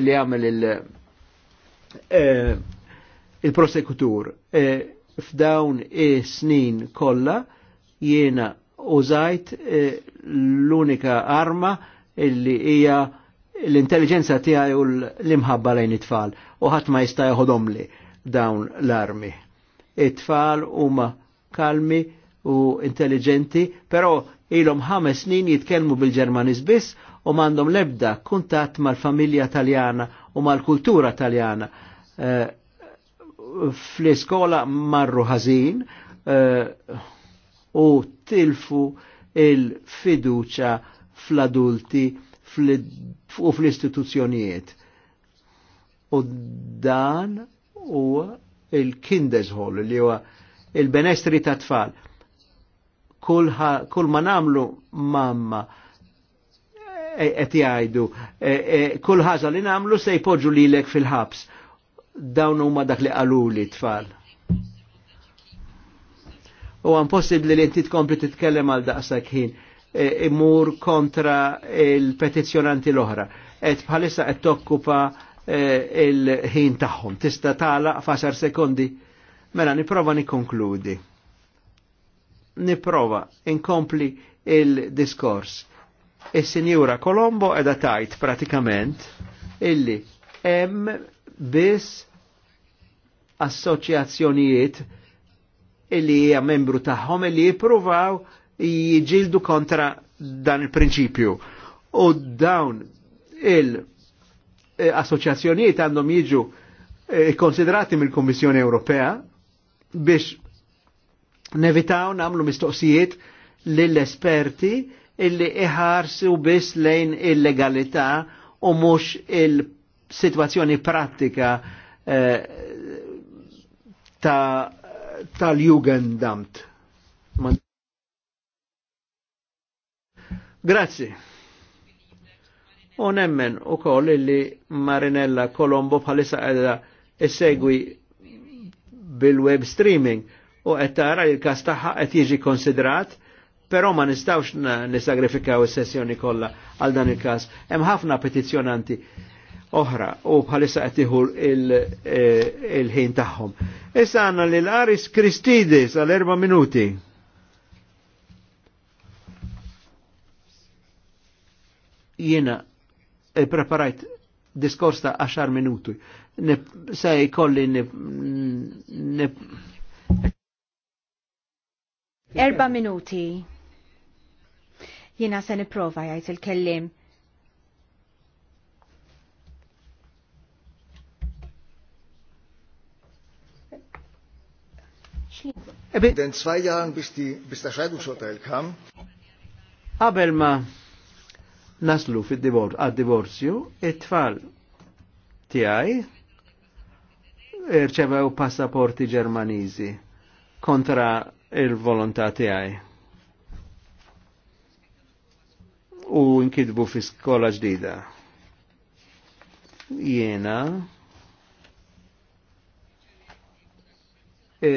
li għamel il-prosekutur. F'dawn is-snin kollha jiena użajt l-unika arma illi hija l-intelligenza tiegħi u l-imħabba lejn it-tfal u ħadd ma jista' jħodhom li dawn l-armi. It-tfal huma kalmi u intelligenti, però ilhom ħames snin jitkellmu bil-Ġermaniż biss u m'għandhom lebda kuntatt mal-familja Taljana u mal-kultura Taljana. Eh, fl-iskola marru ħażin eh, u tilfu il-fiduċa fl-adulti u fl-istituzzjonijiet. U dan huwa il hall, li huwa il-benestri ta' tfal. Kull kul ma namlu mamma qed jgħidu, e, e, e, kull ħaġa li namlu se jpoġġu lilek fil-ħabs. Dawn huma dak li li tfal. U għan possibli li inti tkompli titkellem għal daqsa kħin. E, imur kontra il-petizjonanti l-oħra. Et bħalissa qed tokkupa e, il-ħin tagħhom. Tista' tagħlaq fasar sekondi. Mela niprova nikkonkludi. Niprova inkompli il-diskors. Is-Sinjura Kolombo edha tajt pratikament illi hemm biss assoċjazzjonijiet illi hija membru tagħhom illi jippruvaw jġildu kontra dan il-prinċipju. U dawn il-assoċjazzjonijiet eh, għandhom jiġu eh, konsiderati mill-Kommissjoni Ewropea biex nevitaw namlu mistoqsijiet lill-esperti illi iħarsu biss lejn il-legalità u mux il-situazzjoni pratika eh, tal-Jugendamt. Grazzi. U nemmen u koll illi Marinella Colombo bħalissa għedha segwi bil-web streaming u qed tara l-kas tagħha qed jiġi konsidrat, però ma nistawx nisagrifikaw is-sessjoni kollha għal dan il-każ. Hemm ħafna petizzjonanti oħra u bħalissa qed iħu eh, il-ħin tagħhom. Issa għandna lil Aris Kristidis għal erba' minuti. jiena eh, preparajt diskors ta' 10 minuti. Se ne... Erba minuti. Jiena se niprofa jgħid il-kellim. In den zwei Jahren, bis, die, bis der Scheidungsurteil kam. Qabel ma naslu fil divor għad-divorzju, it-tfal tiegħi irċevew passaporti Ġermaniżi kontra il-volontà tiegħi. U nkidbu fi skola ġdida. Jena e,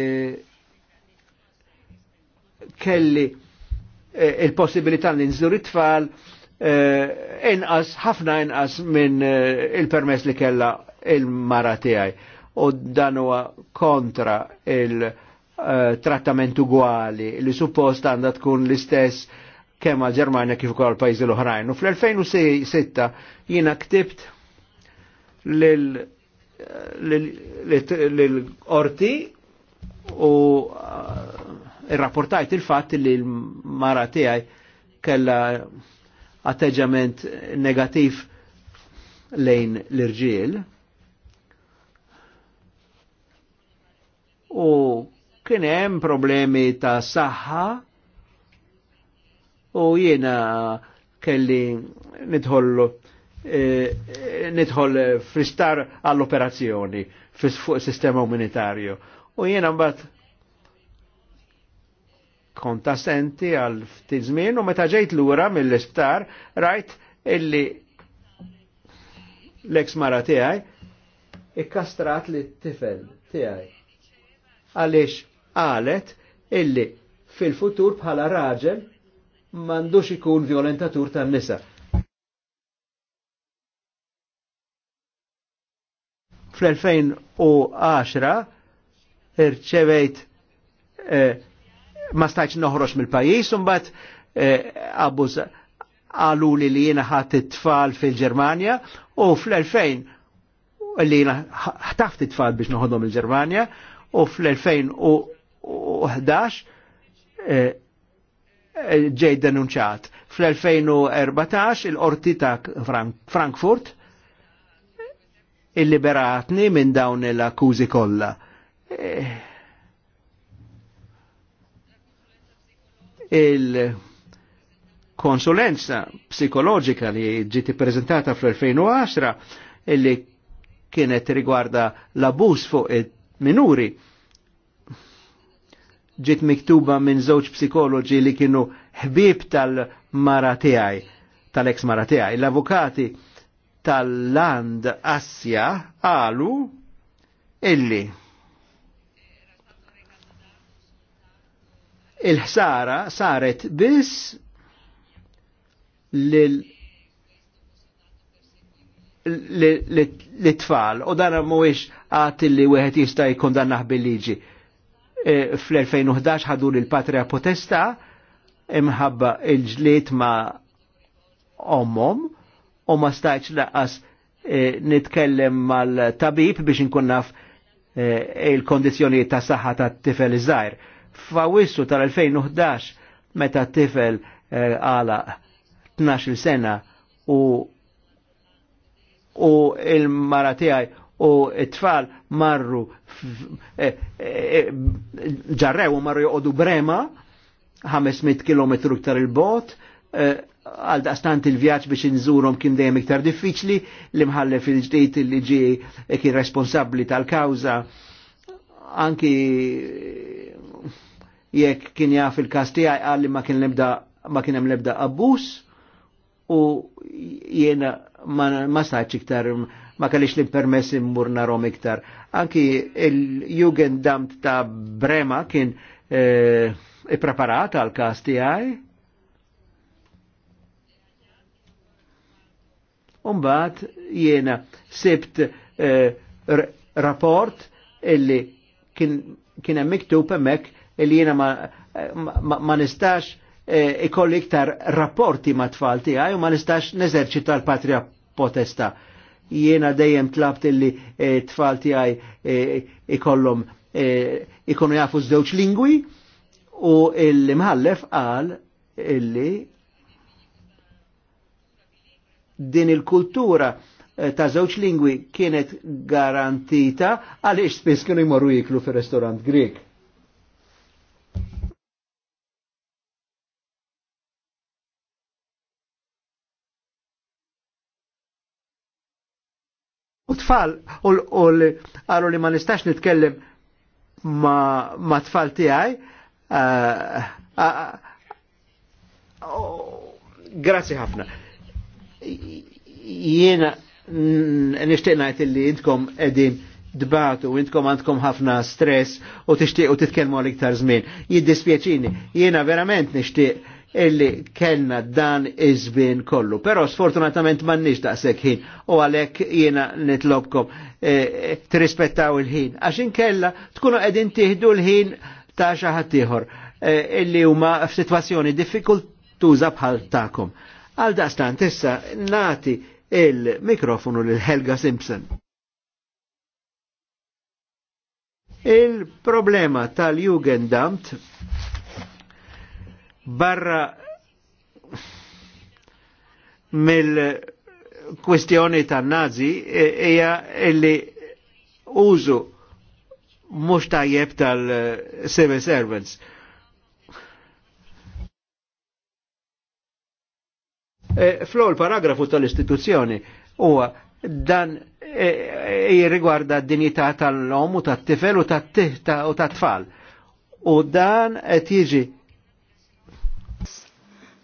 kelli e, il-possibilità li nżur it-tfal Eh, inqas ħafna inqas minn eh, il-permess li kella il-mara tiegħi. U dan huwa kontra il-trattament eh, ugwali li suppost għandha tkun l-istess kemm għal Ġermanja kif ukoll pajjiżi l-oħrajn. U fl-2006 jiena ktibt lil l-orti u irrapportajt il-fatt li l-mara tiegħi kella atteġġament negativ lejn l-irġiel. U kien hemm problemi ta' saħħa u jiena kelli nidħollu E, nidħol eh, fristar għall-operazzjoni fuq sistema umanitarju. U jiena mbagħad konta senti għal ftit żmien u meta ġejt lura mill-isptar rajt illi l-eks mara tiegħi ikkastrat li t-tifel tiegħi. Għaliex qalet illi fil-futur bħala raġel m'għandux ikun violentatur tan-nisa. Fl-2010 irċevejt eh, ma stajċ noħroċ mill-pajis, unbat eh, abbuż għalu li li jena ħat it-tfal fil ġermania u fl-2000 li jena ħtaft it-tfal biex noħodhom il ġermania u fl-2011 eh, eh, ġej denunċat. Fl-2014 il-qorti ta' Frankfurt il-liberatni minn dawn l-akkużi kollha il-konsulenza psikoloġika li ġiti prezentata fl-2010 illi kienet rigwarda l-abus fuq minuri ġiet miktuba minn żewġ psikoloġi li kienu ħbib tal-mara tiegħi, tal-eks mara tiegħi. L-avukati tal-land Assja qalu illi il-ħsara saret biss lil l-tfal u dan mhuwiex għat li wieħed jista' jkun dan bil-liġi. E, fl-2011 ħadu l patria potesta imħabba il-ġliet ma' omom u ma stajċ laqas e, nitkellem mal-tabib biex nkun naf e, il-kondizjoni ta' saħħa ta' tifel iż-żgħir Fawissu tal-2011 meta tifel eh, għala 12 sena u u il-mara tiegħi u t-tfal marru eh, eh, ġarrew u marru joqodu brema 500 km ktar il-bot għal daqstant il-vjaċ biex inżurhom kien dejjem iktar diffiċli li mħallef il ġdid li ġi kien responsabbli tal-kawża anki jekk kien jaf il-kas tiegħi li ma kien lebda ma kien hemm lebda abbus u jiena ma, ma stajtx iktar ma kellix li permess immur narhom iktar. Anki il-Jugendamt ta' Brema kien eh, ippreparat għal kas Umbat jiena sibt eh, rapport illi kien kien hemm miktub hemmhekk li jiena ma, ma, ma nistax eh, ikolli e iktar rapporti ma tfal tiegħi u ma nistax neżerċita l-patria potesta. Jiena dejjem tlabt illi e, tfal tiegħi eh, ikollhom e, ikonu jafu żewġ lingwi u l mħallef qal illi din il-kultura ta' żewġ lingwi kienet garantita għaliex spiss kienu jmorru jiklu fir-restorant Grek. tfal u għalu li ma nistax nitkellem ma tfal tiegħi. Eh, eh, eh, oh, Grazie ħafna. Jiena nishtiq ngħid li intkom qegħdin dbatu, intkom għandkom ħafna stress u tixtieq u titkellmu għal iktar żmien. Jiddispjaċini, jiena verament nixtieq illi kellna dan iż-żmien kollu. Però sfortunatament m'għandniex daqshekk ħin u għalhekk jiena nitlobkom eh, eh, tirrispettaw il-ħin. Għax inkella tkunu qegħdin tieħdu l-ħin ta' xi ħadd ieħor eh, illi huma f'sitwazzjoni diffikultuża bħal tagħkom. Għal daqstant issa nati il-mikrofonu lil Helga Simpson. Il-problema tal-Jugendamt barra mill-kwestjoni tan-nazi hija e-, illi użu mhux tajjeb tal-civil servants. E, Flow il-paragrafu tal-istituzzjoni huwa dan jirrigwarda e, e d-dinjità tal-om u tat-tifel u tat-tfal. U dan qed jiġi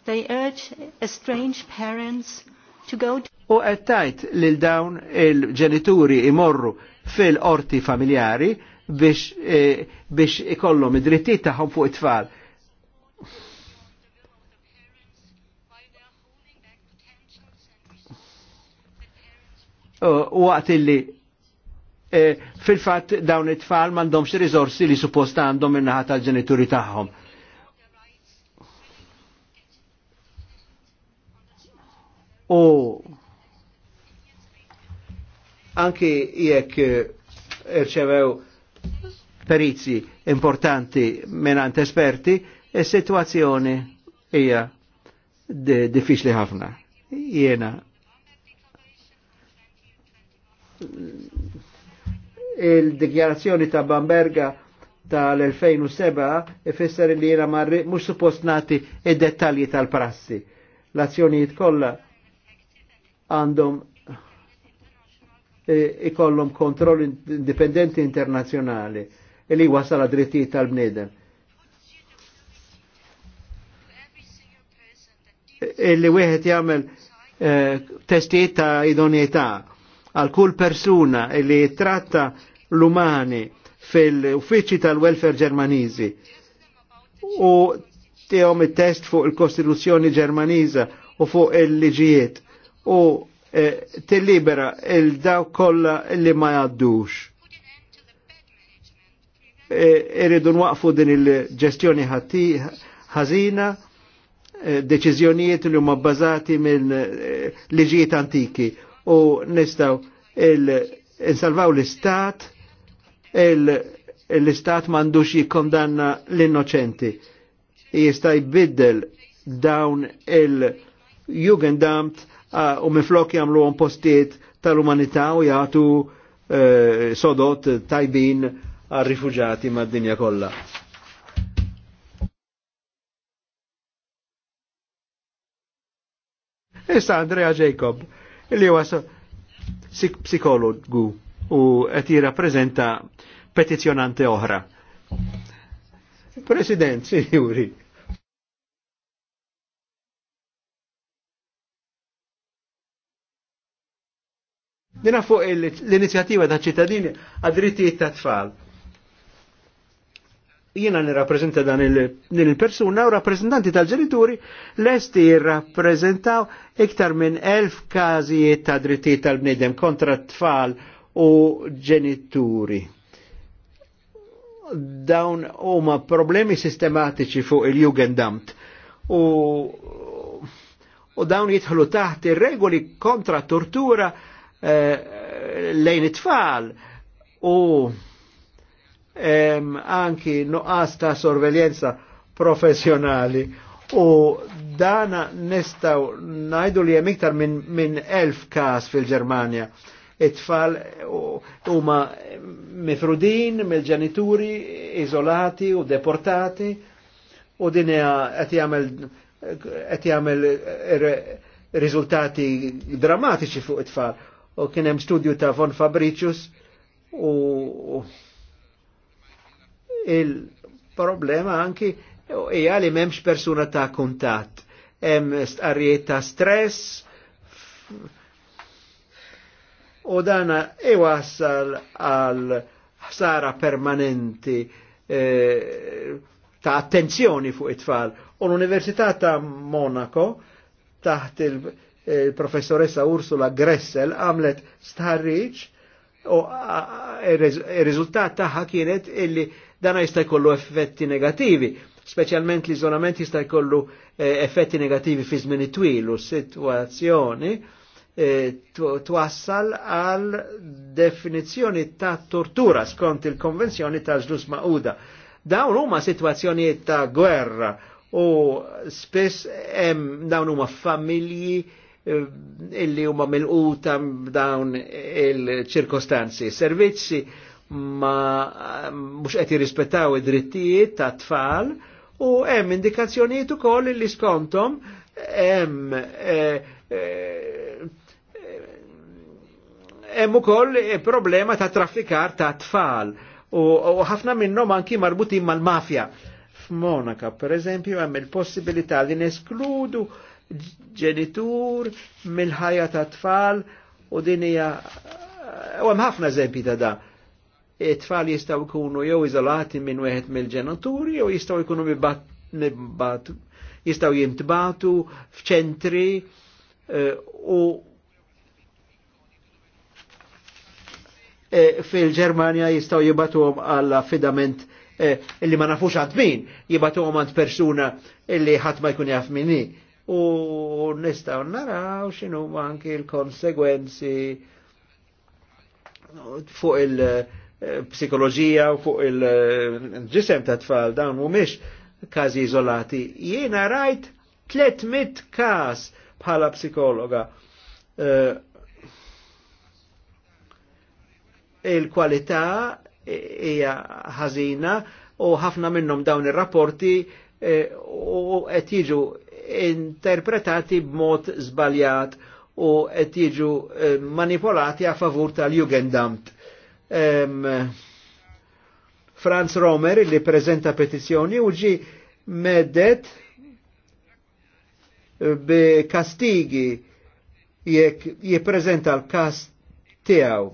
They urge estranged parents to go to U għettajt lil dawn il-ġenituri imorru fil-orti familjari biex, e, biex ikollhom id-drittijiet tagħhom fuq it-tfal. U għat illi e, fil-fatt dawn it-tfal m'għandhomx rizorsi li suppost għandhom minnaħat tal-ġenituri tagħhom. U anki jekk eh, irċevew perizzi importanti menant esperti, is e situazzjoni hija diffiċli ħafna. Jiena il-dikjarazzjoni ta' Bamberga tal-2007 ifisser li jiena marri mux suppost nati id-dettalji tal-prassi. L-azzjonijiet kollha għandhom eh, ikollhom kontroll indipendenti internazzjonali e li wasal għad drittijiet tal bnedem Illi e wieħed jagħmel eh, testijiet ta' idoneità għal kull persuna e li tratta l-umani fil-uffiċċji tal-welfare ġermaniżi u tiegħu it-test fuq il-Kostituzzjoni Ġermaniża u fuq il-liġijiet u eh, t-libera il-daw kolla li ma jaddux. Eh, Irridu nwaqfu din il-ġestjoni ħażina, eh, deċiżjonijiet li huma bbażati minn liġijiet antiki u nistaw insalvaw l-istat, l-istat mandux jikondanna l-innoċenti. Jista' jbiddel dawn il-Jugendamt Ah, u miflok jamlu għom postiet tal-umanità u jgħatu eh, sodot tajbin għal-rifugjati mad-dinja kolla. Issa Andrea Jacob, il li huwa psikologu u qed jirrappreżenta petizjonante oħra. President, sinjuri. Nina fuq l inizjativa ta' ċittadini għad-drittijiet ta' tfal. Jiena nirrapprezenta dan il-persuna u rappresentanti tal-ġenituri lesti jirrapprezentaw iktar minn elf każijiet ta' drittijiet tal-bnedem kontra tfal u ġenituri. Dawn huma problemi sistematiċi fuq il-Jugendamt u u dawn jitħlu taħt ir-regoli kontra tortura Eh, lejn it-tfal u anki nuqqas ta' sorveljenza professjonali u dana nistaw najdu li hemm iktar minn min elf kas fil ġermania it-tfal ma mifrudin mill-ġenituri izolati u deportati u din qed jagħmel qed jagħmel eh, rizultati drammatiċi fuq it-tfal u kien hemm studju ta' Von Fabricius u il-problema anki hija li m'hemmx persuna ta' kuntat. Hemm stqarrijiet ta' stress u dana iwassal għal ħsara permanenti eh, ta' attenzjoni fuq it-tfal. U l-Università ta' Monaco taħt il- il-professoressa Ursula Gressel għamlet starriċ u il-rizultat taħħa kienet illi dana jista' jkollu effetti negativi, speċjalment l-iżolament jista' jkollu eh, effetti negativi fi żmien twil u situazzjoni eh, twassal għal definizzjoni ta' tortura skont il-konvenzjoni ta' ġlus ma'uda. Dawn huma situazzjonijiet ta' gwerra u spess hemm dawn huma familji Eh, illi huma milquta dawn il-ċirkostanzi. Servizzi ma mhux qed jirrispettaw id-drittijiet ta' tfal u hemm indikazzjonijiet ukoll li skontom hemm eh, eh, hemm ukoll problema ta' traffikar ta' tfal u ħafna minnhom anki marbutin mal-mafja. F'Monaka, per eżempju, hemm il-possibilità li neskludu ġenitur mill-ħajja ta' tfal u din hija u hemm ħafna eżempji ta' da. It-tfal jistgħu jkunu jew iżolati minn wieħed mill-ġenituri jew jistgħu jkunu mibbat jistgħu jintbatu f'ċentri eh, u eh, fil-Ġermanja jistgħu jibatuhom għall affidament eh, illi ma nafux għad min, jibatuhom għand persuna illi ħadd ma jkun jaf minni u nistaw naraw xinu anki l-konsegwenzi fuq il-psikologija u fuq il-ġisem ta' tfal dawn u mish kazi izolati. Jiena rajt 300 kas bħala psikologa. Eh, il-kwalità hija ħażina u ħafna minnhom dawn ir-rapporti eh, u qed jiġu interpretati b'mod zbaljat u qed jiġu eh, manipolati a favur tal-Jugendamt. Um, Franz Romer li prezenta petizzjoni u ġi medet eh, bi kastigi jekk jippreżenta l-kas tiegħu.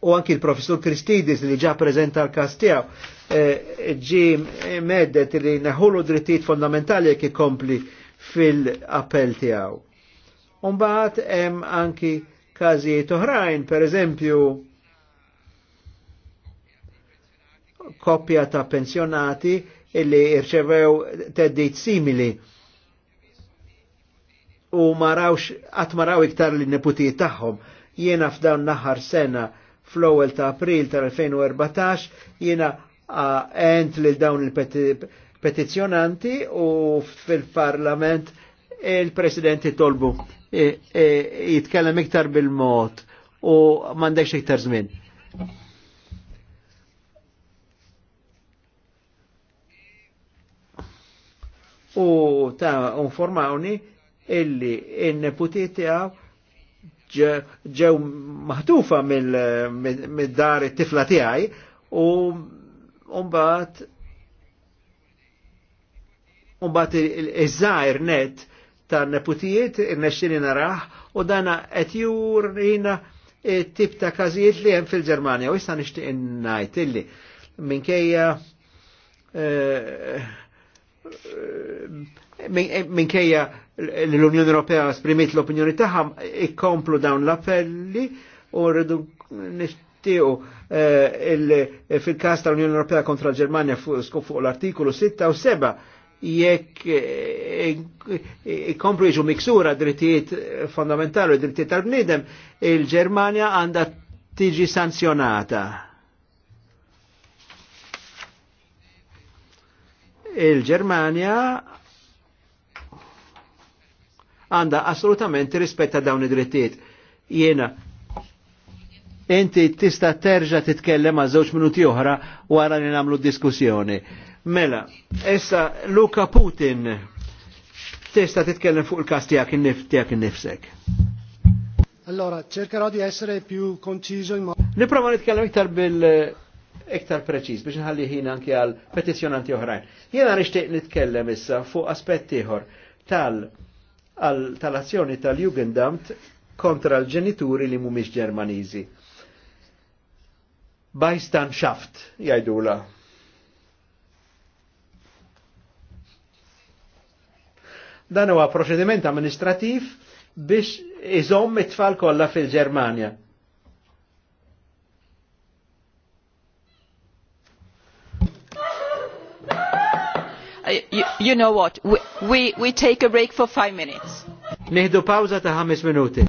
U anki l-professur Kristidis li ġa prezenta l-kas tiegħu Eh, ġi meddet li neħulu drittijiet fondamentali jekk ikompli fil-appell tiegħu. Umbaħt hemm anki każijiet oħrajn, per eżempju koppja ta' pensjonati illi irċevew teddit simili u marawx, għat maraw iktar li neputi tagħhom. Jiena f'dawn naħar sena fl-ewwel ta' April tal-2014 jiena għent lil dawn il-petizjonanti u fil-parlament il presidenti tolbu jitkellem iktar bil-mod u mandek iktar żmien. U ta' informawni illi il-neputiet tiegħu ġew maħtufa mill-dar it-tifla tiegħi u Umbat, umbat il żajr net ta' neputijiet il-nexxini naraħ u dana etjur jina tip ta' kazijiet li jem fil-Ġermanja u issa nixtieq ngħid illi minkejja eh, eh, eh, minkejja l-Unjoni Ewropea sprimit l-opinjoni taħam, ikkomplu dawn l-appelli u rridu tiegħu eh, fil kas tal-Unjoni Ewropea kontra l-Ġermanja fuq l-artikolu 6 u 7 jekk eh, ikompru jiġu miksura drittijiet fondamentali u drittijiet tal bnidem il-Ġermanja għandha tiġi sanzjonata. Il-Ġermanja għanda assolutament rispetta dawn id-drittijiet. Jena inti tista terġa titkellem għal żewġ minuti oħra wara li nagħmlu diskussjoni. Mela, issa Luka Putin tista titkellem fuq il-kas tiegħek tiegħek innifsek. Allora, cercherò di essere più conciso in modo. Niprova nitkellem iktar bil iktar preċiż biex nħalli ħin anke għal petizzjonanti oħrajn. Jiena nixtieq nitkellem issa fuq aspett ieħor tal tal-azzjoni tal-Jugendamt kontra l-ġenituri li mhumiex Ġermaniżi bajstan xaft, jajdula. Dan huwa proċediment amministrativ biex iżomm it-tfal kollha fil-Ġermanja. Uh, you, you know what, we, we, we take a break for five minutes. Nihdu pawza ta' ħames minuti.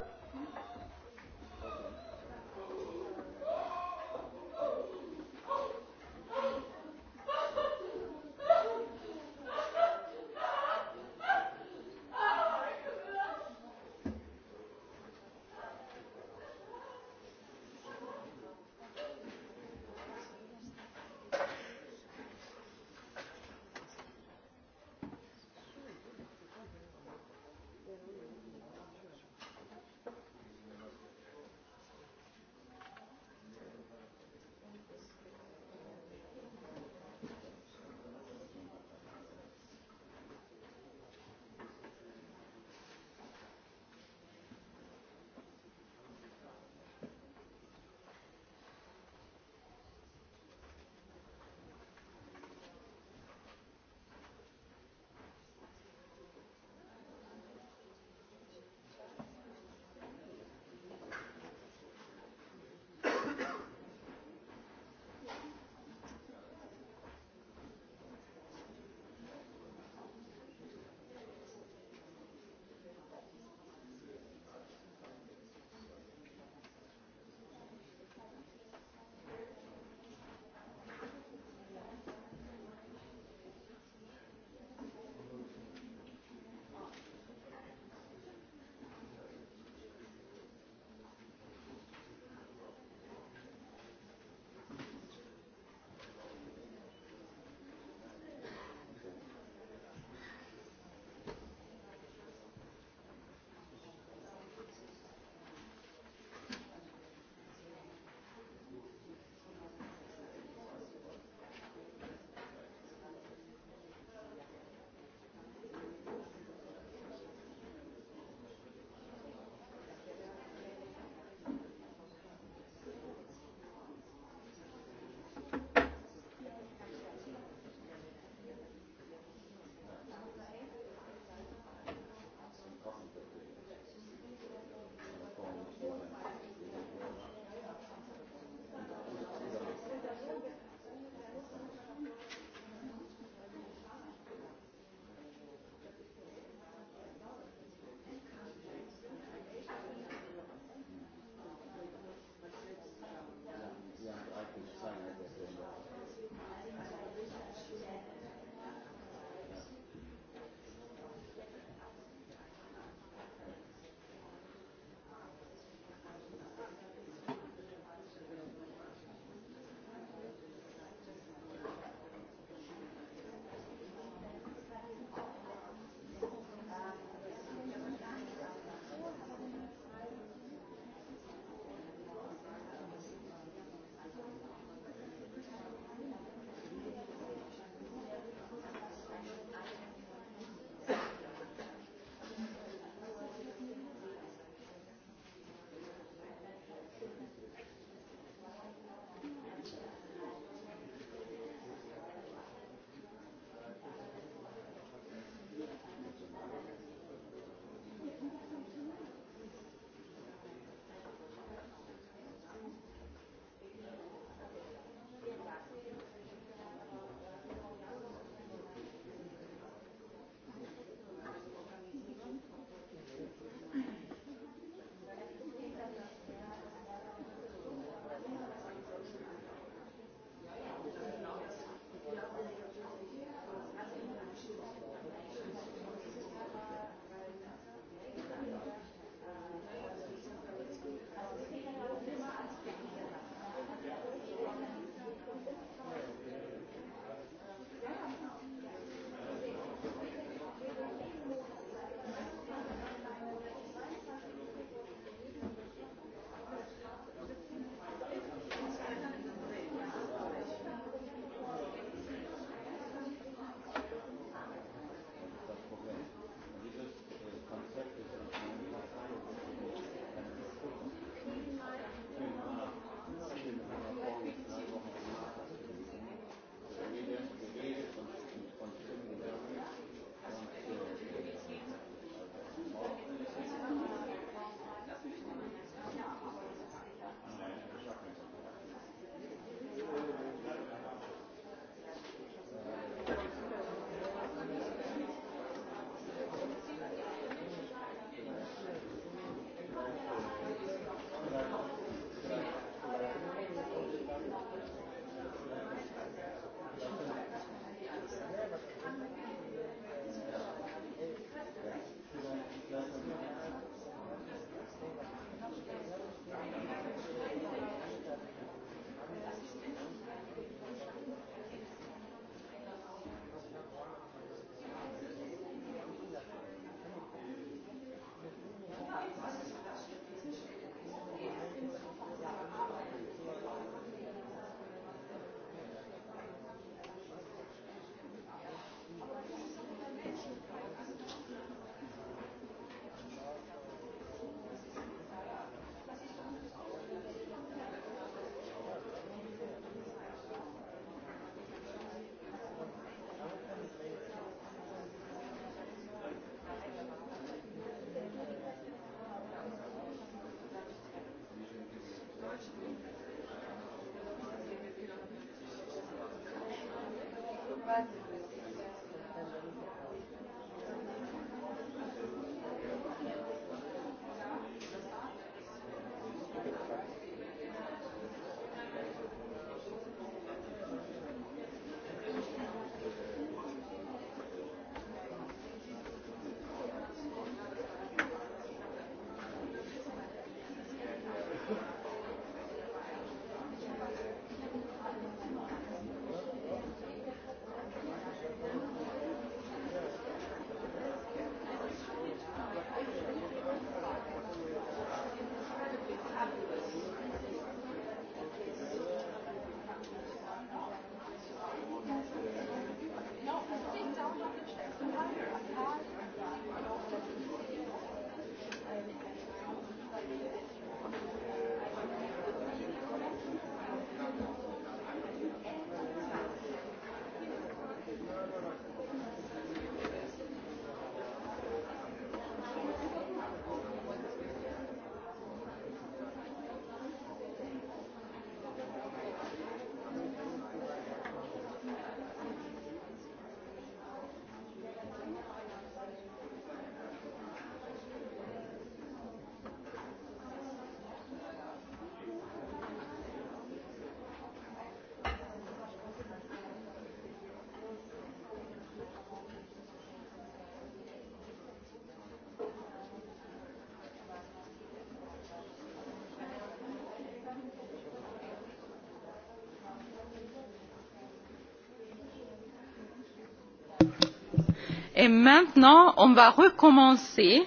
Et maintenant, on va recommencer.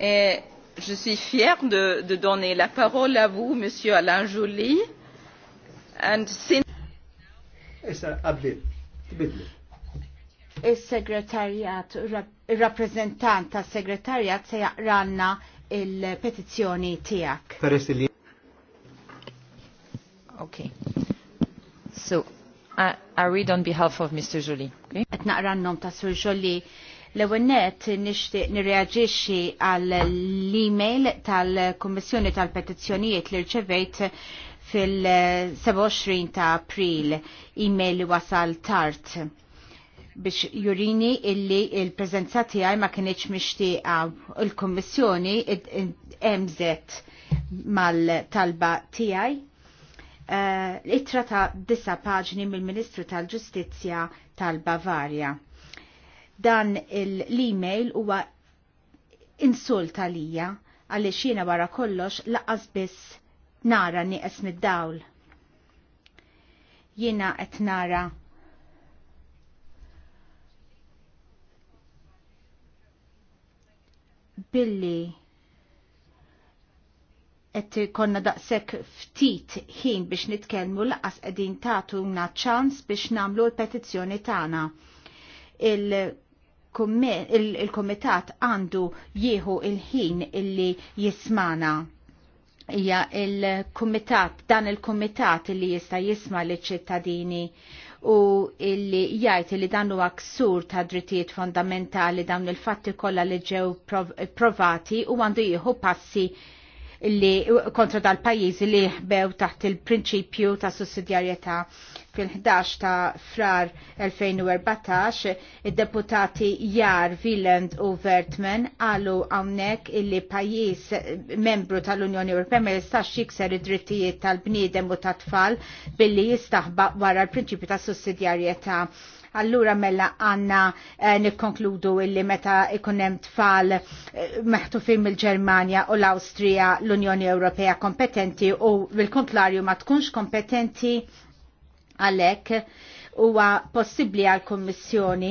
Et je suis fière de, de donner la parole à vous, Monsieur Alain Jolie. And since... Il-segretarjat, il-rappresentant ta' segretarjat se jaqranna il-petizjoni tijak. Okay. So, I, uh, I read on behalf of Mr. Jolie. Okay? naqrannom ta' Sur Jolli. L-ewennet nixtieq nirreaġixxi għall l-email tal-Kummissjoni tal-Petizzjonijiet li rċevejt fil-27 ta' April, email li wasal tard biex jurini illi il-prezenza tiegħi ma kienieċ mixtieqa l kummissjoni emżet mal-talba tiegħi uh, eh, itra ta' disa paġni mill-Ministru tal-Ġustizzja tal-Bavarja. Dan l-email huwa insult għalija għaliex jiena wara kollox laqas biss nara nieqes mid-dawl. Jiena qed nara billi et konna daqsek ftit ħin biex nitkelmu laqas edin tatuna ċans biex namlu l-petizjoni tagħna. Il-komitat għandu jieħu il-ħin illi jismana. Ija il-komitat, dan il-komitat illi jista jisma li ċittadini u illi jajt li dan huwa ksur ta' drittijiet fondamentali dawn il-fatti kollha li ġew provati u għandu jieħu passi li kontra dal-pajjiżi li ħbew taħt il-prinċipju ta' sussidjarjetà fil-11 ta' frar 2014 id-deputati Jar, Villand u Vertman għalu għawnek illi pajis membru tal-Unjoni Ewropea ma jistax jikser id-drittijiet tal-bniedem u tat-tfal billi jistaħba wara l-prinċipju ta' sussidjarjetà Allura mela għanna eh, nikkonkludu illi meta ikunem tfal eh, il mill-Ġermanja u l-Awstrija l-Unjoni Ewropea kompetenti u bil-kontlarju ma tkunx kompetenti għalek huwa possibbli għal kommissjoni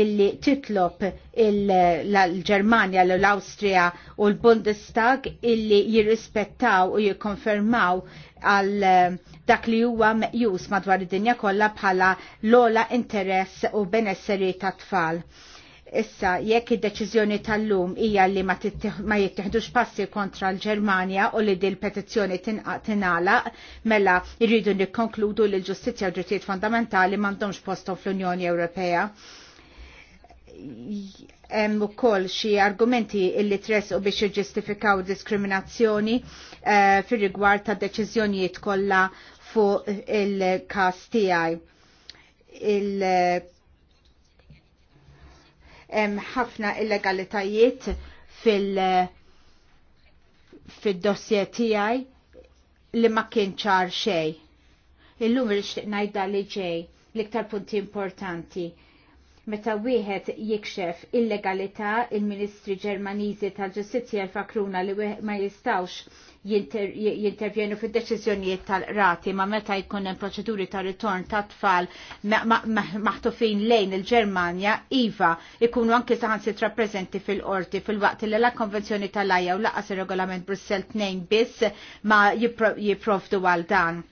illi titlob l-Ġermanja, l-Austria u l-Bundestag illi jirrispettaw u jikonfermaw għal uh, dak li huwa meqjus madwar id-dinja kollha bħala l-ola interess u benesseri ta' tfal. Issa, jekk id-deċiżjoni tal-lum hija li ma, jittieħdux passi kontra l-Ġermanja u li din petizzjoni tinala, mela jridu nikkonkludu li l-ġustizzja u drittijiet fondamentali m'għandhomx postom fl-Unjoni Ewropea. Hemm ukoll xi argumenti illi tresqu biex jiġġustifikaw diskriminazzjoni Eh, fir rigward ta' deċiżjonijiet kollha fuq il-kas tiegħi. Il eh, ħafna illegalitajiet fil- fil-dossier tiegħi li ma kien ċar xej. Illum irixtiq ngħidha li ġej l-iktar punti importanti Meta wieħed jikxef illegalità, il-Ministri Ġermaniżi tal-Ġustizzja l-Fakruna li ma jistawx jintervjenu fid deċiżjonijiet tal-rati ma meta jkun hemm proċeduri ta' ritorn ta' tfal maħtufin lejn il-Ġermanja, iva ikunu anki saħansit rappreżenti fil-qorti fil-waqt li la konvenzjoni tal-ajja u laqas ir-regolament Brussel 2 biss ma jipprovdu għal dan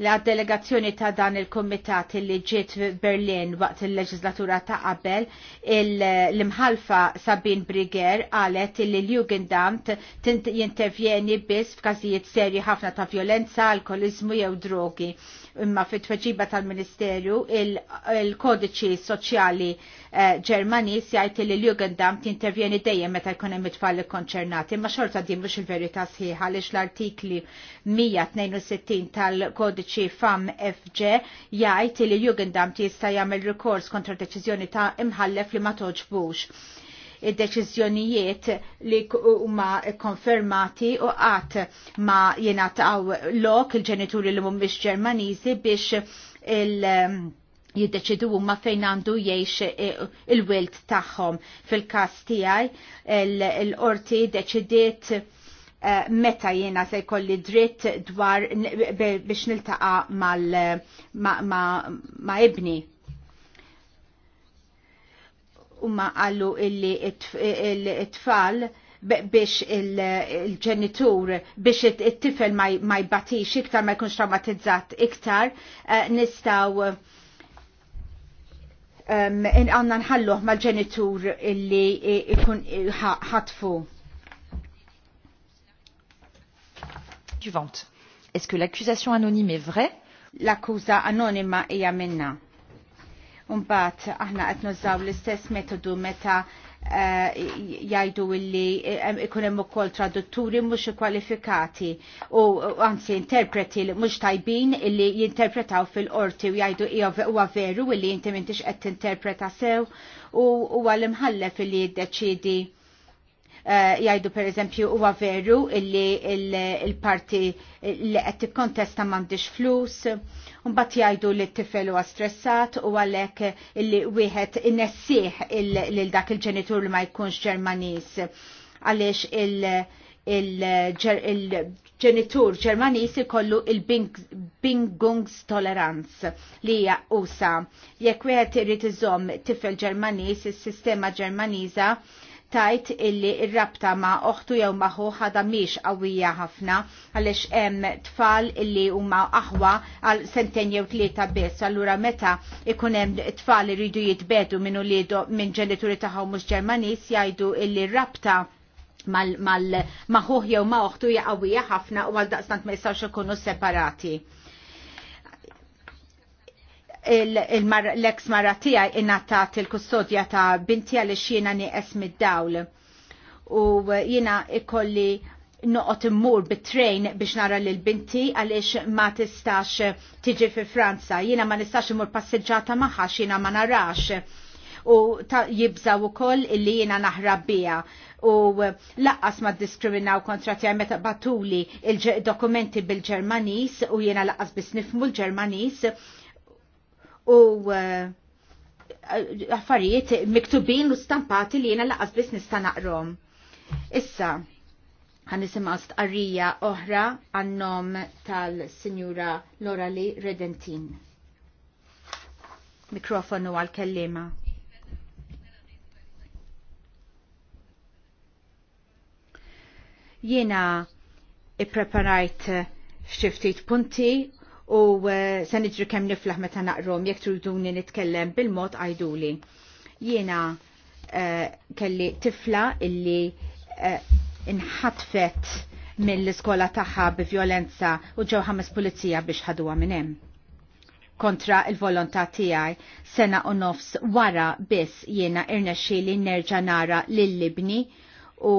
la delegazzjoni ta' dan il-komitat li ġiet Berlin waqt il-leġislatura ta' qabel l-imħalfa Sabin Briger għalet li l-Jugendamt jintervjeni biss f'każijiet serji ħafna ta' violenza, alkoliżmu jew drogi imma fit tweġiba tal-Ministerju il-kodiċi soċjali eh, Ġermanis jgħid li l-Jugendam tintervjeni dejjem meta jkun hemm it-tfal ikkonċernati, imma xorta din mhux il-verità sħiħa għaliex l-artikli 162 tal-kodiċi FAM FG jgħid li l-Jugendam tista' jagħmel rikors kontra deċiżjoni ta' imħallef li ma toġbux id-deċiżjonijiet li huma konfermati u qatt ma jingħataw lok il-ġenituri li mhumiex Ġermaniżi biex il- um, jiddeċidu huma fejn għandu jgħix il-wilt tagħhom. Fil-każ tiegħi l-qorti deċidiet uh, meta jiena se jkolli dritt dwar biex niltaqa' ma' ibni umma għallu illi it-tfal biex il-ġenitur, biex it-tifel ma jbatix iktar, ma jkunx traumatizzat iktar, eh, nistaw għanna nħalluħ ma ġenitur illi ikun ħatfu. Est-ce que l'accusation anonyme est vraie? L'accusa anonima hija minna Umbat aħna qed nużaw l-istess metodu meta eh, jajdu illi eh, ikun hemm ukoll tradutturi mhux kwalifikati u anzi interpreti li mhux tajbin illi jinterpretaw fil-qorti u jajdu huwa veru illi inti m'intix qed interpreta sew u huwa l-imħallef illi jiddeċiedi jajdu eh, jgħidu per eżempju huwa veru illi il-parti li qed tikkontesta m'għandix flus Mbagħad jgħidu li t-tifel huwa stressat u għalhekk li wieħed nessieħ lil dak il-ġenitur li ma jkunx Ġermaniż għaliex il- il-ġenitur ġermanis ikollu il-bingungs toleranz li hija usa. Jekk wieħed irid iżomm tifel Ġermaniż, is-sistema Ġermaniża tajt illi il rabta ma oħtu jew maħu ħada miex qawwija ħafna għaliex hemm tfal illi huma aħwa għal sentejn jew tlieta biss. Allura meta ikun hemm tfal iridu jitbedu minn uliedu minn ġenituri tagħhom mhux Ġermaniż jgħidu illi rabta mal, maħuħ jew ma oħtu jaqawija ħafna u għal daqstant ma jistawx ikunu separati l-ex marra tijaj innatat il-kustodja ta' binti għalli xiena nieqes mid-dawl. U jina ikolli noqot immur bit-train biex nara lil binti għaliex ma tistax tiġi fi Franza. Jiena ma nistax immur passeġġata maħħa jiena ma narax. U jibżaw ukoll illi jiena naħrab U laqqas ma diskriminaw kontra tiegħi meta batuli il-dokumenti bil-Ġermanis u jiena laqqas biss l-Ġermanis u eh, affarijiet miktubin u stampati li jena laqas biss nista' naqrom. Issa, għan nisimaw stqarrija oħra għannom tal-Sinjura Lorali Redentin. Mikrofonu għal-kellima. Jena i-preparajt xiftit punti u eh, se niġri kemm niflaħ meta naqrom jekk turduni nitkellem bil-mod għajduli. Jiena eh, kelli tifla illi eh, inħatfet mill-iskola tagħha bi violenza u ġew ħames pulizija biex ħaduha minn hemm. Kontra il-volontà tiegħi sena u nofs wara biss jiena irnexxieli nerġa' nara lill-libni u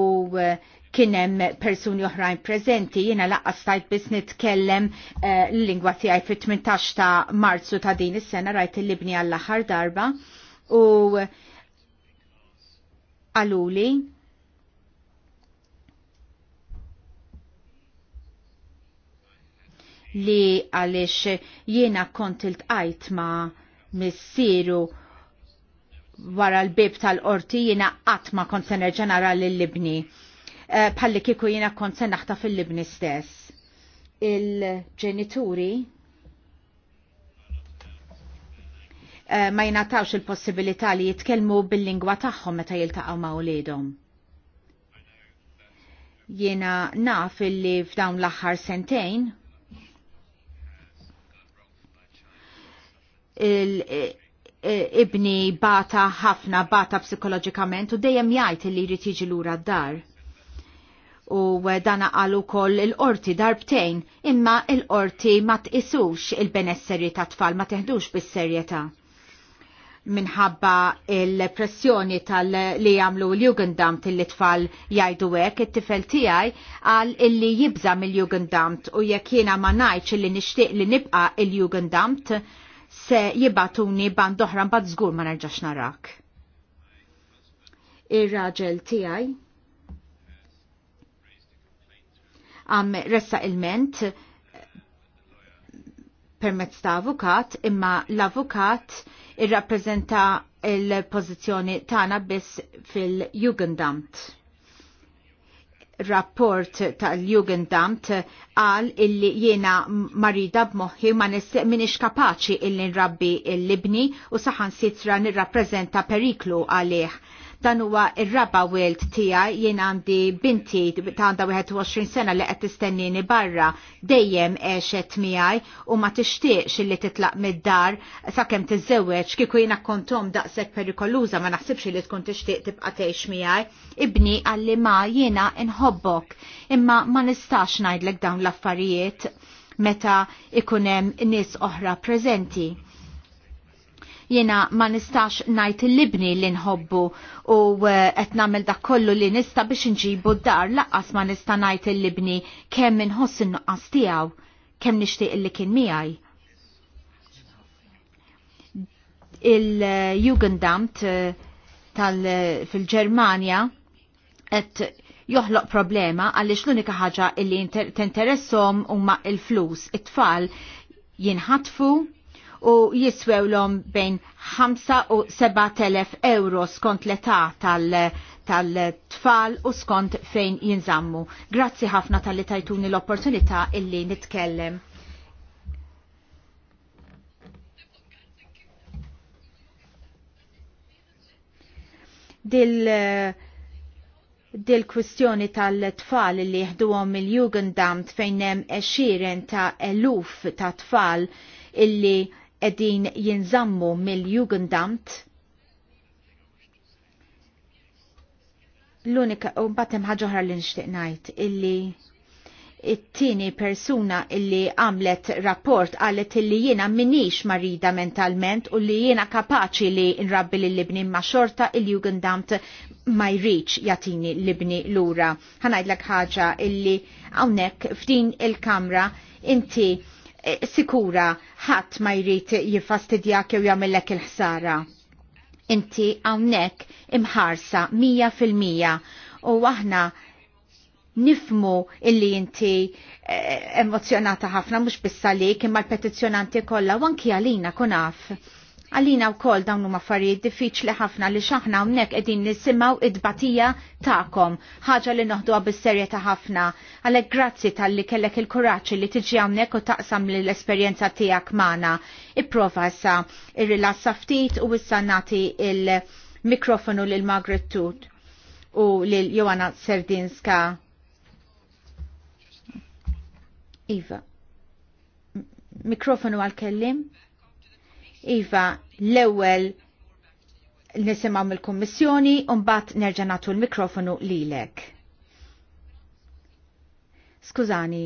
kienem persuni oħrajn prezenti, jena laqqa stajt bis nitkellem uh, l-lingwa tijaj fit-18 ta' marzu ta' din is-sena rajt il-libni għall-aħħar darba u għaluli li għalix jiena kont il-tqajt ma' missieru wara l-bib tal-qorti jiena qatt ma kont se nerġa' nara lill-libni bħalli eh, kieku jiena kont se naħta fil-libni stess. Il-ġenituri eh, ma jingħatawx il-possibilità li jitkellmu bil-lingwa tagħhom meta jiltaqgħu ma' wliedhom. Jiena naf illi f'dawn l-aħħar sentejn ibni bata ħafna bata psikoloġikament u dejjem jgħid li jrid jiġi lura d-dar u dana għalu koll il-qorti darbtejn, imma il-qorti ma tqisux il-benesseri ta' tfal ma teħdux bis-serjetà. Minħabba il-pressjoni tal li jamlu l-Jugendamt il tfal jajdu hekk it-tifel tiegħi għal il-li jibża mill-Jugendamt u jekk jiena ma ngħidx li nixtieq li nibqa' il-Jugendamt se jibatuni band doħran bad zgur ma nerġax narak. Ir-raġel tiegħi għam ressa il-ment permezz ta' avukat, imma l-avukat irrappreżenta il-pozizjoni tagħna biss fil-Jugendamt rapport tal-Jugendamt għal illi jiena marida b'moħħi ma minix kapaċi illi nrabbi l-libni u saħan sitra periklu għalih Dan huwa ir-raba wild tiegħi jien għandi binti ta' għandha 21 sena li qed tistennini barra dejjem għexet miegħi u ma tixtieqx li titlaq mid-dar sakemm tiżewweġ kieku jiena kontom daqshekk perikoluża ma naħsibx li tkun tixtieq tibqa' tgħix miegħi. Ibni għalli ma jiena inħobbok imma ma nistax ngħidlek dawn l-affarijiet meta ikunem nis oħra preżenti Jena ma nistax najt il-libni li nħobbu u eh, qed nagħmel dak kollu li nista biex nġibu d-dar laqqas ma nista najt il-libni kemm inħoss in-nuqqas tiegħu, kemm nixtieq li kien miegħi. Il-Jugendamt eh, tal-fil-Ġermanja qed joħloq problema għaliex l-unika ħaġa illi interessom huma il-flus. It-tfal jinħatfu u jiswewlhom bejn 5 u 7,000 euro skont l-età tal-tfal u skont fejn jinżammu. Grazzi ħafna tal-li tajtuni l-opportunità illi nitkellem. dil dil kwistjoni tal-tfal li jihduhom il-Jugendamt fejn hemm eċiren ta' eluf ta' tfal illi edin jinżammu mill-Jugendamt l-unika u mbattem ħagħuħra li nishtiq najt illi it-tini persuna illi għamlet rapport għalet illi jiena minix marida mentalment u li jiena kapaċi li nrabbi li libni ma xorta il-jugendamt ma jriċ jatini libni l-ura. ħanajdlek ħaġa illi għawnek f'din il-kamra inti Eh, sikura ħadd ma jrid jifastidjak jew jagħmellek il-ħsara. Inti hawnhekk imħarsa mija fil-mija u aħna nifmu illi inti eh, emozjonata ħafna mhux bissa li imma l-petizzjonanti kollha u anki għalina kun Għalina u kol dawn huma affarijiet diffiċli ħafna li xaħna hawnhekk qegħdin nisimaw id-batija tagħkom, ħaġa li noħduha bis serjeta ħafna. Għalhekk grazzi tal-li kellek il kuraċi li tiġi hawnhekk u taqsam lill esperjenza tiegħek magħna. Ipprova sa irrilassa ftit u issa nagħti il-mikrofonu lil Margaret Tut u lil Joanna Serdinska. Iva. Mikrofonu għal-kellim. Iva, l-ewel nisimaw mill-Kommissjoni un-bat nerġanatu l-mikrofonu lilek. Skużani.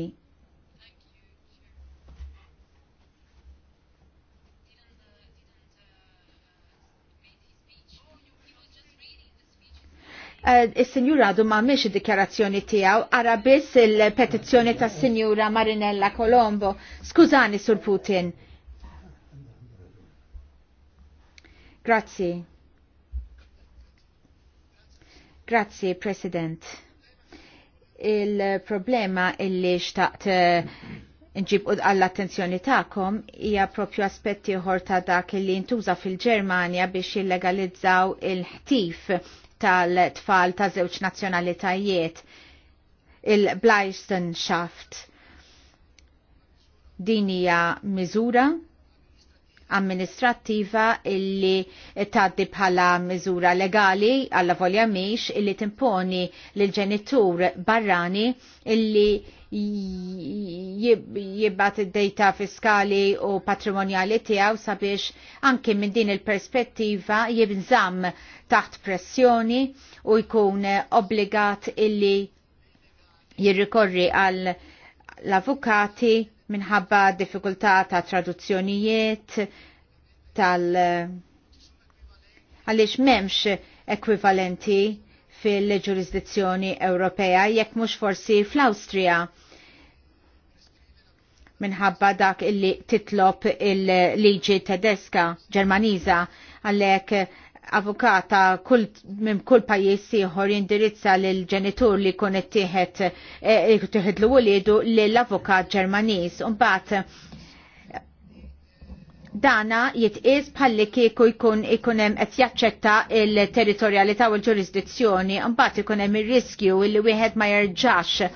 il eh, Is-Sinjura għadu ma miex id-dikjarazzjoni tiegħu ara biss il-petizzjoni tas-Sinjura Marinella Colombo. Skużani, Sur Putin Grazzi. Grazzi, President. Il-problema illi xtaqt eh, nġib għall-attenzjoni ta'kom hija propju aspetti ħor ta' dak li ntuża fil-Ġermanja biex illegalizzaw il-ħtif tal-tfal ta' żewġ nazzjonalitajiet il-Bleistenschaft. Din hija miżura amministrattiva illi taddi bħala miżura legali għalla volja miex illi timponi l-ġenitur barrani illi jibbat id-dejta fiskali u patrimonjali tiegħu sabiex anki minn din il-perspettiva jibżamm taħt pressjoni u jkun obbligat illi jirrikorri għal l-avukati minħabba diffikultà ta' traduzzjonijiet tal għaliex memx ekwivalenti fil-ġurisdizzjoni Ewropea jekk mhux forsi fl-Awstrija minħabba dak illi titlob il-liġi tedeska Ġermaniża għalhekk avukata kull, minn kull pajjiż ieħor jindirizza lil ġenitur li jkun ittieħed tieħed e, l wuliedu lill avukat Ġermaniż. Imbagħad dana jitqies bħalli kieku jkun ikun hemm qed jaċċetta l territorjalità u l-ġurisdizzjoni, mbagħad ikun hemm ir-riskju li wieħed ma jerġax e,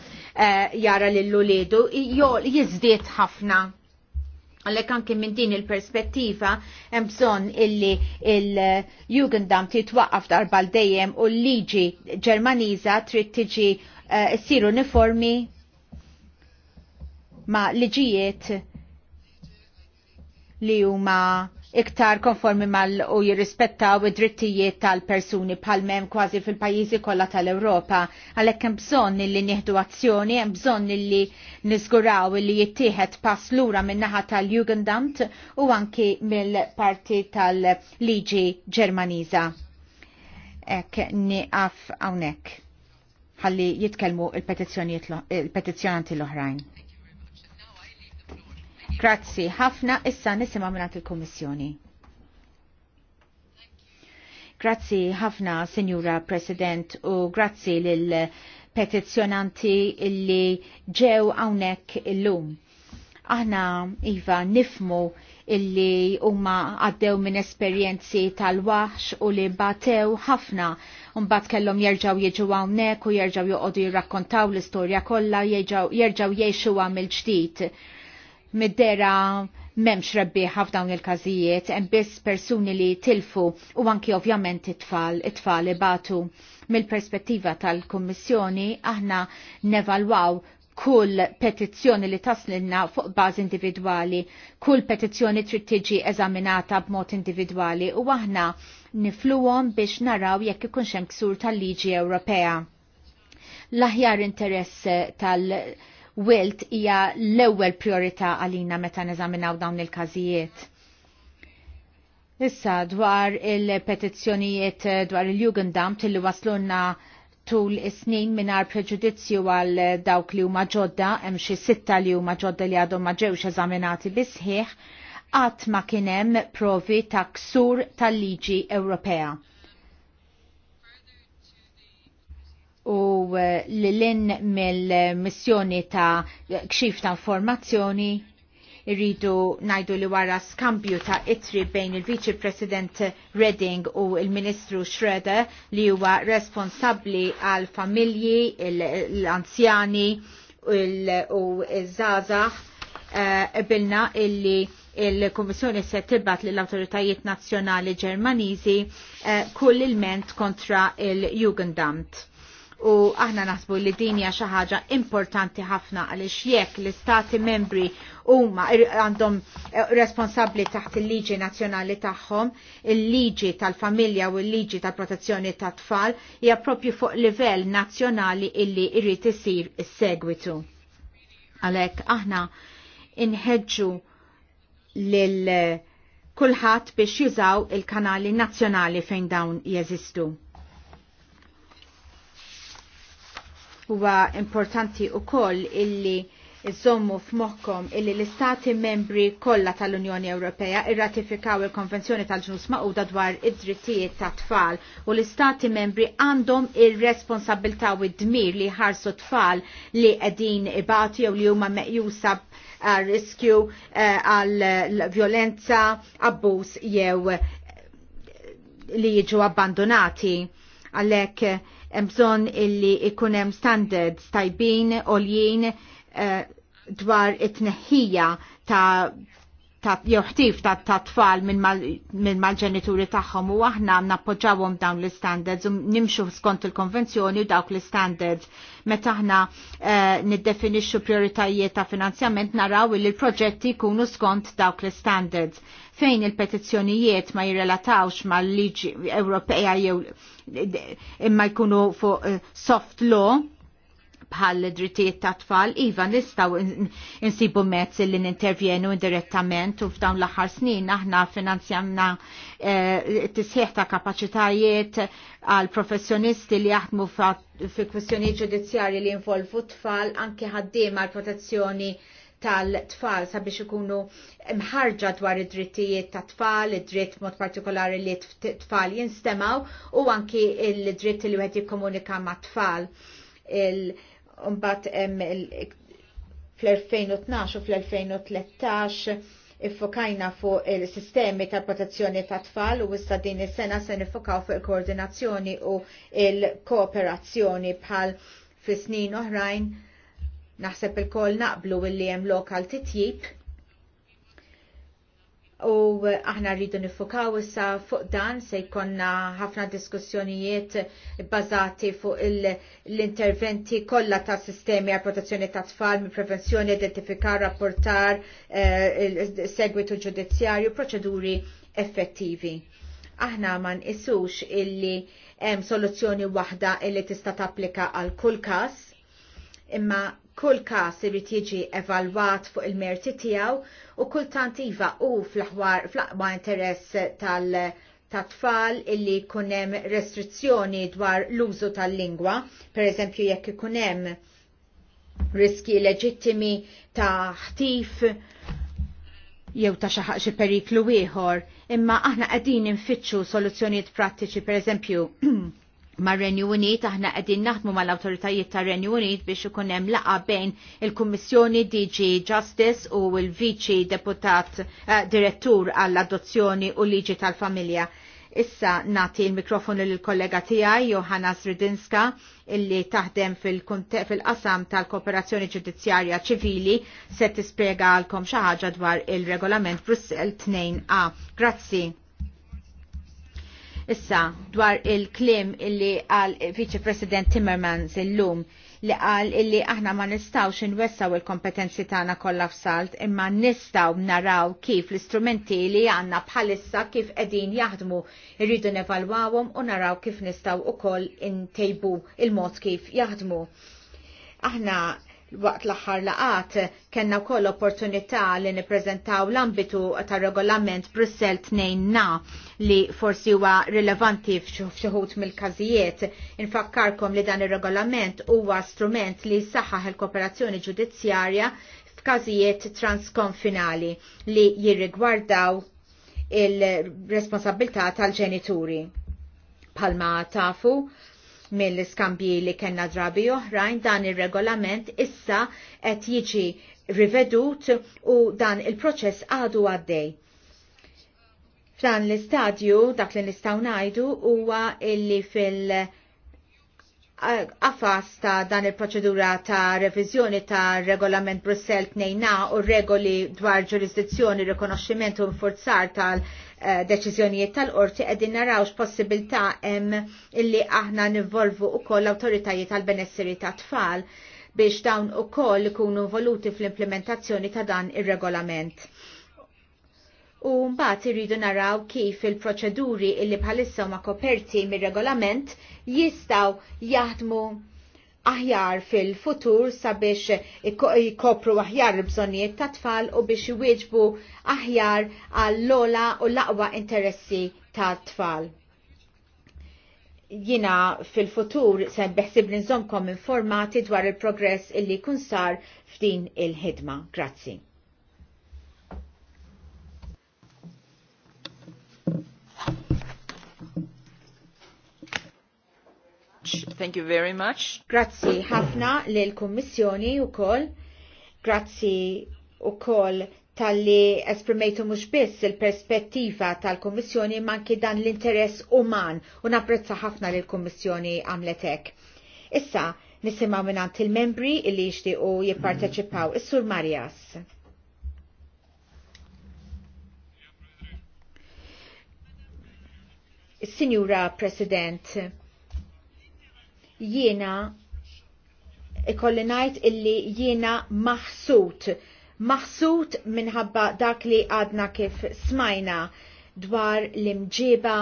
jara lil uliedu jew jiżdied ħafna. Għallek anki minn din il-perspettiva hemm bżonn illi il-Jugendam titwaqqaf darbal dejjem u l-liġi Ġermaniża trid tiġi eh, ssir uniformi ma' liġijiet li huma iktar konformi mal u jirrispettaw id-drittijiet tal-persuni mem kważi fil-pajjiżi kollha tal-Ewropa, għalhekk hemm bżonn li nieħdu azzjoni, hemm bżonn li niżguraw li jittieħed pass lura min-naħa tal-Jugendamt u anki mill-parti tal-liġi Ġermaniża. Ek niqaf hawnhekk ħalli jitkellmu il-petizzjonanti l-oħrajn. Grazzi ħafna, issa nisimgħu minnat il-Kummissjoni. Grazzi ħafna, Sinjura President, u grazzi l petizzjonanti illi ġew hawnhekk illum. Aħna iva nifmu illi huma għaddew minn esperjenzi tal-waħx u li batew ħafna Mbagħad kellhom jerġgħu jiġu hawnhekk u jerġgħu joqogħdu jirrakkontaw l-istorja kollha jerġgħu jgħixu għamil ġdid middera memx rebbieħa f'dawn il-każijiet, biss persuni li tilfu u anki ovvjament it-tfal, it-tfal batu Mill-perspettiva tal-Kummissjoni aħna nevalwaw kull petizzjoni li taslinna fuq baż individwali, kull petizzjoni trid tiġi eżaminata b'mod individwali u aħna nifluhom biex naraw jekk ikunx hemm ksur tal-liġi Ewropea. L-aħjar interess tal- wilt hija l-ewwel priorità għalina meta neżaminaw dawn il-każijiet. Issa dwar il-petizzjonijiet eh, dwar il-Jugendamt li waslunna tul is-snin mingħajr preġudizzju għal dawk li huma ġodda, hemm xi sitta li huma ġodda li għadhom ma ġewx eżaminati bisħieħ, qatt ma kien hemm provi ta' ksur tal-liġi Ewropea. l-lin mill-missjoni ta' kxif ta' informazzjoni irridu najdu li wara skambju ta' itri bejn il-Vice President Redding u il-Ministru Schroeder li huwa responsabli għal familji, l-anzjani u il żazax eh, bilna illi il komissjoni se tibbat lill-Awtoritajiet Nazzjonali Ġermaniżi eh, kull il-ment kontra il-Jugendamt u aħna naħsbu li din hija xi ħaġa importanti ħafna għaliex jekk l-istati membri huma għandhom eh, responsabbli taħt il-liġi nazzjonali tagħhom, il-liġi tal-familja u l-liġi tal-protezzjoni tat-tfal hija proprju fuq livell nazzjonali illi jrid isir is-segwitu. Għalhekk aħna inħeġġu lil kulħadd biex jużaw il-kanali nazzjonali fejn dawn jeżistu. Huwa importanti wkoll illi Iżommu f'moħħkom illi l-istati membri kollha tal-Unjoni Ewropea irratifikaw il-Konvenzjoni tal-Ġnus Maquda dwar id-drittijiet ta' tfal u l-istati membri għandhom ir responsabilta u d-dmir li ħarsu tfal li qegħdin ibati jew li huma meqjusa riskju eh, għal violenza, abbuż jew li jiġu abbandonati. Għalhekk bżon illi ikunem standards tajbin u uh, eh, dwar it-neħija ta' ta' joħtif ta' ta' tfal minn mal-ġenituri mal tagħhom u aħna nappoġġawhom dawn l-standards u nimxu skont il-konvenzjoni u dawk l-standards meta aħna uh, niddefinixxu prioritajiet ta' finanzjament naraw li l-proġetti jkunu skont dawk l-standards fejn il-petizzjonijiet ma jirrelatawx ma l-liġi Ewropea jew imma jkunu fuq eh, soft law bħal drittijiet ta' tfal, iva nistaw insibu mezz li nintervjenu indirettament u f'dawn l-aħħar snin aħna finanzjamna eh, tisħiħ ta' kapacitajiet għal professjonisti li jaħdmu fi kwistjoni ġudizzjarji li involvu tfal anke ħaddiema għal protezzjoni tal-tfal sabiex ikunu mħarġa dwar id-drittijiet ta' tfal, id-dritt mod partikolari li tfal jinstemaw u anki il-dritt li wieħed jikkomunika ma' tfal. Umbat fl-2012 u fl-2013 iffokajna fuq il-sistemi tal protezzjoni ta' tfal u issa din is-sena se nifokaw fuq il-koordinazzjoni u il-kooperazzjoni bħal fi snin oħrajn Naħseb il koll naqblu illi hemm lokal titjib u aħna rridu nifukaw issa fuq dan se jkonna ħafna diskussjonijiet bazati fuq l-interventi kollha ta' sistemi għal protezzjoni ta' tfal, mi prevenzjoni, identifikar, rapportar, eh, segwitu ġudizzjarju, proċeduri effettivi. Aħna ma nqisux illi hemm soluzzjoni waħda illi tista' tapplika għal kull każ, imma Kull każ irid jiġi evalwat fuq il-merti tiegħu u kultant iva u fl-aħwar fl-aqwa interess tal- ta' tfal illi kunem restrizzjoni dwar l-użu tal-lingwa, per eżempju jekk kunem riski leġittimi ta' ħtif jew ta' xi xi periklu ieħor, imma aħna qegħdin infittxu soluzzjonijiet prattiċi pereżempju ma' Renju Unit, aħna qegħdin naħdmu mal awtoritajiet ta' Renju Unit biex ikun hemm laqa bejn il-Kummissjoni DG Justice u l-Viċi Deputat uh, Direttur għall-Adozzjoni u Liġi tal-Familja. Issa nati il-mikrofonu l-kollega tijaj Johanna Sridinska illi taħdem fil-qasam fil tal-kooperazzjoni ġudizzjarja ċivili se tispjega għalkom xaħġa dwar il-regolament Brussel 2A. Grazzi. Issa dwar il-klim illi għal Vice President Timmermans illum li għal illi aħna ma nistawx inwessaw il-kompetenzi tagħna kollha f'salt imma nistaw naraw kif l-istrumenti li għandna bħalissa kif qegħdin jaħdmu irridu nevalwawhom u naraw kif nistaw ukoll intejbu il-mod kif jaħdmu. Aħna waqt l-aħħar laqat kellna wkoll opportunità li nippreżentaw l-ambitu tar regolament Brussel 2na li forsi huwa rilevanti f'xuħut mill-każijiet. Infakkarkom li dan ir-regolament huwa strument li saħħaħ il-kooperazzjoni ġudizzjarja f'każijiet transkonfinali li jirrigwardaw il-responsabilità tal-ġenituri. Palma tafu, mill-iskambji li kena drabi oħrajn dan il-regolament issa qed jiġi rivedut u dan il-proċess għadu għaddej. F'dan l-istadju dak li nistgħu ngħidu huwa illi fil- għafas ta' dan il-proċedura ta' revizjoni ta' regolament Brussel 2 u regoli dwar ġurisdizzjoni, rikonoxximent u forzar tal- Eh, deċiżjonijiet tal-qorti qegħdin narawx possibilità hemm illi aħna nivolvu wkoll l-awtoritajiet tal-benessiri tat-tfal biex dawn ukoll ikunu involuti fl-implementazzjoni ta' dan ir-regolament. U mbagħad irridu naraw kif il-proċeduri illi bħalissa ma koperti mir-regolament jistgħu jaħdmu aħjar fil-futur sabiex jkopru aħjar l-bżonijiet ta' tfal u biex jwieġbu aħjar għall lola u l-aqwa interessi ta' tfal. Jina fil-futur se beħsib nżomkom informati dwar il-progress illi kun sar f'din il-ħidma. Grazzi. much. Thank you very much. Grazzi ħafna lill-Kummissjoni wkoll. Grazzi wkoll tal-li esprimejtu mux biss il-perspettiva tal-Kommissjoni man dan l-interess uman u napprezza ħafna li l-Kommissjoni għamletek. Issa, nisimaw minnant il-membri li jishti u jipparteċipaw. Is-Sur Marias. Signora President, jiena ikolli ngħid illi jiena maħsut. Maħsut minħabba dak li għadna kif smajna dwar l-imġiba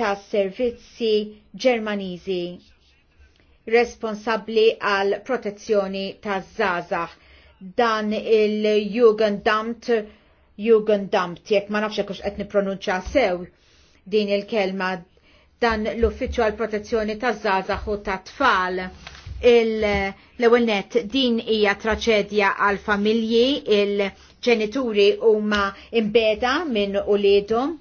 ta' servizzi Ġermaniżi responsabbli għal protezzjoni ta' zazax dan il-Jugendamt Jugendamt jekk ma nafx hekk qed nippronunċja sew din il-kelma dan l-Uffiċċju għal Protezzjoni taż-żgħażagħ u tat-tfal. L-ewwel din hija traċedja għal familji, il-ġenituri huma imbeda minn uliedhom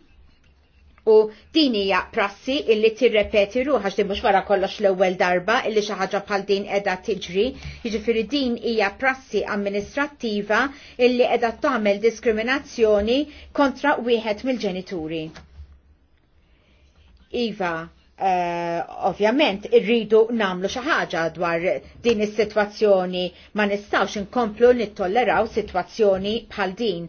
u din hija prassi illi tirrepeti ruħax din mhux wara kollox l-ewwel darba illi xi ħaġa bħal din qiegħda tiġri, jiġifieri din hija prassi amministrattiva illi qiegħda tagħmel diskriminazzjoni kontra wieħed mill-ġenituri. Iva, uh, ovvjament irridu namlu xi ħaġa dwar din is-sitwazzjoni ma nistgħux inkomplu nittolleraw sitwazzjoni bħal din.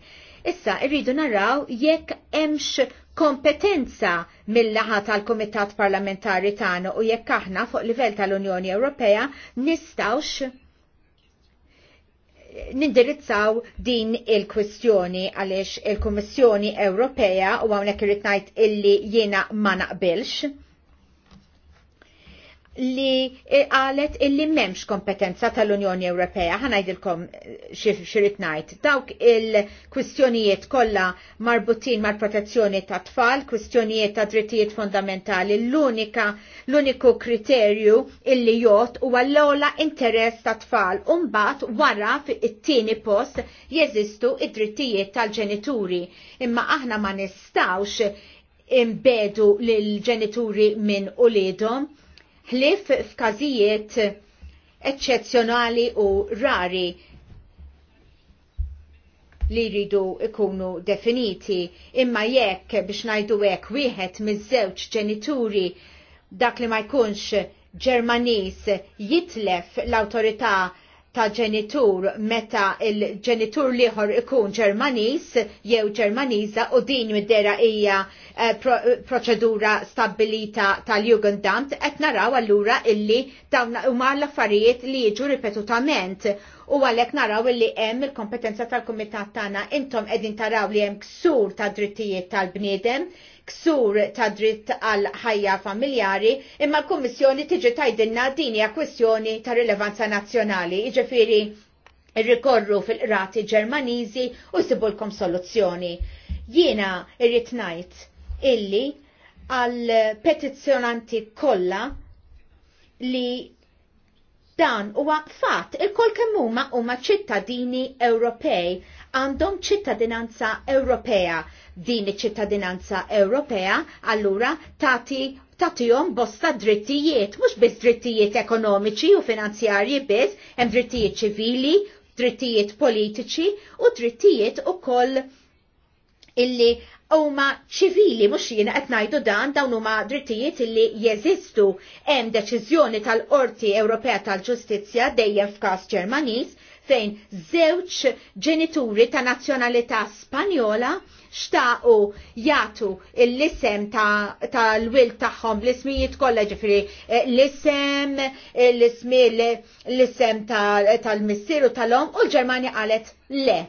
Issa irridu naraw jekk hemmx kompetenza mill-laħa tal-Kumitat Parlamentari tagħna u jekk aħna fuq livell tal-Unjoni Ewropea nistawx nindirizzaw din il-kwestjoni għaliex il-Kummissjoni Ewropea u għawnek irritnajt ngħid illi jiena ma naqbilx li għalet illi memx kompetenza tal-Unjoni Ewropea. Ħanajdilkom eh, xirrit najt. Dawk il-kwistjonijiet kolla marbutin mal protezzjoni ta' tfal, kwistjonijiet ta' drittijiet fondamentali, l-unika, l-uniku kriterju illi jot u għallola interess ta' tfal. Umbat wara fi it-tieni post jeżistu id-drittijiet tal-ġenituri. Imma aħna ma nistawx imbedu lil ġenituri minn u lidom ħlif f'każijiet eċċezzjonali u rari li jridu ikunu definiti imma jekk biex ngħidu hekk wieħed miż-żewġ ġenituri dak li ma jkunx Ġermaniż jitlef l-autorità ta' ġenitur meta il-ġenitur liħor ikun Ġermanis jew Ġermaniza u din middera hija eh, proċedura stabilita tal-Jugendamt qed naraw allura illi dawn huma l-affarijiet li jiġu ripetutament u għalhekk naraw illi hemm il-kompetenza tal-kumitat tagħna intom qegħdin taraw li hemm ksur ta' drittijiet tal-bniedem ksur ta' dritt għal ħajja familjari, imma l-Kummissjoni tiġi tajdinna din hija kwestjoni ta' rilevanza nazzjonali, jiġifieri rrikorru fil-qrati Ġermaniżi u sibulkom soluzzjoni. Jiena irrid ngħid illi għal petizzjonanti kollha li dan huwa fatt il-kol kemm huma huma ċittadini Ewropej għandhom ċittadinanza Ewropea din iċ-ċittadinanza Ewropea, allura tati tatijom bosta drittijiet, mux biz drittijiet ekonomiċi u finanzjarji biz, hemm drittijiet ċivili, drittijiet politiċi u drittijiet u koll illi huma ċivili mhux jina qed ngħidu dan dawn huma drittijiet illi jeżistu hemm deċiżjoni tal-Qorti Ewropea tal-Ġustizzja dejjem f'każ Ġermaniż fejn żewġ ġenituri ta' nazzjonalità Spanjola xtaqu jagħtu l-isem tal-wil ta tagħhom l-ismijiet kollha ġifri eh, l-isem eh, l-ismi l-isem tal-missier u tal-om u l-Ġermanja qalet le.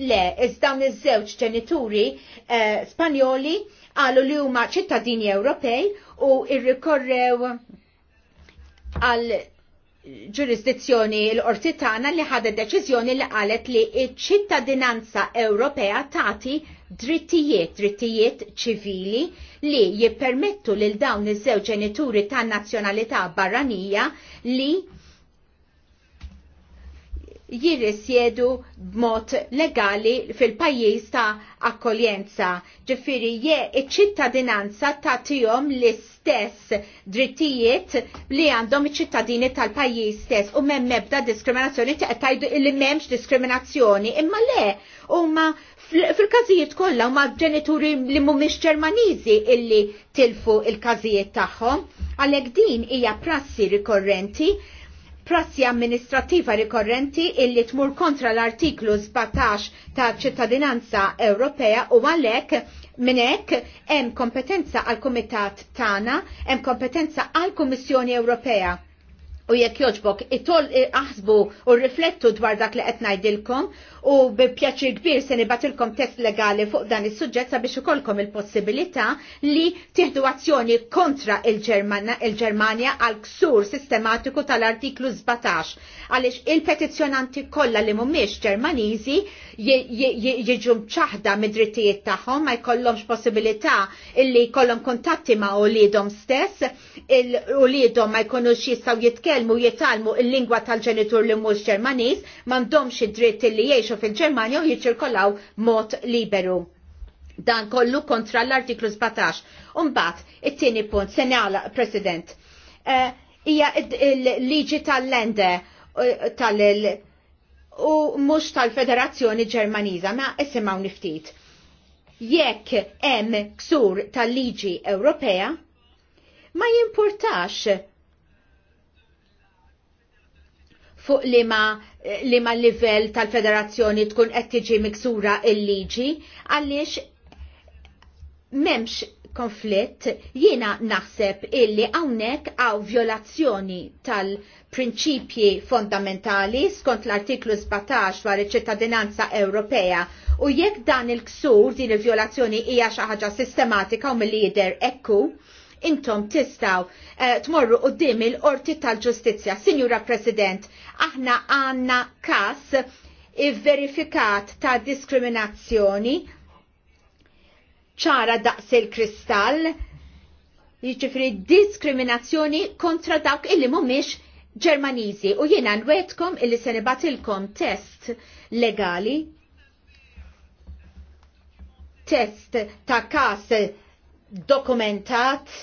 Le, iż-dawn iż-żewġ ġenituri eh, Spanjoli għalu li huma ċittadini Ewropej u irrikorrew għal ġurisdizzjoni l-qorti tagħna li ħadet deċiżjoni li qalet li ċ-ċittadinanza Ewropea tagħti drittijiet, drittijiet ċivili li jippermettu lil dawn iż-żewġ ġenituri tan nazzjonalità barranija li jirrisjedu b'mod legali fil-pajjiż ta' akkoljenza. Ġifiri je iċ-ċittadinanza ta' tijom l-istess drittijiet li għandhom iċ-ċittadini tal-pajjiż stess u m'hemm m'ebda diskriminazzjoni ta' tajdu li m'hemmx diskriminazzjoni, imma le huma fil-każijiet kollha huma ġenituri li mhumiex Ġermaniżi illi tilfu il-każijiet tagħhom. Għalhekk din hija prassi rikorrenti prassi amministrativa rikorrenti illi tmur kontra l-artiklu 17 ta' ċittadinanza Ewropea u għalhekk minnek hemm kompetenza għal kumitat tana, hemm kompetenza għal Kummissjoni Ewropea u jekk joġbok itol eh, aħsbu u riflettu dwar dak li qed ngħidilkom u bi pjaċir kbir se nibatilkom test legali fuq dan is-suġġett sabiex ukollkom il-possibilità li tieħdu azzjoni kontra il-Ġermanja għal ksur sistematiku tal-artiklu 17 għaliex il-petizzjonanti kollha li mhumiex Ġermaniżi jiġu mċaħda mid-drittijiet tagħhom ma jkollhomx possibilità illi jkollhom kontatti ma' uliedhom stess, il-uliedhom ma jkunux jistgħu jitkellmu jitkellmu jitalmu il-lingwa tal-ġenitur li mhux Ġermaniż m'għandhomx id-dritt li jgħixu fil-Ġermanja u jiċċirkolaw mod liberu. Dan kollu kontra l-artiklu 17. Umbat, it-tieni punt, se nagħlaq President. Eh, hija l-liġi tal-lende eh, tal- u mhux tal-Federazzjoni Ġermaniża, ma isimgħu niftit jekk hemm ksur tal-liġi Ewropea, ma jimpurtax fuq lima lima livell tal-federazzjoni tkun qed tiġi miksura il-liġi għaliex memx konflitt jiena naħseb illi hawnhekk għaw violazzjoni tal-prinċipji fondamentali skont l-artiklu 17 dwar iċ-ċittadinanza Ewropea u jekk dan il-ksur din il-violazzjoni hija xi ħaġa sistematika u mill-lider ekku intom tistaw eh, tmorru qoddim il-qorti tal-ġustizja. Sinjura President, aħna għanna kas verifikat ta' diskriminazzjoni ċara daqs il-kristall, jiġifri diskriminazzjoni kontra dawk illi mumiex Ġermaniżi u jiena nwetkom illi se nibatilkom test legali test ta' kas dokumentat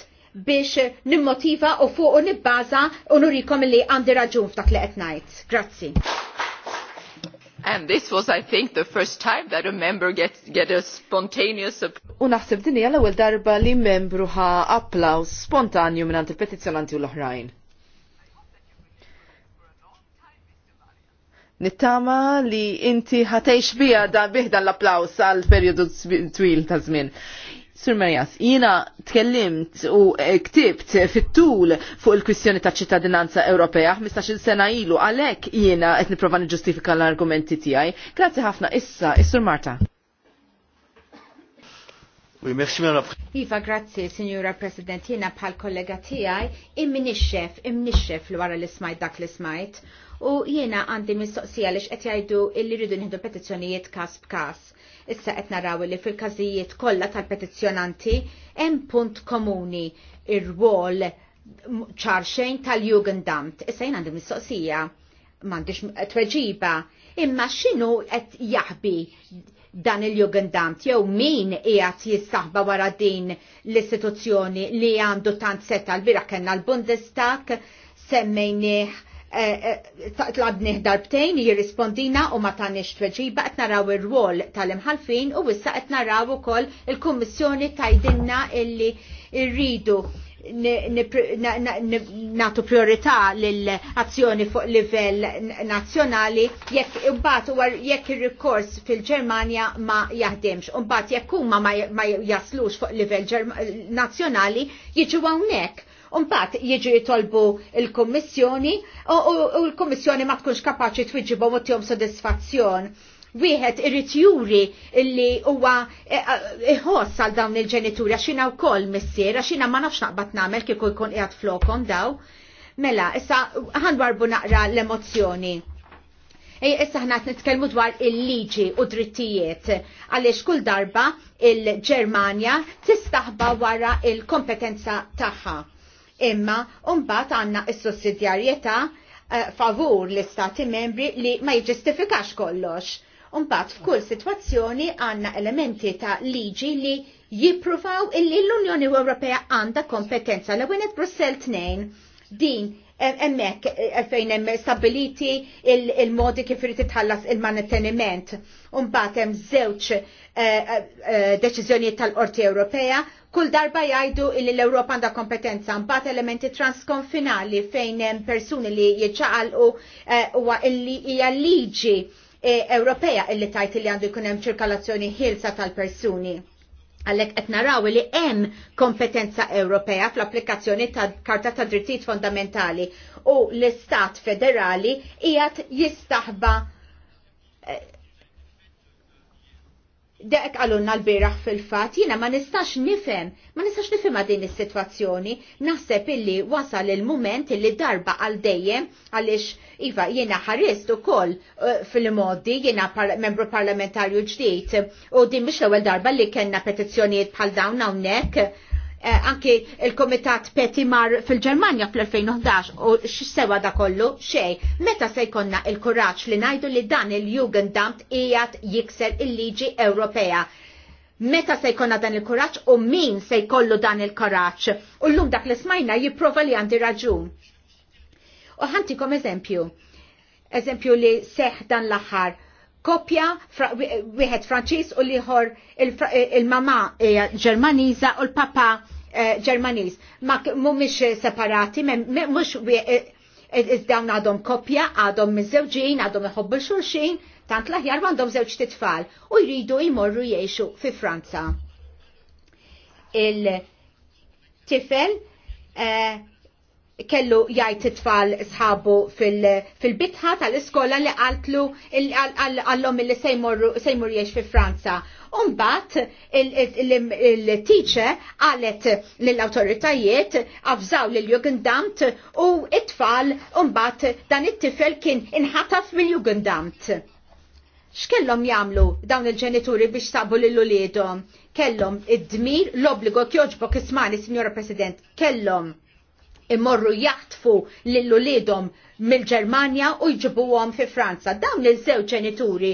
biex nimmotiva u fuq u nibbaza u nurikom li għandi raġun f'dak li qed ngħid. Grazzi. And this was, I think, the first time that a member gets get a spontaneous U naħseb din hija l-ewwel darba li membru ħa applaws spontanju minn il-petizzjonanti u l-oħrajn. Nittama li inti ħatejx bija da dan l-applaws għal periodu twil ta' żmien. Sir Marias, jina tkellimt u eh, ktibt fit-tul fuq il-kwistjoni ta' ċittadinanza Ewropea 15 sena ilu, għalek jina qed niprofa niġġustifika l-argumenti tiegħi. Grazzi ħafna issa, is-Sur Marta. Iva, grazzi, Signora President, jina bħal kollega tijaj, immi nixxef, immi nixxef l wara l-ismajt dak l-ismajt. U jiena għandi mistoqsija li xqed jgħidu illi rridu nħidu petizzjonijiet każ b'każ Issa qed naraw li fil-każijiet kollha tal-petizzjonanti hemm punt komuni ir-rwol ċarxejn tal-Jugendamt. Issa jien għandi mistoqsija m'għandix tweġiba imma x'inhu qed jaħbi dan il-jugendamt jew min qiegħed jistaħba wara din l-istituzzjoni li għandu tant seta l-bira kellna l-Bundestag semmejnieh Eh, eh, tlabni darbtejn jirrispondina u ma tanix tweġiba qed naraw ir-rwol tal-imħalfin u issa qed naraw ukoll il-Kummissjoni tajdinna illi rridu natu priorità l-azzjoni fuq livell nazzjonali jekk imbagħad jekk ir-rikors fil-Ġermanja ma jaħdimx. Imbagħad jekk huma ma jaslux fuq livell nazzjonali jiġu hawnhekk Umbat jieġi jitolbu il-Kommissjoni u l-Kommissjoni ma tkunx kapaċi twiġibhom u tihom sodisfazzjon. Wieħed irid juri illi huwa eh, eh, iħoss għal dawn il-ġenituri għax jiena wkoll missier għax ma nafx naqbad nagħmel kieku jkun qiegħed flokon daw. Mela, issa ħanwarbu naqra l-emozzjoni. Ej, issa ħnat nitkelmu dwar il-liġi u drittijiet, għaliex kull darba il-Germania tistaħba wara il-kompetenza tagħha imma umbat għanna s-sussidjarjetà eh, favur l-istati membri li ma jġistifikax kollox. Umbat f'kull situazzjoni għanna elementi ta' liġi li jippruvaw illi l-Unjoni Ewropea għanda kompetenza l għenet Brussel 2 din eh, emmek eh, fejn hemm stabiliti il-modi kif irid titħallas il-manteniment. Umbat hemm żewġ deċiżjonijiet tal-Qorti Ewropea kull darba jgħidu illi l-Ewropa għandha kompetenza mbagħad elementi transkonfinali fejn hemm persuni li jiċċaqalqu eh, huwa illi hija liġi eh, Ewropea illi tajt li għandu jkun hemm ċirkolazzjoni ħilsa tal-persuni. Għalhekk qed naraw li hemm kompetenza Ewropea fl-applikazzjoni ta' Karta ta' Drittijiet Fondamentali u l-Istat Federali qiegħed jistaħba eh, Dek għalunna l beraħ fil-fat, jina ma nistax nifem, ma nistax nifem din is-situazzjoni, naħseb illi wasal il-moment illi darba għal dejjem għalix iva jina ħarist u koll uh, fil-modi jina par membru parlamentarju ġdijt u din biex l-ewel darba li kena petizjoniet bħal dawn hawnhekk Eh, anki il-Komitat Peti Mar fil-Germania fl-2011 u x-sewa da kollu xej. Meta se jkonna il-kuraċ li najdu li dan il-Jugendamt ijat jikser il-liġi Ewropea meta se jkollna dan il-kuraġġ u min se jkollu dan il-kuraġġ. U llum dak li smajna jipprova li għandi raġun. U ħantikom eżempju. Eżempju li seħ dan l-aħħar koppja wieħed Franċiż u liħor il-mama eh, Ġermaniża u l-papa eh, Ġermaniż. Ma mhumiex separati, mhux eh, dawn għadhom koppja, għadhom miż-żewġin, għadhom iħobbu xulxin, tant l-aħjar għandhom żewġ titfal u jridu jmorru jgħixu fi Franza. Il-tifel kellu jajt it-tfal sħabu fil-bitħa tal-iskola li għaltlu għallom li sejmur jiex fi Franza. Umbat il-teacher għalet l-autoritajiet għafżaw l-jugendamt u it-tfal umbat dan it-tifel kien inħataf mill-jugendamt. X'kellhom jagħmlu dawn il-ġenituri biex sabu lil uliedhom? Kellhom id-dmir l-obbligo kjoġbok ismani, Signora President, kellhom imorru jaħtfu lill-ulidhom mill-Ġermanja u għom fi Franza. Dawn iż-żewġ ġenituri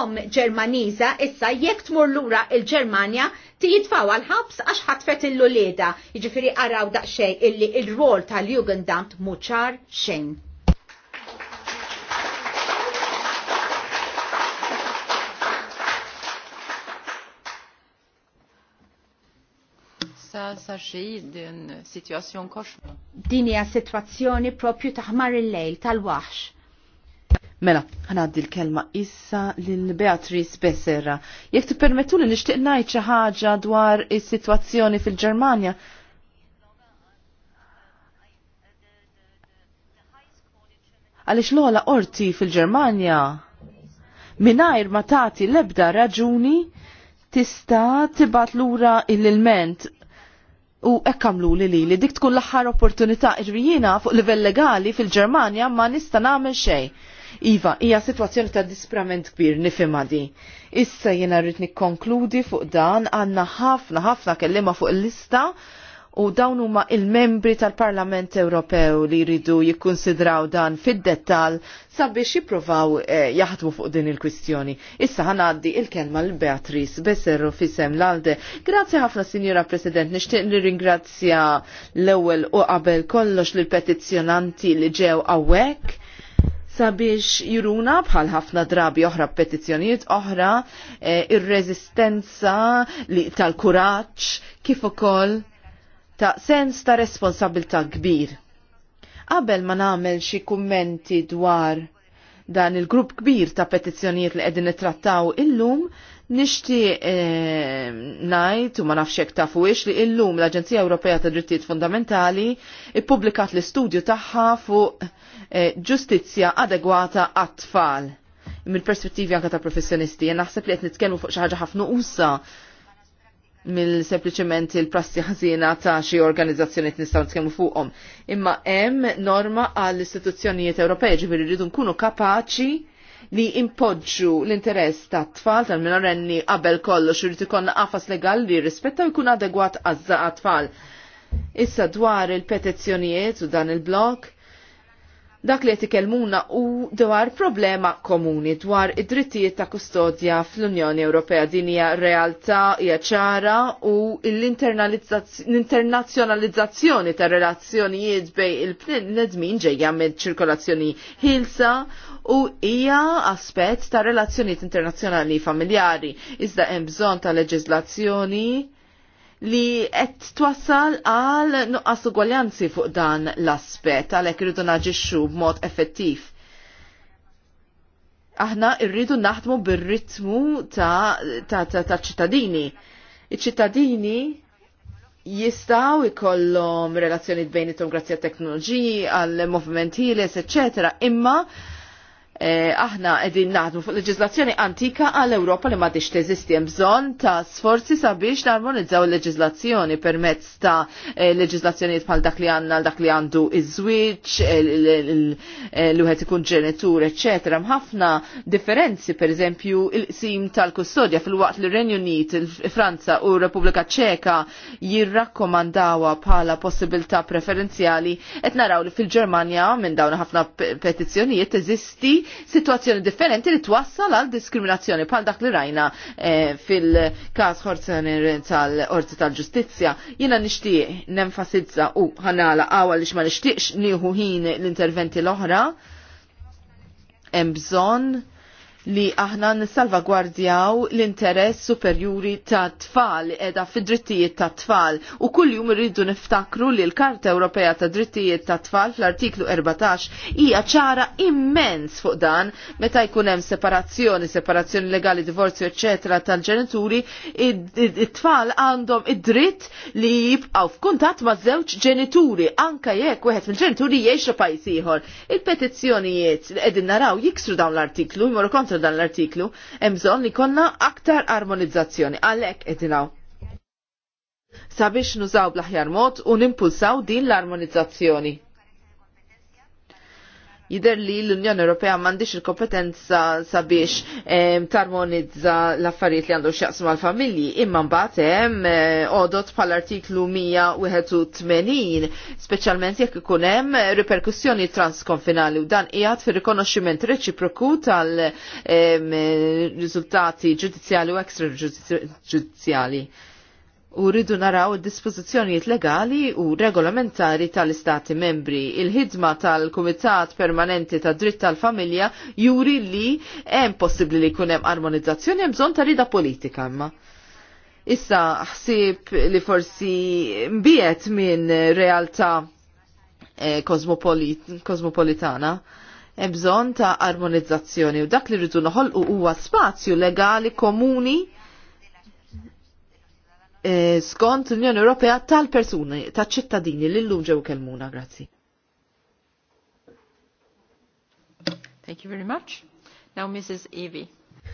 om Ġermaniża issa jekk tmur lura il-Ġermanja jitfaw għal-ħabs għax ħatfet il-luleda. Jiġifieri araw daqsxejn illi il-rol tal-Jugendamt muċar xejn. sa sarxi din situazzjon koxma. Dini hija situazzjoni propju taħmar il-lejl tal-waħx. Mela, ħanaddi l-kelma issa lil Beatrice Besserra. Jek tippermettu li nixtieq ngħid xi ħaġa dwar is-sitwazzjoni fil-Ġermanja. Għaliex l-ogħla qorti fil-Ġermanja mingħajr ma tagħti l-ebda raġuni tista' tibgħat lura l-ilment U ekkamlu li li li dik tkun l-aħħar opportunità irrijina fuq livell legali fil-Ġermanja ma nista' nagħmel xejn. Iva, hija sitwazzjoni ta' disprament kbir nifima di. Issa jena rrid nikkonkludi fuq dan għandna ħafna ħafna kellima fuq il-lista u dawn huma il-membri tal-Parlament Ewropew li jridu jikkonsidraw dan fid-dettal sabiex jippruvaw eh, jaħdmu fuq din il-kwistjoni. Issa ħanaddi il-kelma l beatriz Becerro fisem l-Alde. Grazzi ħafna Sinjora President, nixtieq li ringrazzja l-ewwel u qabel kollox lill petizzjonanti li ġew hawnhekk sabiex jiruna bħal ħafna drabi oħra petizzjonijiet oħra eh, ir-reżistenza tal-kuraġġ kif ukoll ta' sens ta' responsabilta' kbir. Qabel ma nagħmel xi kummenti dwar dan il-grupp kbir ta' petizzjonijiet li qegħdin nittrattaw illum, nixti eh, najt u ma nafxek ta' fuix li illum l-Aġenzija Ewropea ta' Drittijiet Fundamentali ippubblikat l-istudju tagħha fuq eh, ġustizzja adegwata għat-tfal. Mill-perspettivi anka ta' professjonisti, naħseb li qed nitkellmu fuq xi ħaġa ħafna ussa mill sempliciment il-prassi ħażina ta' xi organizzazzjonijiet nistgħu nitkellmu fuqhom. Imma hemm norma għall istituzzjonijiet Ewropej ġifieri rridu nkunu kapaċi li impoġġu l-interess ta' tfal tal-minorenni qabel kollox irid ikollna qafas legali li jirrispetta u jkun adegwat għaż tfal. Issa dwar il-petizzjonijiet u dan il blok dak li jtikelmuna u dwar problema komuni dwar id-drittijiet ta' kustodja fl-Unjoni Ewropea din hija realtà hija ċara u l-internazzjonalizzazzjoni ta' relazzjonijiet bej il-nedmin ġejja minn ċirkolazzjoni ħilsa u hija aspett ta' relazzjonijiet internazzjonali familjari. Iżda hemm bżonn ta' leġiżlazzjoni li qed twassal għal nuqqas ugwaljanzi fuq dan l-aspett għalhekk irridu naġixxu b'mod effettiv. Aħna rridu naħdmu bir-ritmu ta' ċittadini. Iċ-ċittadini jistaw ikollhom relazzjonijiet bejnietom grazzi għat-teknoloġiji, għall moviment ħieles, eċċetera, imma Eh, aħna edin naħdmu fuq leġizlazzjoni antika għal Ewropa li m'għadix teżisti hemm bżonn ta' sforzi sabiex narmonizzaw il-leġizlazzjoni permezz ta' eh, leġizlazzjoni bħal dak li għandna dak li għandu iż-żwieġ, eh, l wieħed ikun ġenitur, eċetera. Mħafna differenzi pereżempju il-qsim tal-kustodja fil-waqt li Renju Unit, Franza u Repubblika Ċeka jirrakkomandawa bħala possibilità preferenzjali qed naraw li fil-Ġermanja minn dawn ħafna petizzjonijiet eżisti situazzjoni differenti li twassal għal diskriminazzjoni bħal dak li rajna eh, fil-każ Horzener tal orzi tal-Ġustizzja. Jiena nixtieq nenfasizza u ħanala għawa li ma nixtieqx nieħu ħin l-interventi l-oħra. Hemm bżonn li aħna nissalvagwardjaw l-interess superjuri ta' tfal edha fi drittijiet ta' tfal u kull jum irridu niftakru li l-Karta Ewropea ta' Drittijiet ta' Tfal fl-artiklu 14 hija ċara immens fuq dan meta jkun hemm separazzjoni, separazzjoni legali, divorzju, ecc. tal-ġenituri, it-tfal għandhom id-dritt li jibqgħu f'kuntatt ma' żewġ ġenituri anka jekk wieħed mill-ġenituri jgħixu pajjiż ieħor. Il-petizzjonijiet li qegħdin naraw jiksru dawn l-artiklu jmorru kontra ta' dan l-artiklu, hemm bżonn li konna aktar armonizzazzjoni għalhekk edinaw. sabiex nużaw bl-aħjar mod u nimpulsaw din l-armonizzazzjoni. Jider li l-Unjoni Ewropea m'għandix il-kompetenza sabiex tarmonizza l-affarijiet li għandu x'jaqsmu mal familji imma mbagħad hemm eh, għodot bħal artiklu 181, speċjalment jekk ikun hemm riperkussjoni transkonfinali u dan qiegħed fir-rikonoxximent reċiproku tal-riżultati ġudizzjali u ekstra ġudizzjali u rridu naraw dispożizzjonijiet legali u regolamentari tal-istati membri. Il-ħidma tal-Kumitat Permanenti ta' Dritt tal-Familja juri li hemm possibbli li jkun hemm armonizzazzjoni hemm bżonn ta' rida politika imma. Issa ħsieb li forsi mbiet minn realtà eh, kosmopolitana hemm bżonn ta' armonizzazzjoni u dak li rridu noħolqu huwa spazju legali komuni E, skont l-Unjoni Ewropea tal-persuni, tal-ċittadini li l-lum ġew kelmuna, grazzi. Thank you very much. Now Mrs. Evi.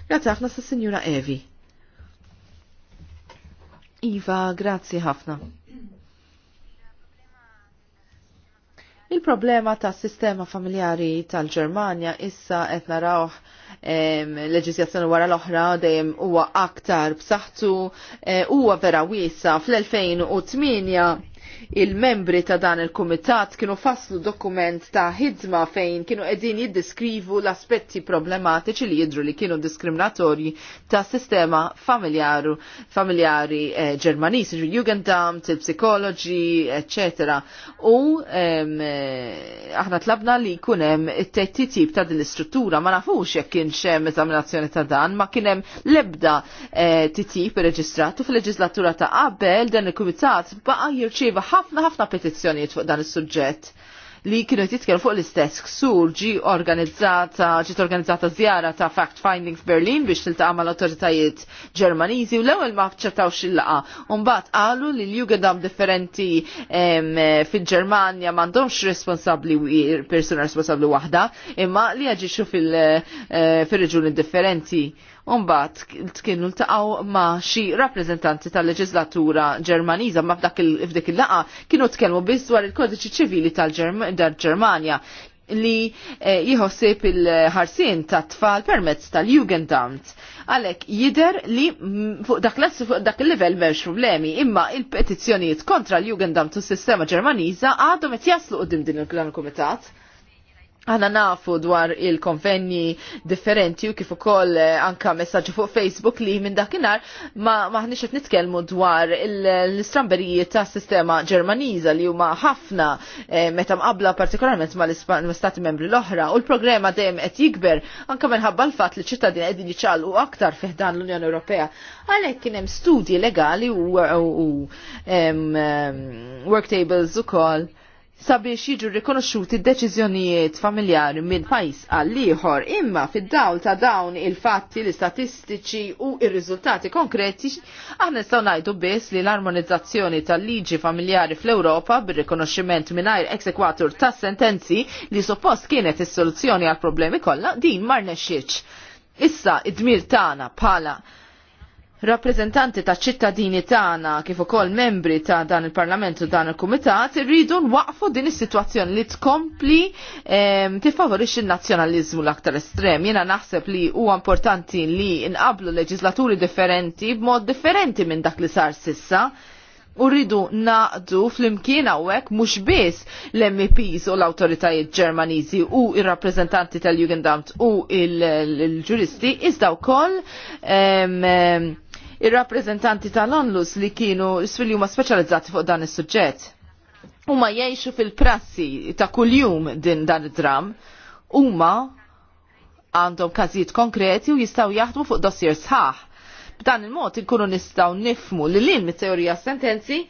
Grazzi ħafna sa' Signora Evi. Iva, grazzi ħafna. Il-problema ta' sistema familjari tal-Ġermanja issa qed narawh leġiżjazzjoni wara l-oħra dejjem huwa aktar b'saħħtu eh, huwa vera wiesa fl-2008 il-membri ta' dan il-kumitat kienu faslu dokument ta' ħidma fejn kienu edin jiddiskrivu l-aspetti problematiċi li jidru li kienu diskriminatorji ta' sistema familjaru, familjari eh, ġermanis, il-Jugendamt, il-psikologi, etc. U ehm, aħna tlabna li kunem it-tetti tip ta' din l-istruttura, ma nafux jekk kien xem eżaminazzjoni ta' dan, ma kienem lebda eh, titip reġistratu fil-leġislatura ta' qabel dan il-kumitat ba' jirċieva ħafna ħafna petizzjonijiet fuq dan is-suġġett li kienu jitkellmu fuq l-istess ksur ġi organizzata, ġiet organizzata żjara ta' fact finding f'Berlin biex tiltaqa' mal-awtoritajiet Ġermaniżi u l-ewwel ma ċċettawx il-laqa. Mbagħad qalu li l-jugedam differenti fil-Ġermanja m'għandhomx responsabbli persuna responsabbli waħda, imma li jaġixxu fil-reġuni eh, differenti. Umbat kienu l-taqaw ma xi rappresentanti tal-leġislatura ġermaniza ma f'dik il-laqa kienu tkellmu biss dwar il-kodiċi ċivili tal-Ġermanja li eh, jħossib il-ħarsin ta' tfal permezz tal-Jugendamt. Għalek jider li fuq dak fuq dak il-level mewx problemi, imma il-petizzjonijiet kontra l-Jugendamt u s-sistema ġermaniza għadhom qed jaslu qudiem din il-Klan Kumitat. Għana nafu dwar il-konvenji differenti u kif ukoll eh, anka messaġġi fuq Facebook li minn dakinhar ma maħniex qed nitkellmu dwar l-istramberijiet ta' sistema Ġermaniża li huma ħafna eh, meta mqabla partikolarment mal-istati membri l-oħra u l-programma dejjem qed jikber anka minħabba l-fatt li ċittadin qegħdin jiċċalqu aktar fih dan l-Unjoni Ewropea. Għalhekk kien hemm studji legali u work tables ukoll sabiex jiġu rikonoxxuti d-deċiżjonijiet familjari minn pajjiż għal ieħor imma fid-dawl ta' dawn il-fatti, l-istatistiċi u r riżultati konkreti aħna nistgħu ngħidu biss li l-armonizzazzjoni tal-liġi familjari fl-Ewropa bir-rikonoxximent mingħajr eksekwatur ta' sentenzi li suppost kienet is-soluzzjoni għal problemi kollha din ma nexxietx. Issa id-dmir tagħna bħala rappreżentanti ta' ċittadini tagħna kif ukoll membri ta' dan il-Parlament u dan il-Kumitat irridu nwaqfu din is-sitwazzjoni li tkompli ehm, tifavorixxi n-nazzjonaliżmu l-aktar estrem. Jiena naħseb li huwa importanti li nqablu leġislaturi differenti b'mod differenti minn dak li sar sissa u rridu naqdu fl-imkien hawnhekk mhux biss l-MPs u l awtoritajiet Ġermaniżi u ir rappreżentanti tal-Jugendamt u il-ġuristi iżda wkoll ehm, ir-rappreżentanti tal-onlus li kienu s filju ma speċjalizzati fuq dan is-suġġett. Huma jgħixu fil-prassi ta' kuljum din dan id-dram, huma għandhom każijiet konkreti u jistgħu jaħdmu fuq dossier sħaħ. B'dan il-mod inkunu nistgħu nifmu li l-in mit-teorija sentenzi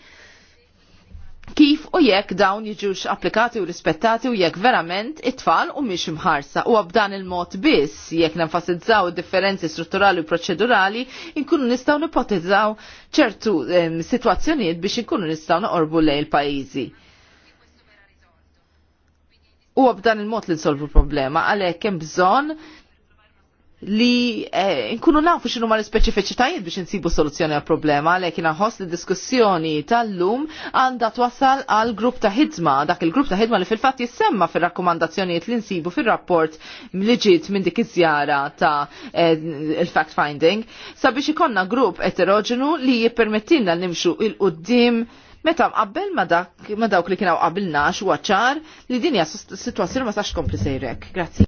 kif u jekk dawn jiġux applikati u rispettati u jekk verament it-tfal u miex mħarsa u għabdan il-mod biss jekk nenfasizzaw differenzi strutturali u proċedurali inkunu nistaw nipotizzaw ċertu um, situazzjoniet biex inkunu nistaw naqorbu lej il-pajizi. U għabdan il-mod li nsolvu problema għalek hemm bżonn li eh, nkunu nafu xinu ma l-speċifiċitajiet biex nsibu soluzzjoni għal problema lekin għahos li diskussjoni tal-lum għanda twasal għal grupp ta' ħidma dak il-grupp ta' ħidma li fil-fat jissemma fil-rakkomandazzjonijiet li nsibu fil-rapport li ġiet minn dik iż-żjara ta' eh, il-fact finding sabiex ikonna grupp eterogenu li jippermettilna nimxu il-qoddim Meta qabel ma dawk li kienu qabilna xu ċar li dinja situazzjoni ma sax kompli sejrek. Grazzi.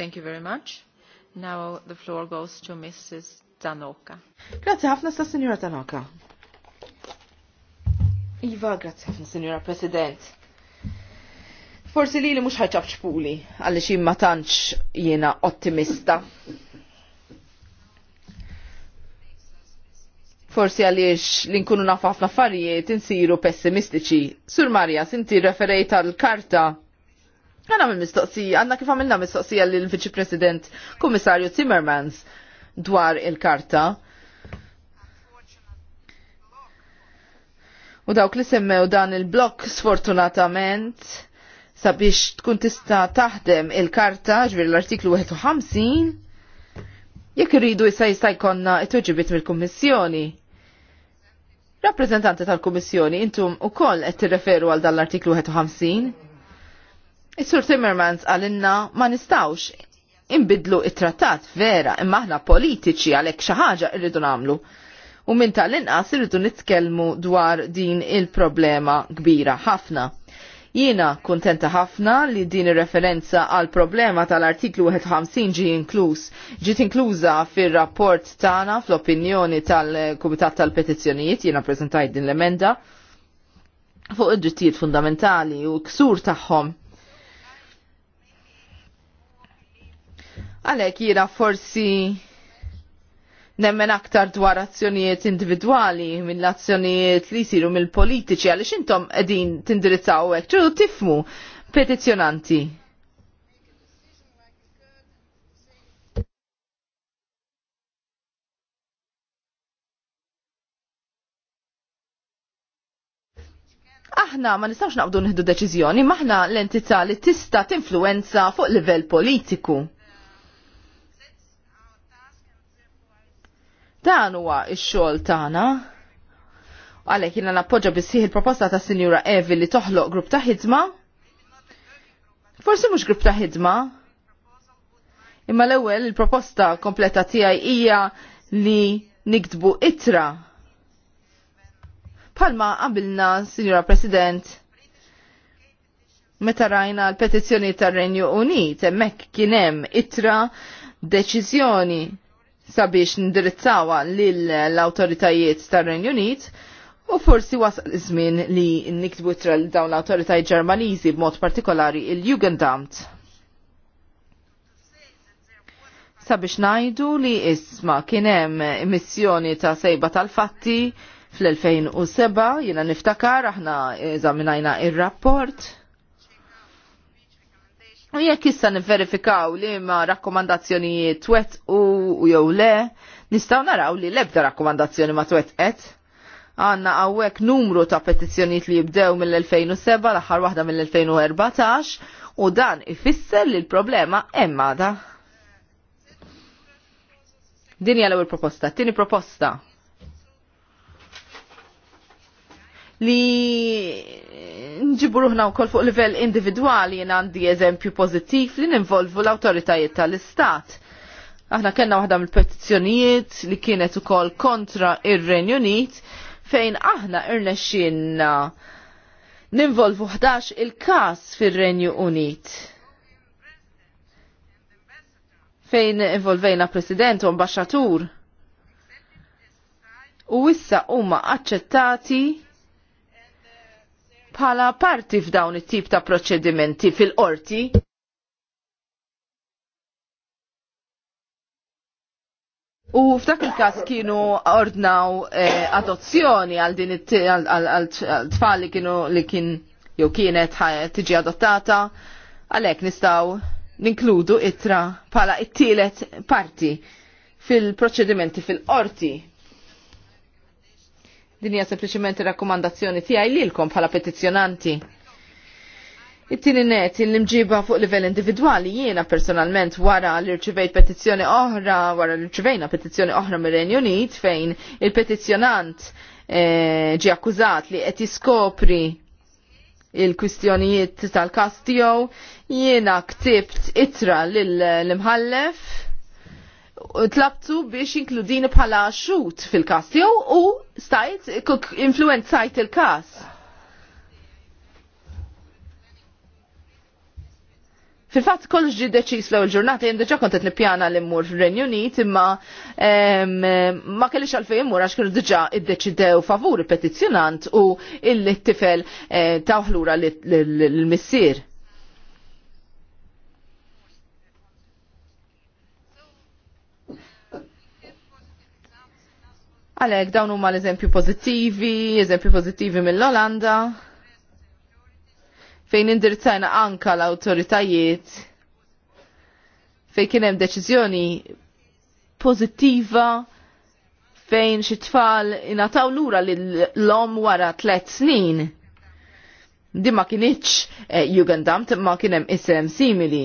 Thank you very much. Now the floor goes to Mrs. Danoka. Grazie ħafna sta' Signora Tanoka. Iva, grazie ħafna Signora President. Forsi li li mux ħajċab ċpuli, għalli xim ma tantx jena ottimista. Forsi għaliex li nkunu naf ħafna affarijiet insiru pessimistiċi. Sur Marja, sinti referejt għal karta Għana minn mistoqsija għanna kif għamilna mistoqsija l-Viċi President Kummissarju Timmermans dwar il-karta. U dawk li semmew dan il-blok sfortunatament sabiex tkun tista taħdem il-karta ġvir l-artiklu 51 jekk irridu jista jista konna it-tuġibit mill-Kummissjoni. Rappresentanti tal-Kummissjoni intum ukoll qed tirreferu għal dan l-artiklu 51? Is-Sur Timmermans għalinna ma nistawx imbidlu it-trattat vera imma aħna politiċi għalhekk xi ħaġa rridu nagħmlu. U minn tal-inqas irridu nitkellmu dwar din il-problema kbira ħafna. Jiena kuntenta ħafna li din ir-referenza għal problema tal-artiklu 51 ġi inkluż. Ġiet inkluża fir-rapport tagħna fl-opinjoni tal-Kumitat tal-Petizzjonijiet jiena preżentajt din l-emenda fuq id-drittijiet fundamentali u ksur tagħhom Għalek jira forsi nemmen aktar dwar azzjonijiet individwali mill azzjonijiet li jisiru mill-politiċi għaliex intom qegħdin tindirizzaw hekk ċertu tifmu petizzjonanti. Aħna ma nistawx naqbdu nieħdu deċiżjoni, maħna l-entità li tista' tinfluenza fuq livell politiku. Dan huwa x-xogħol tagħna. Għalhekk jiena nappoġġa bissieħ il-proposta ta' Sinjura Evi li toħloq grupp ta' ħidma. Forsi mhux grupp ta' ħidma. Imma l-ewwel il-proposta kompleta tiegħi hija li niktbu itra. Palma qabilna, Sinjura President, meta rajna l-petizzjoni tar-Renju Unit, hemmhekk kien hemm itra deċiżjoni sabiex ndirizzawa lill-autoritajiet tar-Renju Unit u forsi wasal iż-żmien li niktbu tral dawn l-autoritajiet Ġermaniżi b'mod partikolari il-Jugendamt. Sabiex najdu li isma kienem missjoni ta' sejba tal-fatti fl-2007 jiena niftakar aħna eżaminajna ir-rapport U jekk issa nifverifikaw li ma rakkomandazzjonijiet twet u jew le, nistgħu naraw li l-ebda rakkomandazzjoni ma twet et. Għanna għawek numru ta' petizzjonijiet li jibdew mill-2007 l-aħħar waħda mill-2014 u dan ifisser li l-problema hemm da. Din hija l-ewwel proposta, tieni proposta. Li nġibu ruħna wkoll fuq livell individwali jien għandi eżempju pożittiv li ninvolvu l-awtoritajiet tal-istat. Aħna kellna waħda mill-petizzjonijiet li kienet ukoll kontra ir-Renju Unit fejn aħna irnexxinna ninvolvu 11 il-każ fir-Renju Unit fejn involvejna president u ambasġatur. U issa huma aċċettati bħala parti f'dawn it-tip ta' proċedimenti fil-qorti. U f'dak il-kas kienu ordnaw eh, adozzjoni għal din it-tfal li kienu li kien jew kienet tiġi adottata, għalhekk nistgħu ninkludu itra bħala it-tielet parti fil-proċedimenti fil-qorti Din hija sempliċiment ir-rakkomandazzjoni tiegħi lilkom bħala petizzjonanti. It-tieni net il mġiba fuq livell individwali jiena personalment wara li rċivejt petizzjoni oħra, wara li rċivejna petizzjoni oħra mir-Renju Unit fejn il-petizzjonant eh, ġi akkużat li qed jiskopri il-kwistjonijiet tal-kastijow, jiena ktibt itra lill-imħallef tlabtu biex inkludini bħala xut fil-kas jew u stajt influenzajt il-kas. Fil-fatt kol ġi deċis fl il ġurnata jem deċa kontet nippjana li mmur fil-Renju Unit imma ma kellix għalfej immur għax kienu diġà iddeċidew favur il-petizzjonant u il-tifel eh, taħlura l-missier. Għalek, dawn huma l-eżempju pozittivi, eżempju pozittivi mill-Olanda, fejn indirizzajna anka l-autoritajiet, fejn kien hemm deċiżjoni pozittiva fejn xi tfal ingħataw lura l-om wara tliet snin. Di ma kienieċ eh, Jugendamt ma kien hemm isem simili.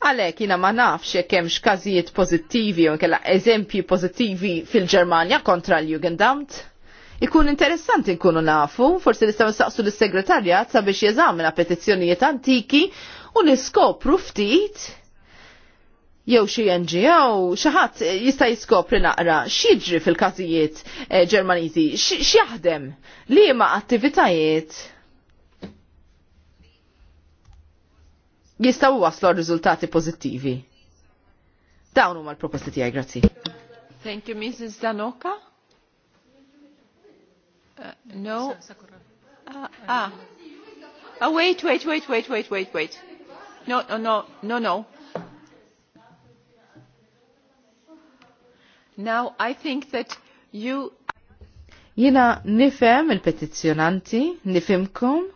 Għalek jina ma nafx jekk hemmx każijiet pożittivi jew kella eżempji pożittivi fil-Ġermanja kontra l-Jugendamt. Ikun interessanti nkunu nafu, forsi nistgħu nistaqsu l segretarjat sabiex jeżamina petizzjonijiet antiki u niskopru ftit jew xi NGO, xi ħadd jista' jiskopri naqra x'jiġri fil-każijiet eh, Ġermaniżi, x'jaħdem, liema attivitajiet jistaw waslu rizultati pozittivi. Dawn huma l-proposti tiegħi, grazzi. Thank you, Mrs. Zanoka. Uh, no. Uh, ah, ah. Oh, wait, wait, wait, wait, wait, wait, wait. No, no, no, no, no. Now, I think that you... Jina nifem il-petizjonanti, nifemkom,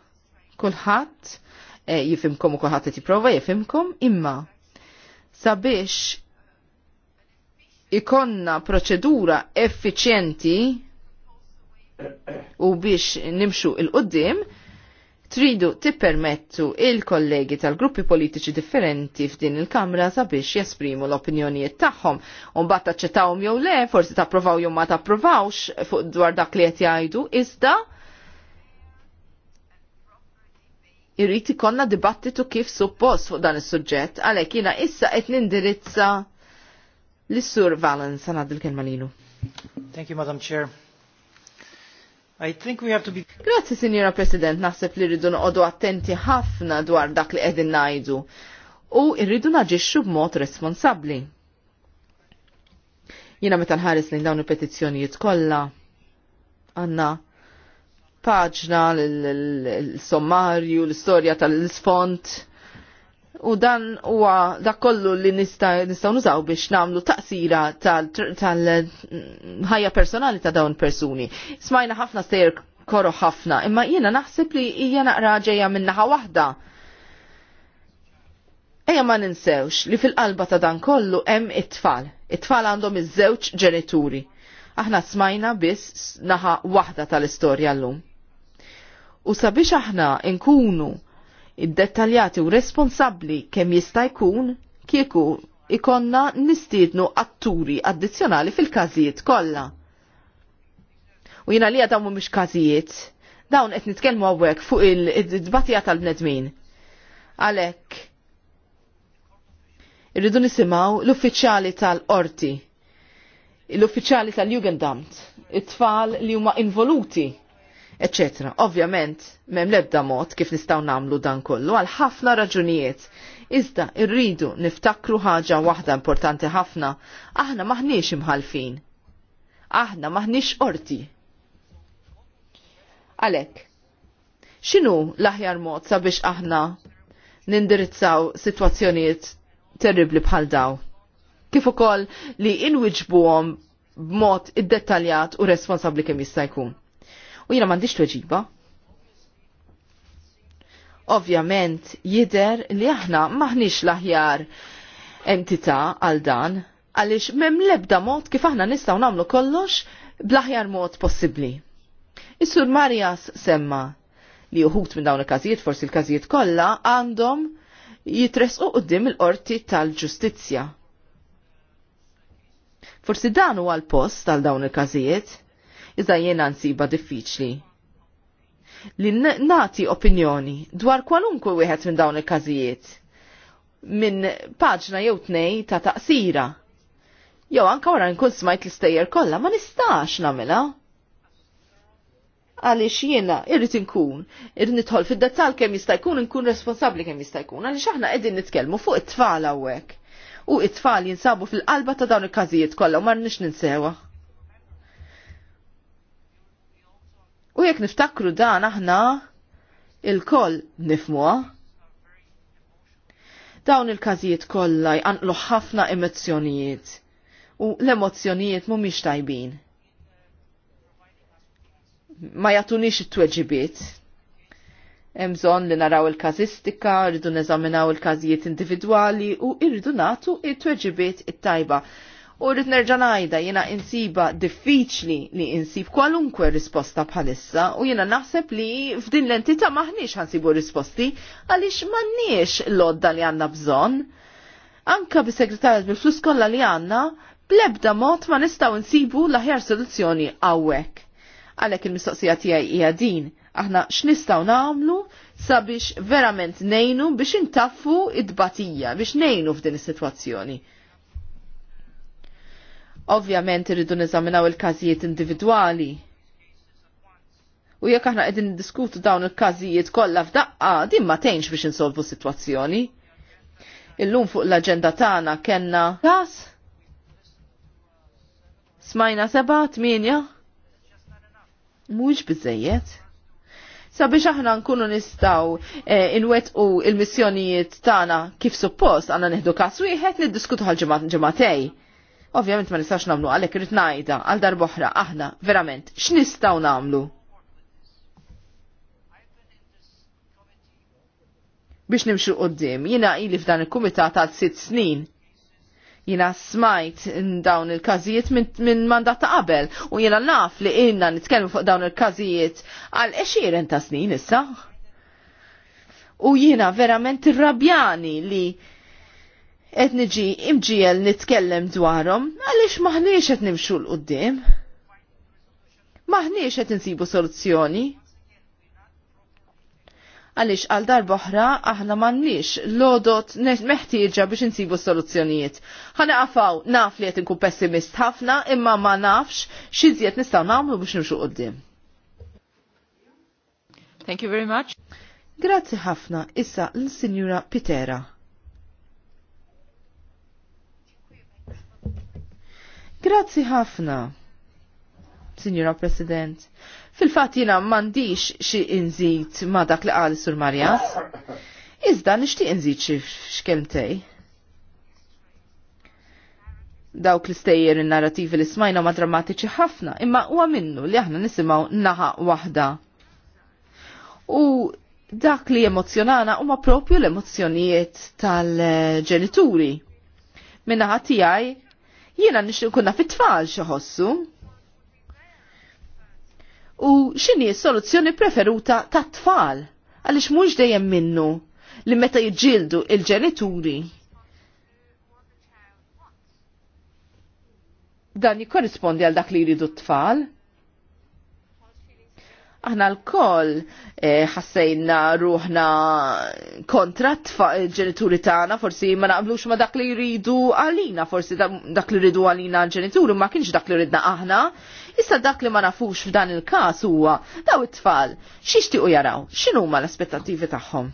kulħat, Eh, jifimkom u kolħat li prova jifimkom, imma sabiex ikonna proċedura effiċjenti u biex nimxu il-qoddim, tridu tippermettu il-kollegi tal-gruppi politiċi differenti f'din il-Kamra sabiex jesprimu l-opinjonijiet tagħhom. bat taċċettawhom jew le, forsi tapprovaw jew ma tapprovawx fuq dwar dak li qed jgħidu, iżda irrit ikonna dibattitu kif suppost fuq dan is-suġġett, għalhekk jiena issa qed nindirizza lis-Sur Valens għandil kelma lilu. Thank you, Madam Chair. I think we have to be... Grazzi, Signora President, naħseb li rridu noqogħdu attenti ħafna dwar dak li qegħdin ngħidu u rridu naġixxu b'mod responsabbli. Jiena meta nħares lejn dawn il-petizzjonijiet kollha għandna paġna l-sommarju, l-istorja tal-sfont. U dan huwa dak kollu li nistgħu nużaw biex nagħmlu taqsira tal-ħajja personali ta' dawn persuni. Smajna ħafna stejr koro ħafna, imma jiena naħseb li hija naqra ġejja minn naħa waħda. Ejja ma ninsewx li fil-qalba ta' dan kollu hemm it-tfal. It-tfal għandhom iż-żewġ ġenituri aħna smajna biss naħa waħda tal-istorja llum. U sabiex aħna nkunu id-dettaljati u responsabli kemm jista' jkun kieku ikonna nistiednu atturi addizzjonali fil-każijiet kollha. U jina li għadamu mux kazijiet, dawn qed nitkellmu għawek fuq il-dbatija tal-bnedmin. Għalek, irridu nisimaw l-uffiċjali tal-orti, l-uffiċjali tal-Jugendamt, it-tfal li huma involuti etc. Ovvjament, mem lebda mod kif nistaw namlu dan kollu għal ħafna raġunijiet. Iżda irridu niftakru ħaġa waħda importanti ħafna, aħna maħniex imħalfin. Aħna maħniex orti. Għalek, xinu l-aħjar mod sabiex aħna nindirizzaw situazzjoniet terribli bħal daw? Kif ukoll li inwiġbuhom b'mod id-dettaljat u responsabli kemm jista' jkun u jiena m'għandix tweġiba. Ovvjament jider li aħna maħniex l-aħjar entità għal dan għaliex m'hemm l-ebda mod kif aħna nistgħu nagħmlu kollox bl-aħjar mod possibbli. Is-Sur Marjas semma li uħut minn dawn il-każijiet, forsi l-każijiet kollha, għandhom jitresqu qudiem il-qorti tal-ġustizzja. Forsi dan huwa l-post tal dawn il-każijiet iżda jiena nsiba diffiċli. Li nati opinjoni dwar kwalunkwe wieħed minn dawn il-każijiet minn paġna jew tnej ta' taqsira. Jew anka wara nkun smajt l-istejjer kollha ma nistax nagħmilha. Għaliex jiena irrid inkun, irrid nidħol fid-dettall kemm jista' jkun inkun responsabbli kemm jista' jkun għaliex aħna qegħdin nitkellmu fuq it-tfal hawnhekk. U it-tfal jinsabu fil-qalba ta' dawn il-każijiet kollha u ma rnix ninsewa. U jekk niftakru dan aħna il-koll nifmuha. Dawn il-każijiet kollha jqanqlu ħafna emozzjonijiet u l-emozzjonijiet mhumiex tajbin. Ma jatunix it-tweġibiet. Hemm bżonn li naraw il-każistika, rridu neżaminaw il-każijiet individwali u rridu nagħtu it-tweġibiet it-tajba. it tweġibiet it tajba U rrit nerġa' ngħidha jiena insiba diffiċli li insib kwalunkwe risposta bħalissa u jiena naħseb li f'din l-entità maħniex ħansibu risposti għaliex m'għandniex l-odda li għandna bżonn. Anka bis-segretarjat bil-flus kollha li għandna, blebda mod ma nistgħu nsibu l-aħjar soluzzjoni hawnhekk. Għalhekk il-mistoqsija tiegħi hija din, aħna x'nistgħu nagħmlu sabiex verament nejnu biex intaffu id-batija, biex nejnu f'din is-sitwazzjoni. Ovvjament irridu nizaminaw il-każijiet individwali. U jekk aħna qegħdin diskutu dawn il-każijiet kollha f'daqqa, din ma tgħinx biex insolvu sitwazzjoni. Illum fuq l-aġenda tagħna kellna każ Smajna seba, tminja? Mhux biżejjed sabiex aħna nkunu nistaw eh, inwetqu il-missjonijiet tagħna kif suppost għandna neħdu każ wieħed niddiskutu ġimgħa ġimgħatej. Ovvjament ma nistax namlu għalek rrit najda għal darboħra aħna verament x'nistgħu namlu? Biex nimxu qoddim, jina ili f'dan il-kumitat għal sitt snin. Jina smajt dawn il-każijiet minn min mandat ta' qabel u jina naf li inna nitkellmu fuq dawn il-każijiet għal 20 ta' snin issa. U jina verament irrabjani li qed niġi imġiel nitkellem dwarhom, għaliex maħniex qed nimxu l qudiem Maħniex qed insibu soluzzjoni. Għaliex għal darba oħra aħna m'għandniex odot meħtieġa biex insibu soluzzjonijiet. Ħana għafaw naf li qed inkun pessimist ħafna imma ma nafx xizjet nistaw nagħmlu biex nimxu l-qoddim. Thank you very much. Grazzi ħafna, issa l-Sinjura Pitera. Grazzi ħafna, Signora President. Fil-fat jina mandiċ xi inżit ma dak li għal sur Marjas. Iżda nishtiq inżit xi xkelmtej. Dawk l-istejjer il-narrativi li smajna ma drammatiċi ħafna, imma u minnu li aħna nisimaw naħa waħda. U dak li emozjonana huma propju l-emozjonijiet tal-ġenituri. Minna ħatijaj Jiena nixtieq kunna fit-tfal xoħossu. U x'inhi s-soluzzjoni preferuta tat-tfal għaliex mhux dejjem minnu li meta jiġġieldu il-ġenituri dan jikorrispondi għal dak li jridu t-tfal aħna l-koll eh, ħassejna eh, ruħna kontra ġenituri tagħna, forsi ma naqblux ma dak li jridu għalina, forsi dak li jridu għalina l-ġenituri ma kienx dak li ridna aħna. Issa dak li ma nafux f'dan il-każ huwa daw it-tfal x'ixtiequ jaraw, x'inhuma l-aspettattivi tagħhom.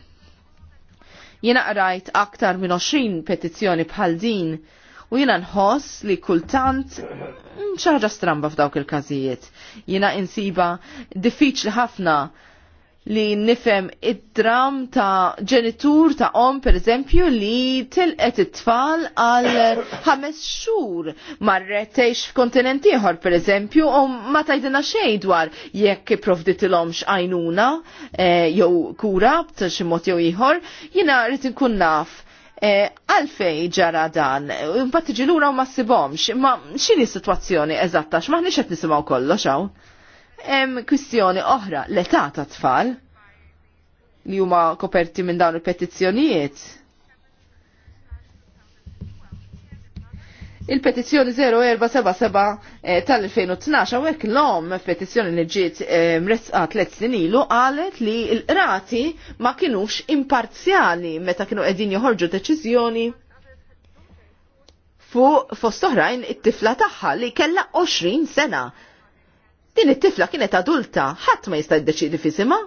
Jiena qrajt aktar minn 20 petizzjoni bħal din U jina nħoss li kultant mm, xaħġa stramba f'dawk il-kazijiet. Jina insiba diffiċli ħafna li nifem id-dram ta' ġenitur ta' om per eżempju li tilqet it-tfal għal ħames xhur marretejx f'kontinent ieħor per eżempju u ma tajdina xejn dwar jekk ipprovditilhomx għajnuna eh, jew kura b'ta' xi mod jew ieħor, jiena rrid inkun naf Eh, għalfej ġara dan, bat ġilura u ma sibomx, ma xini situazzjoni eżatta, x'maħni nixet nisimaw kollox hawn. Hemm kwistjoni oħra, l-età ta' tfal li huma koperti minn dawn il-petizzjonijiet il-petizjoni 0477 eh, tal-2012 għek l-om petizjoni li ġiet eh, mresqa tlet snilu għalet li l-rati ma kienux imparzjali meta kienu edin joħorġu deċizjoni fuq fost oħrajn it-tifla tagħha li kellha 20 sena. Din it-tifla kienet adulta, ħadd ma jista' jiddeċidi fisima.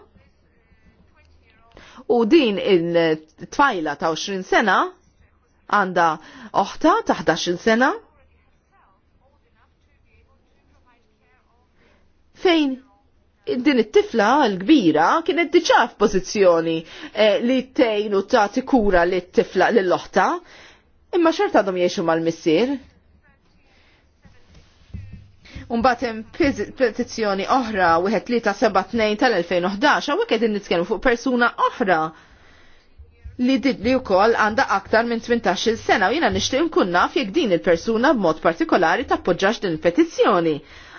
U din il-tfajla ta' 20 sena għandha oħta ta' 11 sena fejn din it-tifla l-kbira kienet diċa f'pożizzjoni eh, li t-tejn u tagħti kura li t-tifla l oħta imma xorta għadhom jgħixu mal-missier. Umbat hemm petizzjoni oħra wieħed li ta' 7-2 tal-2011 hawnhekk qegħdin nitkellmu fuq persuna oħra li didli u kol għanda aktar minn 18 sena u jina nishtiq nkun naf jekk din il-persuna b'mod partikolari tappoġġax din il-petizzjoni.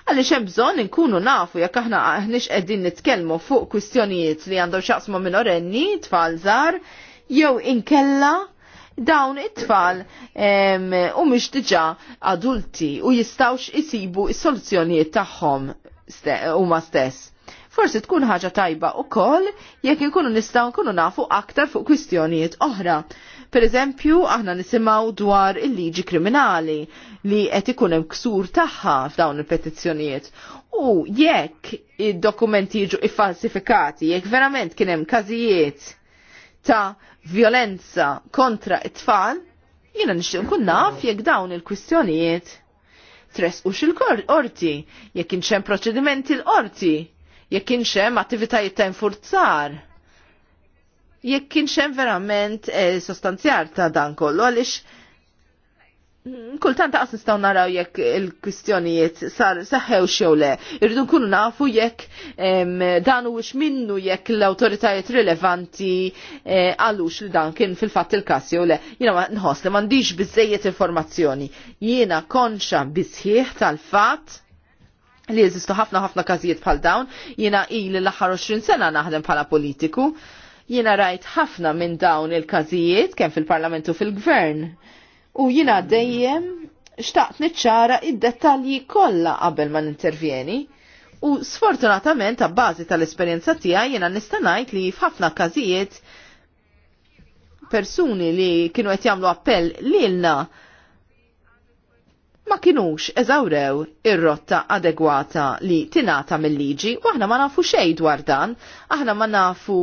Għalli hemm bżonn nkunu nafu jekk aħna aħniex qegħdin nitkellmu fuq kwistjonijiet li għandhom xaqsmu minorenni, tfal zar, jew inkella dawn it-tfal u mhix diġà adulti u jistawx isibu is-soluzzjonijiet tagħhom huma stess. Forsi tkun ħaġa tajba u koll jekk nkunu nistgħu nkunu nafu aktar fuq kwistjonijiet oħra. Per eżempju, aħna nisimgħu dwar il-liġi kriminali li qed ikun hemm ksur tagħha f'dawn il-petizzjonijiet. U jekk id-dokumenti jiġu iffalsifikati, jekk verament kien hemm każijiet ta' violenza kontra it-tfal, jiena nixtieq nkun naf jekk dawn il-kwistjonijiet tresqux il-qorti, jekk inxem proċedimenti l-qorti jekk kienx hemm attivitajiet ta' infurzar. Jekk kienx hemm verament eh, sostanzjar ta' dan kollu għaliex kultant taqas nistgħu naraw jekk il-kwistjonijiet sar saħħew xew le. Irridu nkunu nafu jekk dan huwiex minnu jekk l-awtoritajiet rilevanti eh, għalux li dan kien fil-fatt il-każ jew le. Jiena nħos li m'għandix bizzejiet informazzjoni. Jiena konxa bisħieħ tal-fatt li jeżistu ħafna ħafna każijiet bħal dawn, jiena ili l-aħħar 20 sena naħdem bħala politiku, jiena rajt ħafna minn dawn il-każijiet kemm fil-Parlamentu fil-Gvern. U jina dejjem xtaqt niċċara id-dettalji kollha qabel ma nintervjeni. U sfortunatament a bazi tal-esperjenza tiegħi jiena nista' ngħid li f'ħafna każijiet persuni li kienu qed jagħmlu appell lilna li ma kinux eżawrew ir-rotta adegwata li tinata mill-liġi u aħna ma nafu xej dwar dan, aħna ma nafu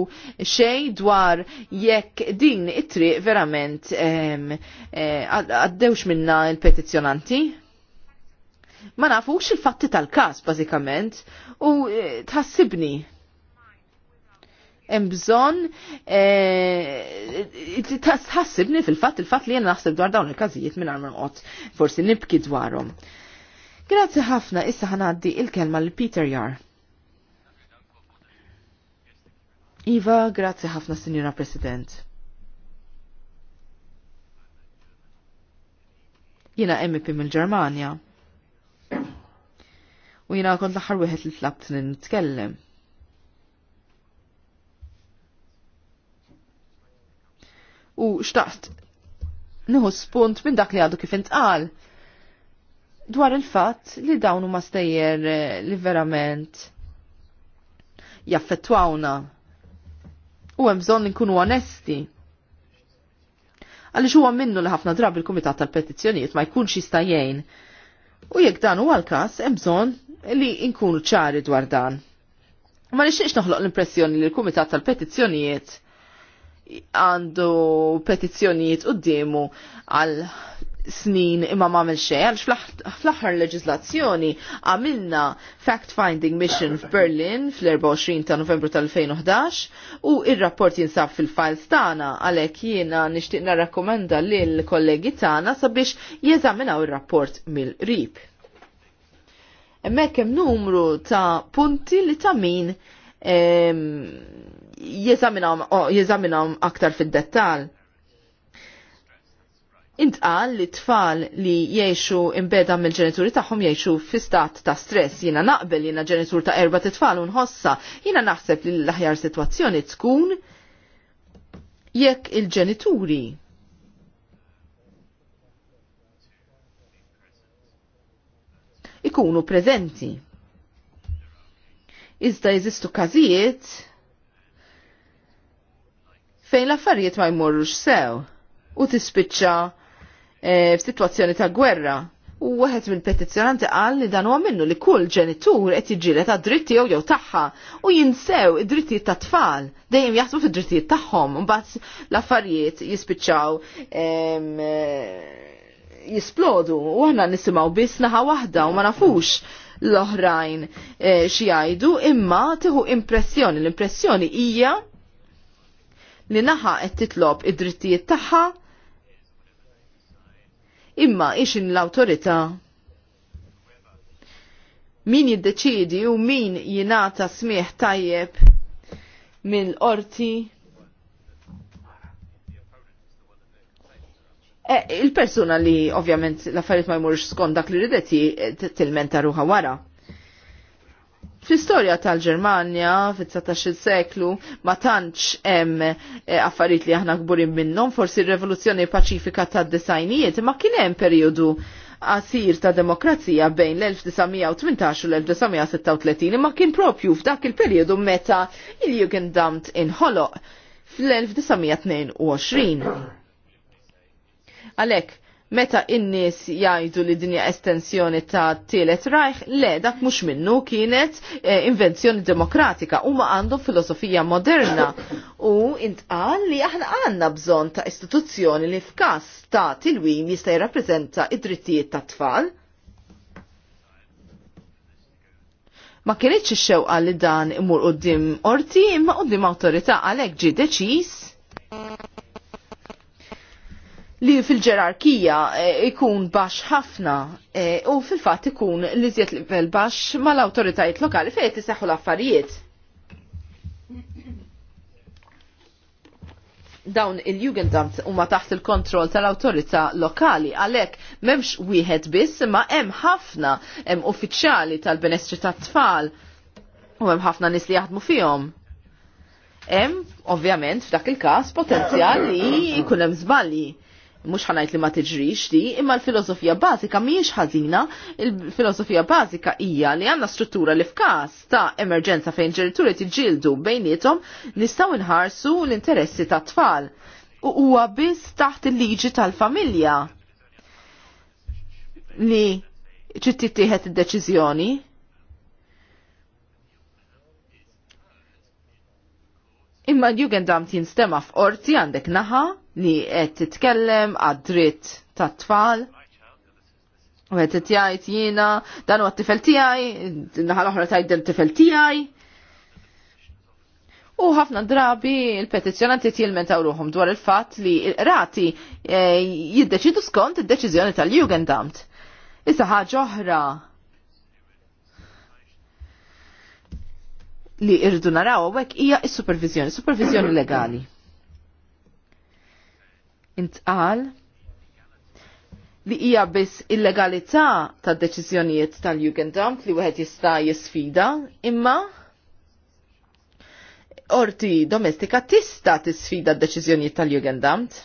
xej dwar jekk din it-triq verament għaddewx eh, minna il-petizjonanti. Ma nafux il-fatti tal-kas, bazikament, u eh, tħassibni hemm bżonn eh, tħassibni fil-fatt il-fatt li jien naħseb dwar dawn il-każijiet minn ma nqod forsi nibki dwarhom. Grazzi ħafna issa ħanaddi il-kelma l Peter Jar. Iva, grazzi ħafna, Sinjora President. Jina MP mill-Ġermanja. U jina kont l-ħar wieħed li tlabt nitkellem. u xtaqt nieħu spunt minn dak li għadu kif intqal dwar il-fatt li dawn huma stejjer eh, li verament jaffettwawna u hemm bżonn nkunu onesti. Għaliex huwa minnu li ħafna drabi l kumitat tal-Petizzjonijiet ma jkunx jista' U jekk dan huwa l-każ hemm bżonn li nkunu ċari dwar dan. Ma nixtiex noħloq l-impressjoni li l-Kumitat tal-Petizzjonijiet għandu petizzjonijiet quddiemu għal snin imma ma għamil xejn għal fl-aħħar leġislazzjoni għamilna fact-finding mission f'Berlin fl-24 ta' Novembru tal-2011 u il rapport jinsab fil-files tagħna għalhekk jiena nixtieq narrakkomenda l kollegi tagħna sabiex jeżaminaw ir-rapport mill rib Hemmhekk hemm numru ta' punti li ta' min ehm, jeżaminhom aktar fid-dettall. Intqal li tfal li jiexu imbeda mill ġenituri tagħhom jiexu fi stat ta' stress. Jiena naqbel jiena ġenitur ta' erba titfal u unħossa. Jiena naħseb li l-aħjar sitwazzjoni tkun jekk il-ġenituri ikunu prezenti. Iżda jeżistu każijiet fejn l-affarijiet ma jmorrux sew u tispiċċa e, f'sitwazzjoni ta' gwerra. U wieħed mill-petizzjonanti qal li dan huwa minnu li kull ġenitur qed jiġġieled ta' dritti jew jew tagħha u jinsew id-drittijiet tat tfal dejjem jaħsbu fid-drittijiet tagħhom Mbagħad l-affarijiet jispiċċaw eh, jisplodu u aħna nisimgħu biss naħa waħda u ma nafux l-oħrajn eh, xi jgħidu imma tieħu impressjoni l-impressjoni hija li naħa qed titlob id-drittijiet tagħha imma ixin l-awtorità min jiddeċidi u min jinata smieħ tajjeb mill qorti e, il-persuna li ovvjament l-affarijiet ma jmurx skont dak li ridet tilmenta ruħa wara. Fl-istorja tal-Ġermanja fit-19 seklu ma tantx hemm eh, affarijiet li aħna kburin minnhom, forsi r-Revoluzzjoni Paċifika tad-Disajnijiet ma kien hemm perjodu għasir ta' demokrazija bejn l-1918 u l-1936 ma kien propju f'dak il-periodu meta il-Jugendamt inħoloq fl-1922. Għalek, meta in-nies jgħidu li dinja estensjoni ta' tielet rajħ, le dak mhux minnu kienet e, eh, invenzjoni demokratika u ma għandu filosofija moderna u intqal li aħna għandna bżonn ta' istituzzjoni li f'każ ta' tilwim jista' jirrappreżenta id-drittijiet tat tfal. ma kienieċ xewqa li dan imur qoddim orti imma qoddim autorita għalhekk ġi deċiż li fil-ġerarkija eh, ikun baxx ħafna eh, u fil-fatt ikun li zjed bax baxx mal-awtoritajiet lokali fejn tiseħħu l-affarijiet. Dawn il-Jugendamt huma taħt il-kontroll tal-awtorità lokali għalhekk m'hemmx wieħed biss ma hemm ħafna hemm uffiċjali tal benestri tat-tfal u hemm ħafna nis li jaħdmu fihom hemm ovvjament f'dak il-każ potenzjal li jkun hemm żbalji mux ħanajt li ma tiġrix di, imma l-filosofija bazika miex ħazina, il-filosofija bazika hija li għanna struttura li f'każ ta' emerġenza fejn ġerituri tiġildu bejnietom nistaw inħarsu l-interessi ta' tfal. U huwa biss taħt il-liġi tal-familja li ċitti tieħed id-deċiżjoni. Imma l jugendam tinstema' f'orti għandek naħa li qed titkellem għad-dritt tat-tfal. U għed t-tjajt jina, dan u t tifel tijaj, naħal oħra t dan tifel tijaj. U ħafna drabi il-petizjonanti t-jilmentaw ruħum dwar il-fat li rati eh, jiddeċidu skont id-deċizjoni tal-Jugendamt. Issa ħaġa oħra li irdu naraw għek hija is-supervizjoni, supervizjoni legali intqal li hija biss illegalità ta' deċiżjonijiet tal-Jugendamt li wieħed jista' jisfida, imma orti domestika tista' tisfida d-deċiżjonijiet tal-Jugendamt.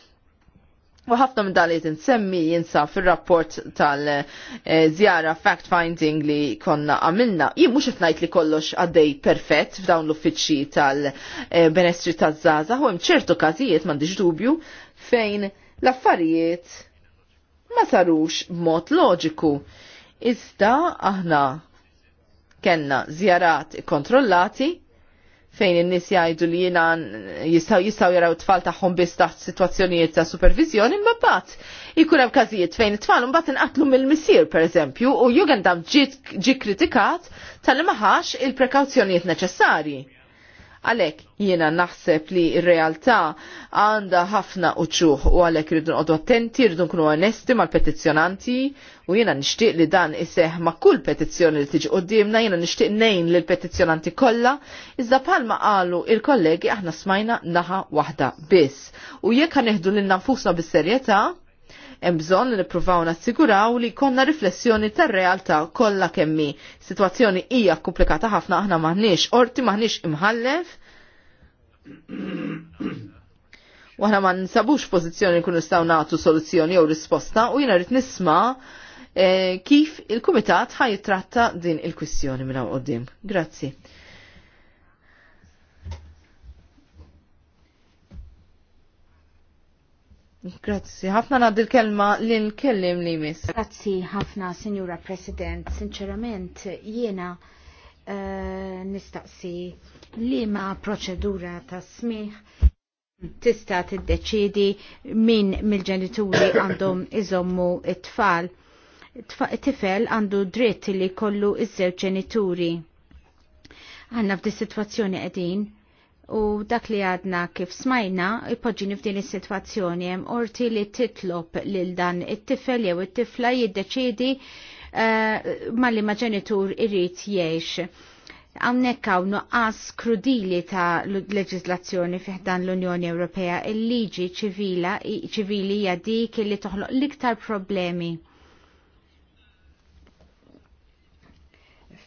U ħafna minn dan li tinsemmi jinsab fil-rapport tal-żjara fact-finding li konna għamilna. Jien mhux ifnajt li kollox għaddej perfett f'dawn l-uffiċċji tal-benestri taż żaza u hemm ċertu każijiet m'għandix dubju fejn l-affarijiet ma sarux b'mod loġiku. Iżda aħna kenna zjarat kontrollati fejn in-nies jgħidu li jiena jistgħu jistgħu jaraw tfal tagħhom biss taħt sitwazzjonijiet ta' supervizjoni imma mbagħad ikun hemm każijiet fejn it-tfal mbagħad inqatlu mill misir pereżempju u jugendam ġi kritikat tal-maħax il-prekawzjonijiet neċessarji. Għalek jiena naħseb li r-realtà għanda ħafna uċuħ u għalek rridu nqodu attenti, rridu nkunu onesti mal-petizzjonanti u jiena nixtieq li dan iseħ ma' kull petizzjoni li tiġi qudiemna jiena nixtieq nejn lil petizzjonanti kollha, iżda palma qalu il-kollegi aħna smajna naħa waħda biss. U jekk ħaneħdu lil nafusna bis-serjetà, hemm bżonn li nippruvaw nassiguraw li konna riflessjoni tar-realtà kollha kemmi. Situazzjoni hija komplikata ħafna aħna maħniex orti maħniex imħallef. aħna ma nsabux pożizzjoni nkunu nistgħu nagħtu soluzzjoni jew risposta u jiena rrid nisma' eh, kif il-Kumitat ħajtratta din il-kwistjoni minn hawn Grazzi. Grazzi, ħafna nad il-kelma l nkellim li mis. Grazzi, ħafna, Signora President, sinċerament, jiena uh, nistaqsi li ma proċedura ta' smiħ tista' tiddeċidi min mill-ġenituri għandhom iżommu it-tfal. Tifel għandu dritt li kollu iż-żewġ ġenituri. Għanna f'di situazzjoni qegħdin U dak li għadna kif smajna, ipoġġini f'din is-sitwazzjoni hemm orti li titlob lil dan it-tifel jew it-tifla jiddeċidi uh, eh, ma li ma ġenitur irid jgħix. Hawnhekk hawn nuqqas krudili ta' leġiżlazzjoni fih dan l-Unjoni Ewropea, il-liġi ċivili hija dik li toħloq l-iktar problemi.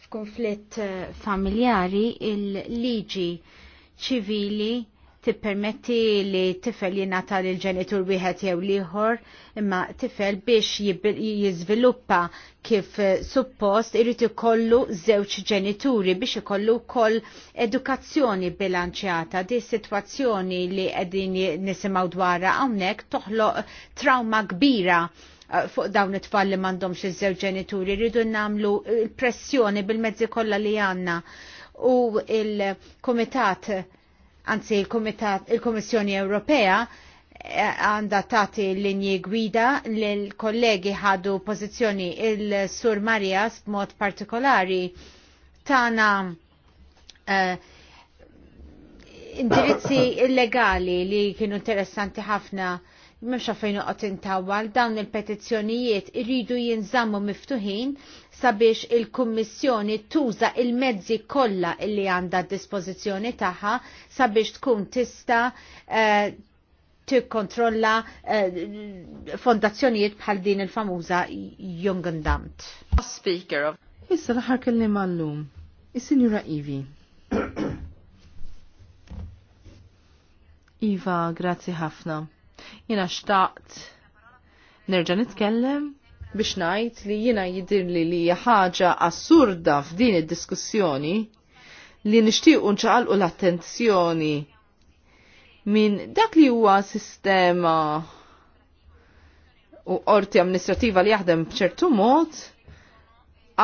F'konflitt eh, familjari il-liġi ċivili tippermetti li tifel jingħata l ġenitur wieħed jew liħor imma tifel biex jiżviluppa kif suppost irid ikollu żewġ ġenituri biex ikollu wkoll edukazzjoni bilanċjata di sitwazzjoni li qegħdin nisimgħu dwarha hawnhekk toħloq trauma kbira uh, fuq dawn it-tfal li m'għandhomx iż-żewġ ġenituri rridu nagħmlu pressjoni bil-mezzi kollha li għandna u il-Komitat, anzi il komitat il Ewropea eh, għanda tati linji gwida l-kollegi ħadu pozizjoni il-Sur Marias b'mod partikolari tana uh, indirizzi illegali li kienu interessanti ħafna memx fejn uqot intawal dawn il-petizzjonijiet irridu jinżammu miftuħin sabiex il-Kummissjoni tuża il-mezzi kollha li għandha dispożizzjoni tagħha sabiex tkun tista eh, tikkontrolla eh, fondazzjonijiet bħal din il-famuża Jungendamt. Speaker of... Issa l-ħar kellim is-Sinjura Ivi. iva, grazzi ħafna. Jena xtaqt nerġa' nitkellem biex najt li jina jidirli li ħaġa assurda f'din id-diskussjoni li nixtiequ nċaqalqu l-attenzjoni minn dak li huwa sistema u Orti amministrativa li jaħdem b'ċertu mod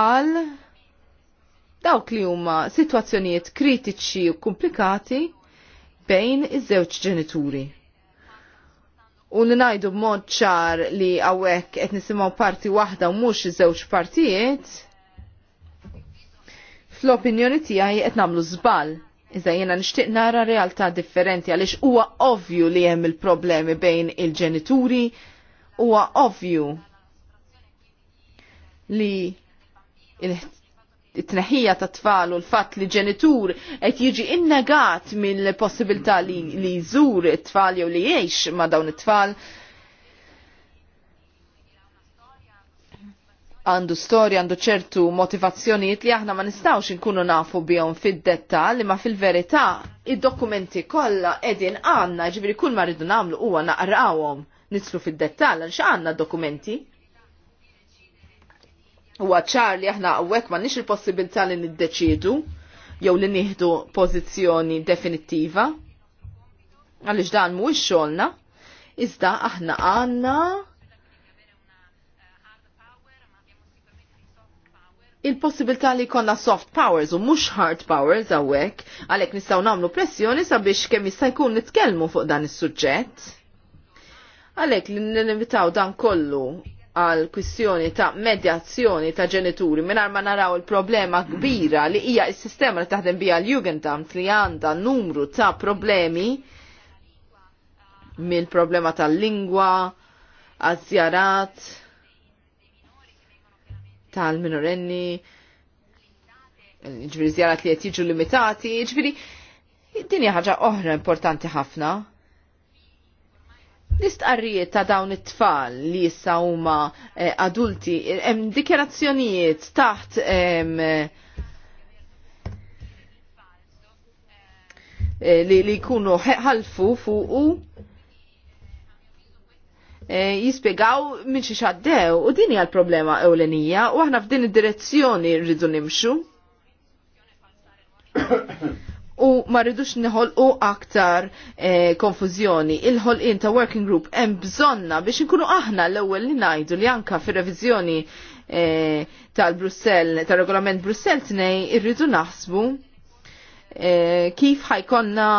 għal dawk li huma sitwazzjonijiet kritiċi u komplikati bejn iż-żewġ ġenituri u ninajdu b'mod ċar li għawek qed nisimgħu parti waħda u mhux iż-żewġ partijiet, fl-opinjoni tiegħi qed nagħmlu żball. Iżda jiena nixtieq nara realtà differenti għaliex huwa ovvju li hemm il-problemi bejn il-ġenituri, huwa ovvju li it-tneħija ta' tfal u l-fat li ġenitur qed jiġi innegat mill-possibilità li jżur it-tfal jew li jgħix ma' dawn it-tfal. għandu storja, għandu ċertu motivazzjonijiet li aħna ma nistawx inkunu nafu bihom fid li imma fil-verità id-dokumenti kollha edin għanna, ġibri kull ma rridu nagħmlu huwa naqrawhom nitlu fid detta għanna dokumenti huwa ċar li aħna ma nix il-possibilità li niddeċiedu jew li nieħdu pożizzjoni definittiva għaliex dan mhuwiex xogħolna, iżda aħna għandna il-possibilità li konna soft powers u mhux hard powers hawnhekk, għalhekk nistgħu nagħmlu pressjoni sabiex kemm jista' jkun nitkellmu fuq dan is-suġġett. Għalhekk li nilimitaw dan kollu għal kwistjoni ta' medjazzjoni ta' ġenituri minar ma naraw il-problema kbira li hija s-sistema li taħdem bija l-Jugendamt li għanda numru ta' problemi mill-problema tal-lingwa, għazzjarat, tal-minorenni, ġviri zjarat li jtiġu limitati, ġviri, dinja ħaġa oħra importanti ħafna L-istqarrijiet ta' dawn it-tfal li jissa huma eh, adulti, hemm dikjerazzjonijiet taħt eh, li, li jkunu ħalfu fuq u eh, jispiegaw minn xi xaddew u din hija l-problema ewlenija u aħna f'din id-direzzjoni rridu nimxu u ma rridux u aktar eh, konfuzjoni. konfużjoni. Il-ħolqin ta' working group hemm bżonna biex inkunu aħna l-ewwel li ngħidu li anka fir-reviżjoni eh, tal-Brussell, tal-regolament Brussell tnej irridu naħsbu eh, kif ħajkonna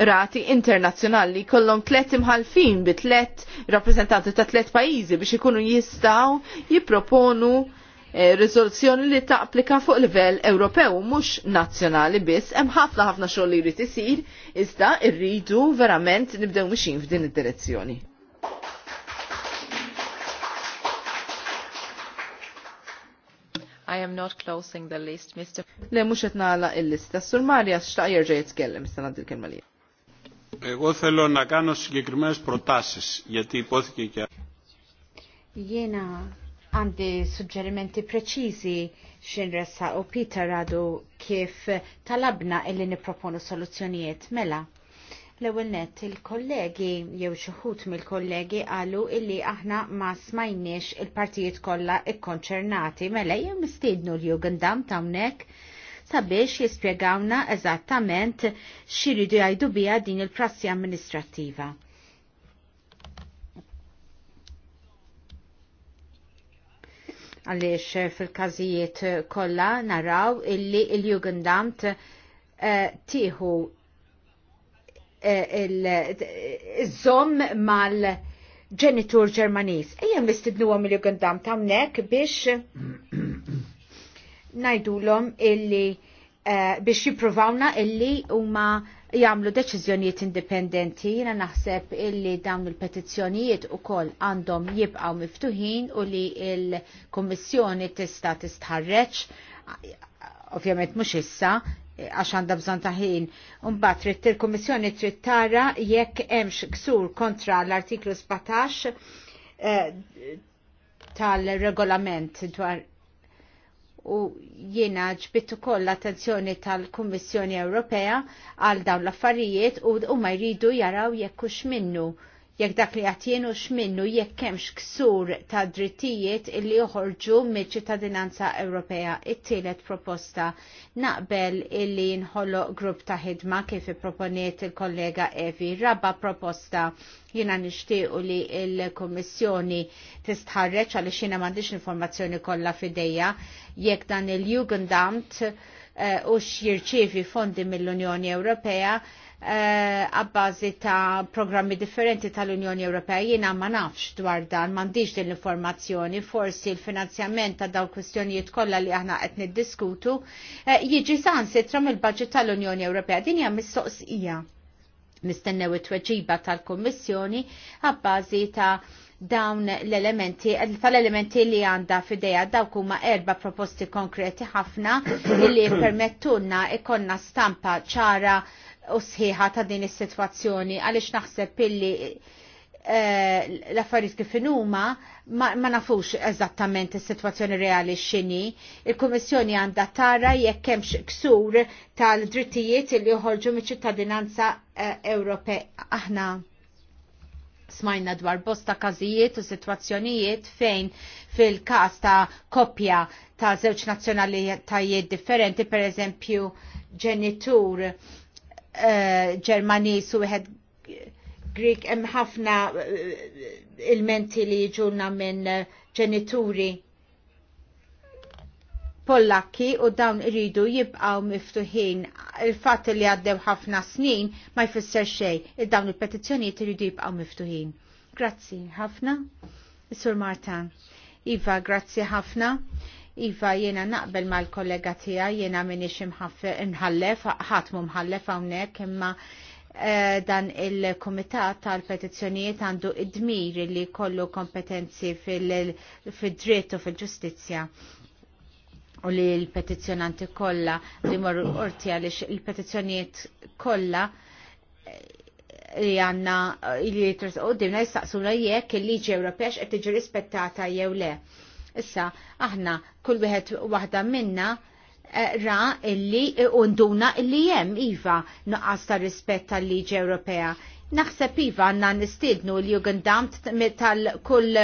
rati internazzjonali kollon tlet imħalfin bi tlet rappreżentanti ta' tlet pajjiżi biex ikunu jistgħu jipproponu Eh, rizoluzzjoni li ta' applika fuq livell Ewropew mhux nazzjonali biss, hemm ħafna ħafna xogħol li jrid isir, iżda rridu verament nibdew mixin f'din id-direzzjoni. I am not closing the list, Mr. Le mhux qed nagħla l lista Sur Marja x'taq jerġa' jitkellem, issa nagħti l-kelma li. Εγώ θέλω να κάνω συγκεκριμένες προτάσεις, γιατί υπόθηκε και... Jena għandi suġġerimenti preċiżi xinressa u Peter għadu kif talabna illi niproponu soluzzjonijiet mela. l ewwel net il-kollegi jew xuħut mill-kollegi għalu illi aħna ma smajniex il-partijiet kollha ikkonċernati mela jew mistiednu l-jugendam tawnek sabiex jispjegawna eżattament xiridu jgħidu biha din il-prassi amministrattiva għaliex eh, fil-każijiet eh, kollha naraw illi il-Jugendamt eh, tieħu il-żomm mal- ġenitur ġermanis. Ejjem nistidnu għom il jugendamt għamnek biex najdulom illi biex jiprovawna illi huma Jamlu deċiżjonijiet indipendenti, jina naħseb illi dawn il-petizzjonijiet ukoll għandhom jibqgħu miftuħin u li l-Kummissjoni tista' tistħarreġ ovvjament mhux issa għax għandha bżonn ta' ħin. tritt trid il-Kummissjoni trid tara jekk hemmx ksur kontra l-artiklu 17 eh, tal-regolament dwar u jiena ġbittu koll l-attenzjoni tal-Kummissjoni Ewropea għal dawn l-affarijiet u huma jridu jaraw jekk hux minnu jekk dak li għatjenu x'minnu jekk hemmx ksur ta' drittijiet illi joħorġu mill-ċittadinanza Ewropea. It-tielet proposta naqbel illi nħolloq grupp ta' ħidma kif ipproponiet il-kollega Evi. Rabba proposta jina nishtiqu li il-Kommissjoni tistħarreċ għal xina mandiċ informazzjoni kollha fideja jekk dan il-Jugendamt eh, u xirċivi fondi mill-Unjoni Ewropea Eh, għabbażi ta' programmi differenti tal-Unjoni Ewropea jiena ma nafx dwar dan, m'għandix din l-informazzjoni, forsi l-finanzjament ta' daw kwistjonijiet kollha li aħna qed niddiskutu eh, jiġi san sitra mill-budget tal-Unjoni Ewropea. Din hija mistoqsija. Nistennew it-tweġiba tal-Kommissjoni għabbażi ta' dawn l-elementi, tal-elementi li għanda fideja dawk huma erba proposti konkreti ħafna li permettunna ikonna stampa ċara u sħiħa ta' din is-sitwazzjoni għaliex naħseb illi eh, l-affarijiet kif huma ma nafux eżattament is-sitwazzjoni reali x'inhi. Il-Kummissjoni għandha tara jekk hemmx ksur tal-drittijiet li joħorġu miċ-ċittadinanza eh, Ewropea. Aħna smajna dwar bosta każijiet u sitwazzjonijiet fejn fil-każ ta' koppja ta' żewġ nazzjonalitajiet differenti, per eżempju ġenitur Eh, Ġermanis u wieħed Greek hemm ħafna eh, ilmenti li jiġuna minn eh, ġenituri Pollakki u dawn iridu jibqaw miftuħin. Il-fatt li għaddew ħafna snin ma jfisser xejn, il dawn il-petizzjonijiet iridu jibqaw miftuħin. Grazzi ħafna. Sur Marta. Iva, grazzi ħafna. Iva jena naqbel mal kollega tija jena minix imħallef, ħatmu mħallef għawnek imma eh, dan il-Komitat tal-Petizzjonijiet għandu id-dmir li kollu kompetenzi fil-dritt u fil-ġustizja u li l-petizjonanti kolla li morru orti għalix il petizzjonijiet kolla eh, li għanna li u dimna jistaqsuna jekk il-liġi Ewropex qed tiġi rispettata jew le. Issa, aħna kull wieħed waħda minna eh, ra illi eh, unduna illi jem Iva nuqqas ta' rispett tal-liġi Ewropea. Naħseb Iva għanna nistidnu l-jugendamt tal-kull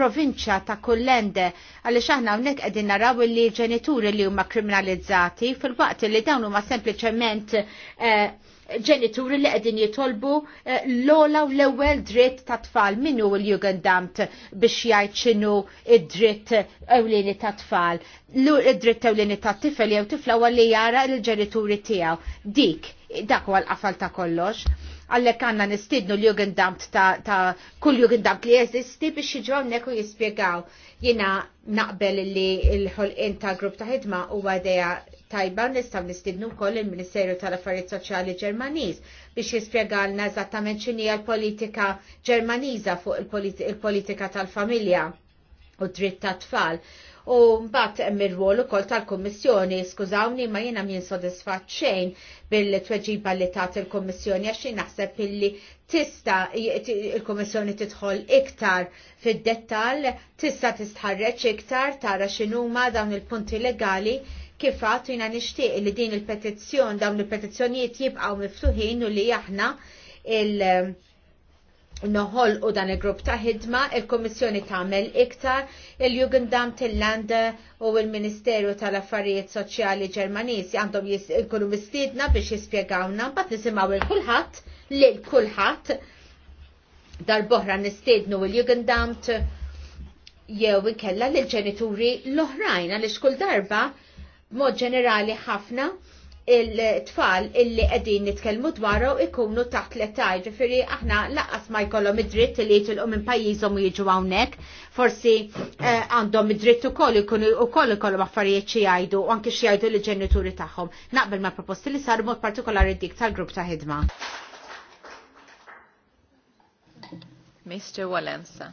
provinċja ta' kull lende għalli xaħna unnek għedin naraw li ġenituri li huma kriminalizzati fil-waqt li dawn huma sempliċement eh, ġenituri li qegħdin jitolbu eh, l-ola u l-ewwel dritt ta' tfal minnu l-jugendamt biex jgħid x'inhu id-dritt ewlieni ta' tfal. l dritt ewlini ta' tifel jew tifla huwa jara l-ġenituri tiegħu. Dik dak huwa l-qafal ta' kollox. Għallek għanna nistidnu l-jugendamt ta', ta kull jugendamt li jeżisti biex jiġu neku jispiegaw. jispjegaw. Jiena naqbel li l-ħolqien ta' grupp ta' ħidma huwa għadeja tajba nistaw nistidnu koll il-Ministeru tal-Affarijiet Soċjali Ġermaniż biex jispjegalna eżattament x'inhi l-politika Ġermaniża fuq il-politika tal-familja u dritt tat tfal. U mbagħad hemm ir-rwol ukoll tal-Kummissjoni, skużawni ma jiena min sodisfatt xejn bil-tweġiba li tat il-Kummissjoni għax naħseb illi tista il-Kummissjoni tidħol iktar fid-dettall, tista tistħarreġ iktar tara x'inhuma dawn il-punti legali Kifat jina nishtiq li din il-petizzjon, dawn il-petizzjonijiet jibqaw miftuħin u li aħna il- eh, noħol u dan il-grupp ta' ħidma, il-Komissjoni tagħmel iktar, il jugendam il-Land u il-Ministeru tal-Affarijiet Soċjali Ġermaniż għandhom jkunu mistiedna biex jispjegawna, mbagħad nisimgħu il kulħadd lil kulħadd dal-boħra nistiednu il-Jugendamt jew inkella lil ġenituri l-oħrajn għaliex kull darba mod ġenerali ħafna il-tfal illi qegħdin nitkellmu dwaru ikunu taħt l-età, ġifieri aħna laqas ma jkollhom id-dritt li jitilqu minn pajjiżhom u jiġu hawnhekk, forsi eh, għandhom id-dritt ukoll ikunu ukoll ikollhom affarijiet xi jgħidu u anke xi jgħidu lill-ġenituri tagħhom. Naqbel ma' proposti li saru mod partikolari dik tal-grupp ta' ħidma. Mr. Walensa.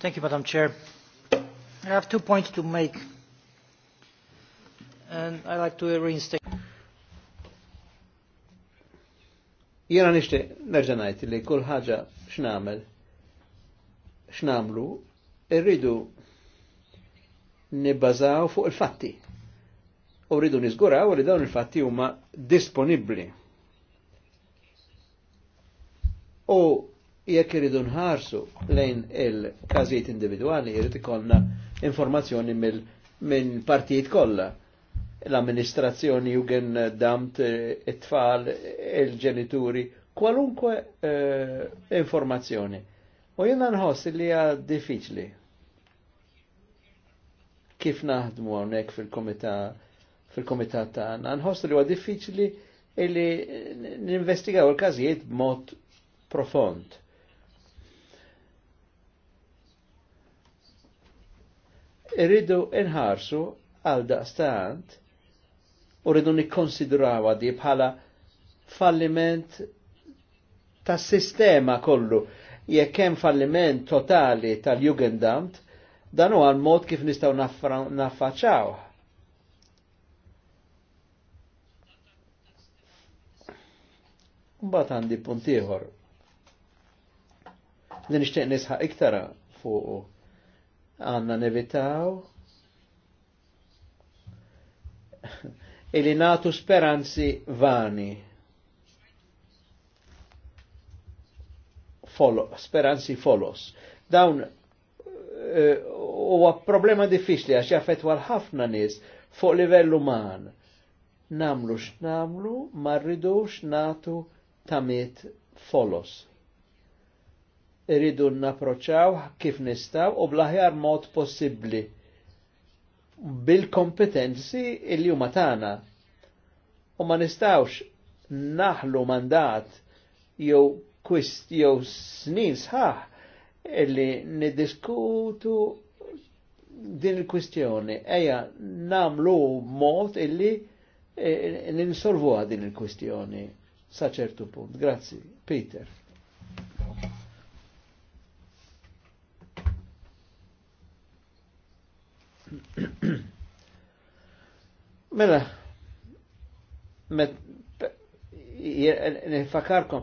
Thank you, Madam Chair. I have two points to make. And I like to reinstate. Jena nishti nerġanajti li kull ħaġa xnamel, x'namlu irridu nibazaw fuq il-fatti. U rridu nizguraw li dawn il-fatti huma disponibbli. U jekk irridu nħarsu lejn il-każijiet individuali jrid ikollna informazzjoni minn partijiet kollha l-amministrazzjoni jugen damt it-tfal, il-ġenituri, kwalunkwe eh, informazzjoni. U jenna nħoss li hija diffiċli. Kif naħdmu hawnhekk fil-komitat fil-komitat tagħna, nħoss li huwa diffiċli illi ninvestigaw il-każijiet b'mod profond. irridu inħarsu għal daqstant u rridu nikkonsidraw għaddi bħala falliment tas sistema kollu. Jekk hemm falliment totali tal-Jugendamt, dan huwa l-mod kif nistgħu naffaċċaw. Mbagħad għandi punt ieħor li nixtieq nisħaq iktar fuq għanna nevitaw illi natu speranzi vani. Folo, speranzi folos. Dawn eh, huwa uh, problema diffiċli għax jaffet l-ħafna nies fuq livell uman. Namlu x'namlu, ma rridux natu tamit folos irridu naproċaw kif nistaw u blaħjar mod possibbli bil-kompetenzi il huma tagħna. U ma nistawx naħlu mandat jew kwist jew snin sħaħ illi niddiskutu din il-kwistjoni. Eja, namlu mod illi eh, ninsolvuha din il-kwistjoni sa ċertu punt. Grazzi, Peter. Mela, met nifakarkom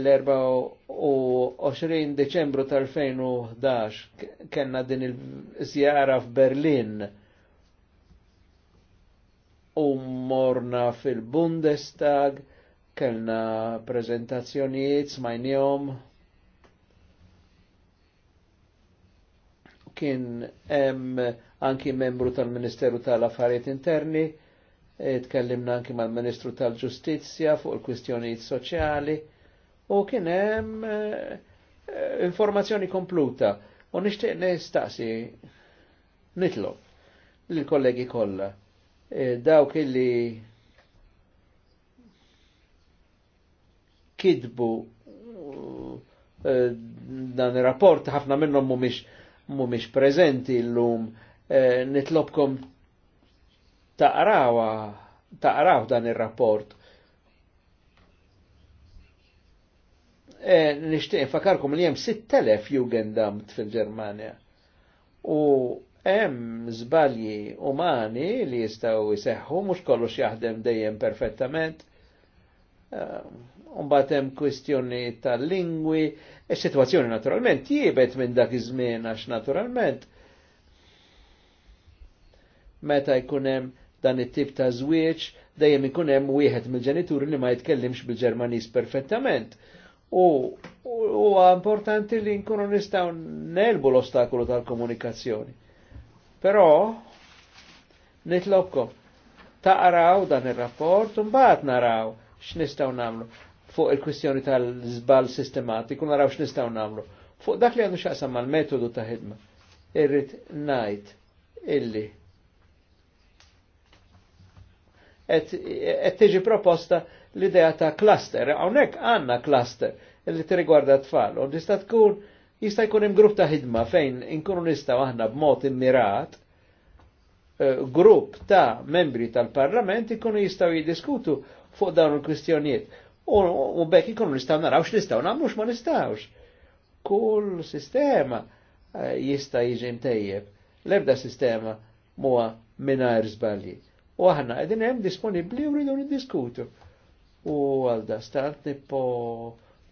l-24 Deċembru tal-2011 kena din il-zjara f'Berlin u morna fil-Bundestag kellna prezentazzjonijiet smajnjom. kien hemm anki membru tal-Ministeru tal-Affarijiet Interni, e, tkellimna anki mal-Ministru tal-Ġustizzja fuq il-kwistjonijiet soċjali u kien hemm e, e, informazzjoni kompluta u nixtieq nistaqsi nitlob lill kollegi kollha dawk illi kidbu dan ir-rapport ħafna minnhom mhumiex mumiex prezenti l-lum, eh, nitlobkom taqrawa, taqraw dan il-rapport. Eh, Nishtiq fakarkom li jem 6000 jugendamt fil ġermanja U hemm żbalji umani li jistgħu jseħħu mhux kollox jaħdem dejjem perfettament. Eh, Umbat hemm kwistjoni tal-lingwi, is-sitwazzjoni naturalment jiebet minn dak iż-żmien għax naturalment meta jkun hemm dan it-tip ta' żwieġ dejjem ikun hemm wieħed mill-ġenituri li ma jitkellimx bil-Ġermaniż perfettament. U huwa importanti li nkunu nistgħu nelbu l-ostakolu tal-komunikazzjoni. Però nitlobkom taqraw dan ir-rapport u mbagħad naraw x'nistgħu nagħmlu fuq il-kwistjoni tal-żbal sistematiku naraw x'nistgħu nagħmlu. Fuq dak li għandu x'aqsam mal-metodu ta' ħidma, irrid ngħid illi qed tiġi proposta l-idea ta' cluster, hawnhekk għandna cluster li tirrigwarda tfal, u tista' tkun jista' jkun hemm grupp ta' ħidma fejn inkunu nistgħu aħna b'mod immirat eh, grupp ta' membri tal-parlament ikunu jistgħu jiddiskutu fuq dawn il-kwistjonijiet u bekk ikonu nistaw naraw x'nistgħu nagħmlu ma nistgħux. Kull sistema eh, jista' jiġi mtejjeb. L-ebda sistema huwa mingħajr żbalji. U aħna qegħdin hemm disponibbli u rridu niddiskutu. U għal dastant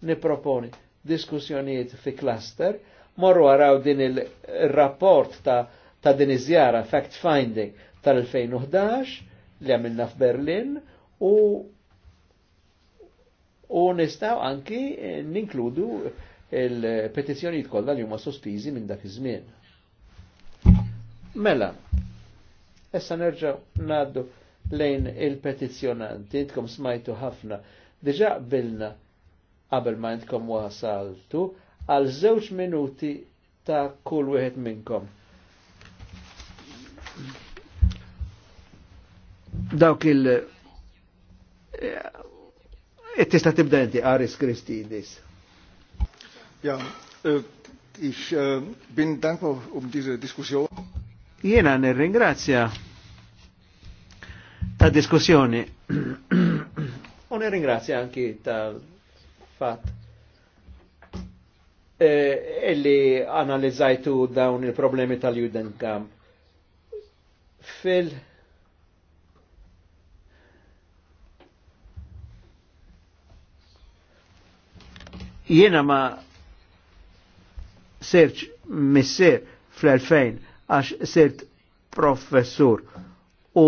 niproponi diskussjonijiet fi cluster, morru għaraw din il-rapport ta' ta' din iżjara fact finding tal-2011 li għamilna f'Berlin u u nistaw anki eh, ninkludu eh, il petizjoni kollha li huma sospiżi minn dak iż-żmien. Mela, issa nerġa' ngħaddu lejn il-petizjonanti, intkom smajtu ħafna, diġa qbilna qabel ma intkom wasaltu għal żewġ minuti ta' kull wieħed minnkom. Dawk il Tista tibda inti Aris Kristidis. Ja, äh, ix äh, bin dankbar um diese Diskussion. Jena nirringrazzja ta' diskussjoni. U nirringrazzja anki tal-fat eh, illi analizzajtu dawn il-problemi tal-Judenkamp. Fil- Jiena ma serċ misser fl-2000 għax sirt professur u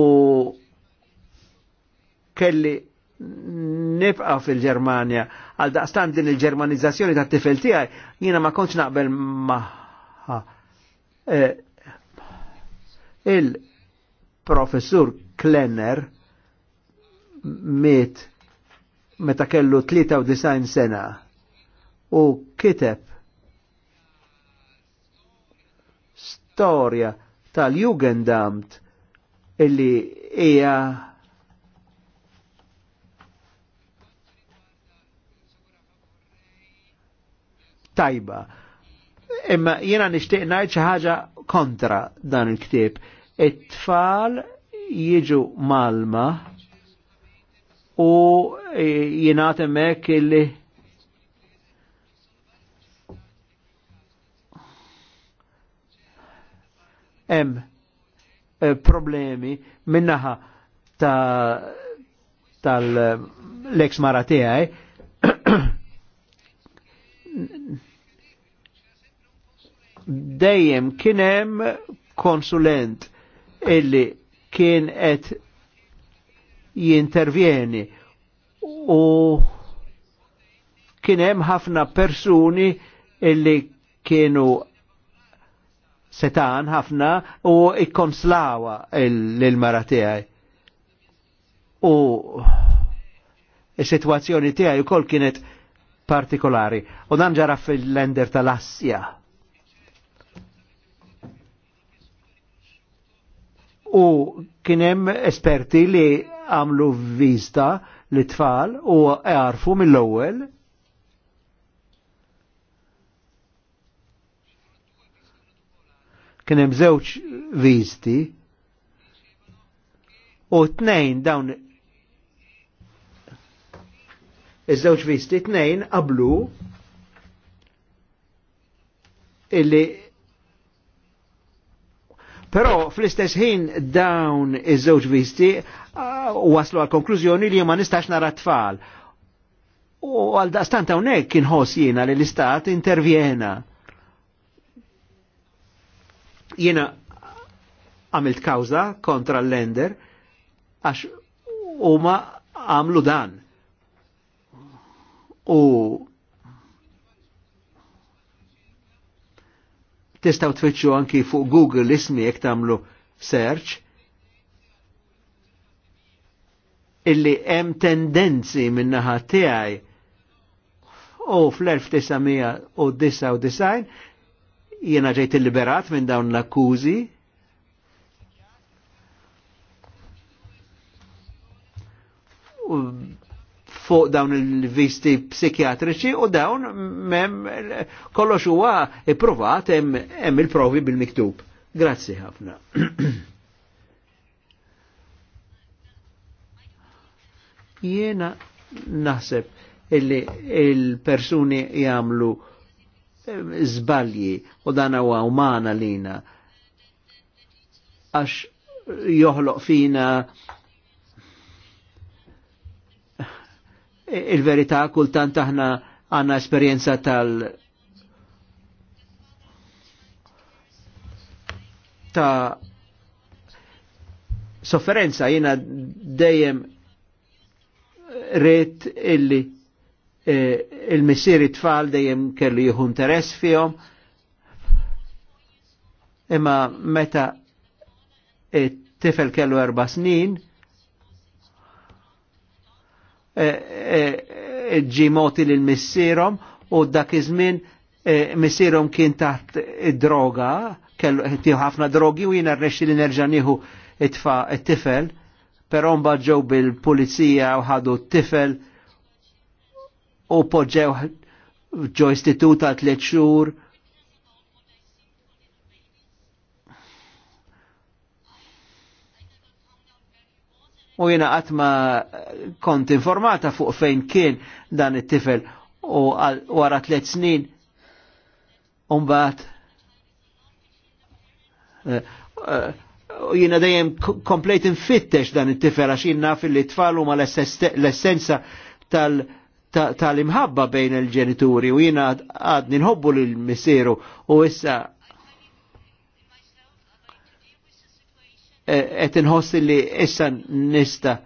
kelli nibqa fil-Germania għal daqstan din il-ġermanizzazzjoni ta' tifel tiegħi jiena ma kontx naqbel maħħa. Eh, il-professur Klenner miet meta kellu 93 sena u kiteb storja tal-Jugendamt illi hija tajba. Imma jena nixtieq ngħid xi ħaġa kontra dan il ktib It-tfal jiġu malma u jena temmek illi hemm eh, problemi minnaħa ta' tal-ex mara tiegħi dejjem kien hemm konsulent illi kien qed jintervjeni u kien hemm ħafna persuni illi kienu setan ħafna u ikkonslawa l-mara tiegħi. U is-sitwazzjoni tiegħi wkoll kienet partikolari. U dan ġara fil-lender tal-Assja. U kienem esperti li għamlu vista li tfal u għarfu mill-ewwel Kien hemm żewġ viżti u tnejn dawn iż-żewġ viżti tnejn qablu illi Però fl-istess ħin dawn iż-żewġ visti uh, waslu għal konklużjoni li ma nistax nara tfal. U għal daqstant hawnhekk kien ħoss jiena li l-istat intervjena Jena għamilt kawza kontra l-lender għax huma għamlu dan. U tistaw tfittxu anki fuq Google ismi jek tamlu search illi hemm tendenzi minnaħa tiegħi u fl-1999 jiena ġejt liberat minn dawn l-akkużi. fuq dawn il-visti psikjatriċi u dawn mem kollox huwa ipprovat hemm il-provi bil-miktub. Grazzi ħafna. Jiena naħseb illi il-persuni jagħmlu zbalji u dan huwa umana lina għax joħloq fina il-verità kultant aħna għanna esperienza tal ta' sofferenza jina dejjem rrit illi Eh, il it tfal dejjem kellu jieħu interess fihom. Imma meta it-tifel kellu erba' snin, e, e, e, ġi moti lil missierhom u dak iż-żmien missierhom kien taħt id-droga, kellu tieħu ħafna drogi u jiena rnexxi li nerġa' nieħu it-tifel, però mbagħad ġew bil-pulizija u ħadu t-tifel u poġġew ġo istitut għal tliet xhur. U jena għatma kont informata fuq fejn kien dan it-tifel u għara tliet snin Umbat, eh, eh, jina dejjem komplejt infittex dan it-tifel għax jina fil-li tfal huma l-essenza tal- tal-imħabba ta bejn il-ġenituri u jina għadni nħobbu l missiru u issa qed nħoss li issa nista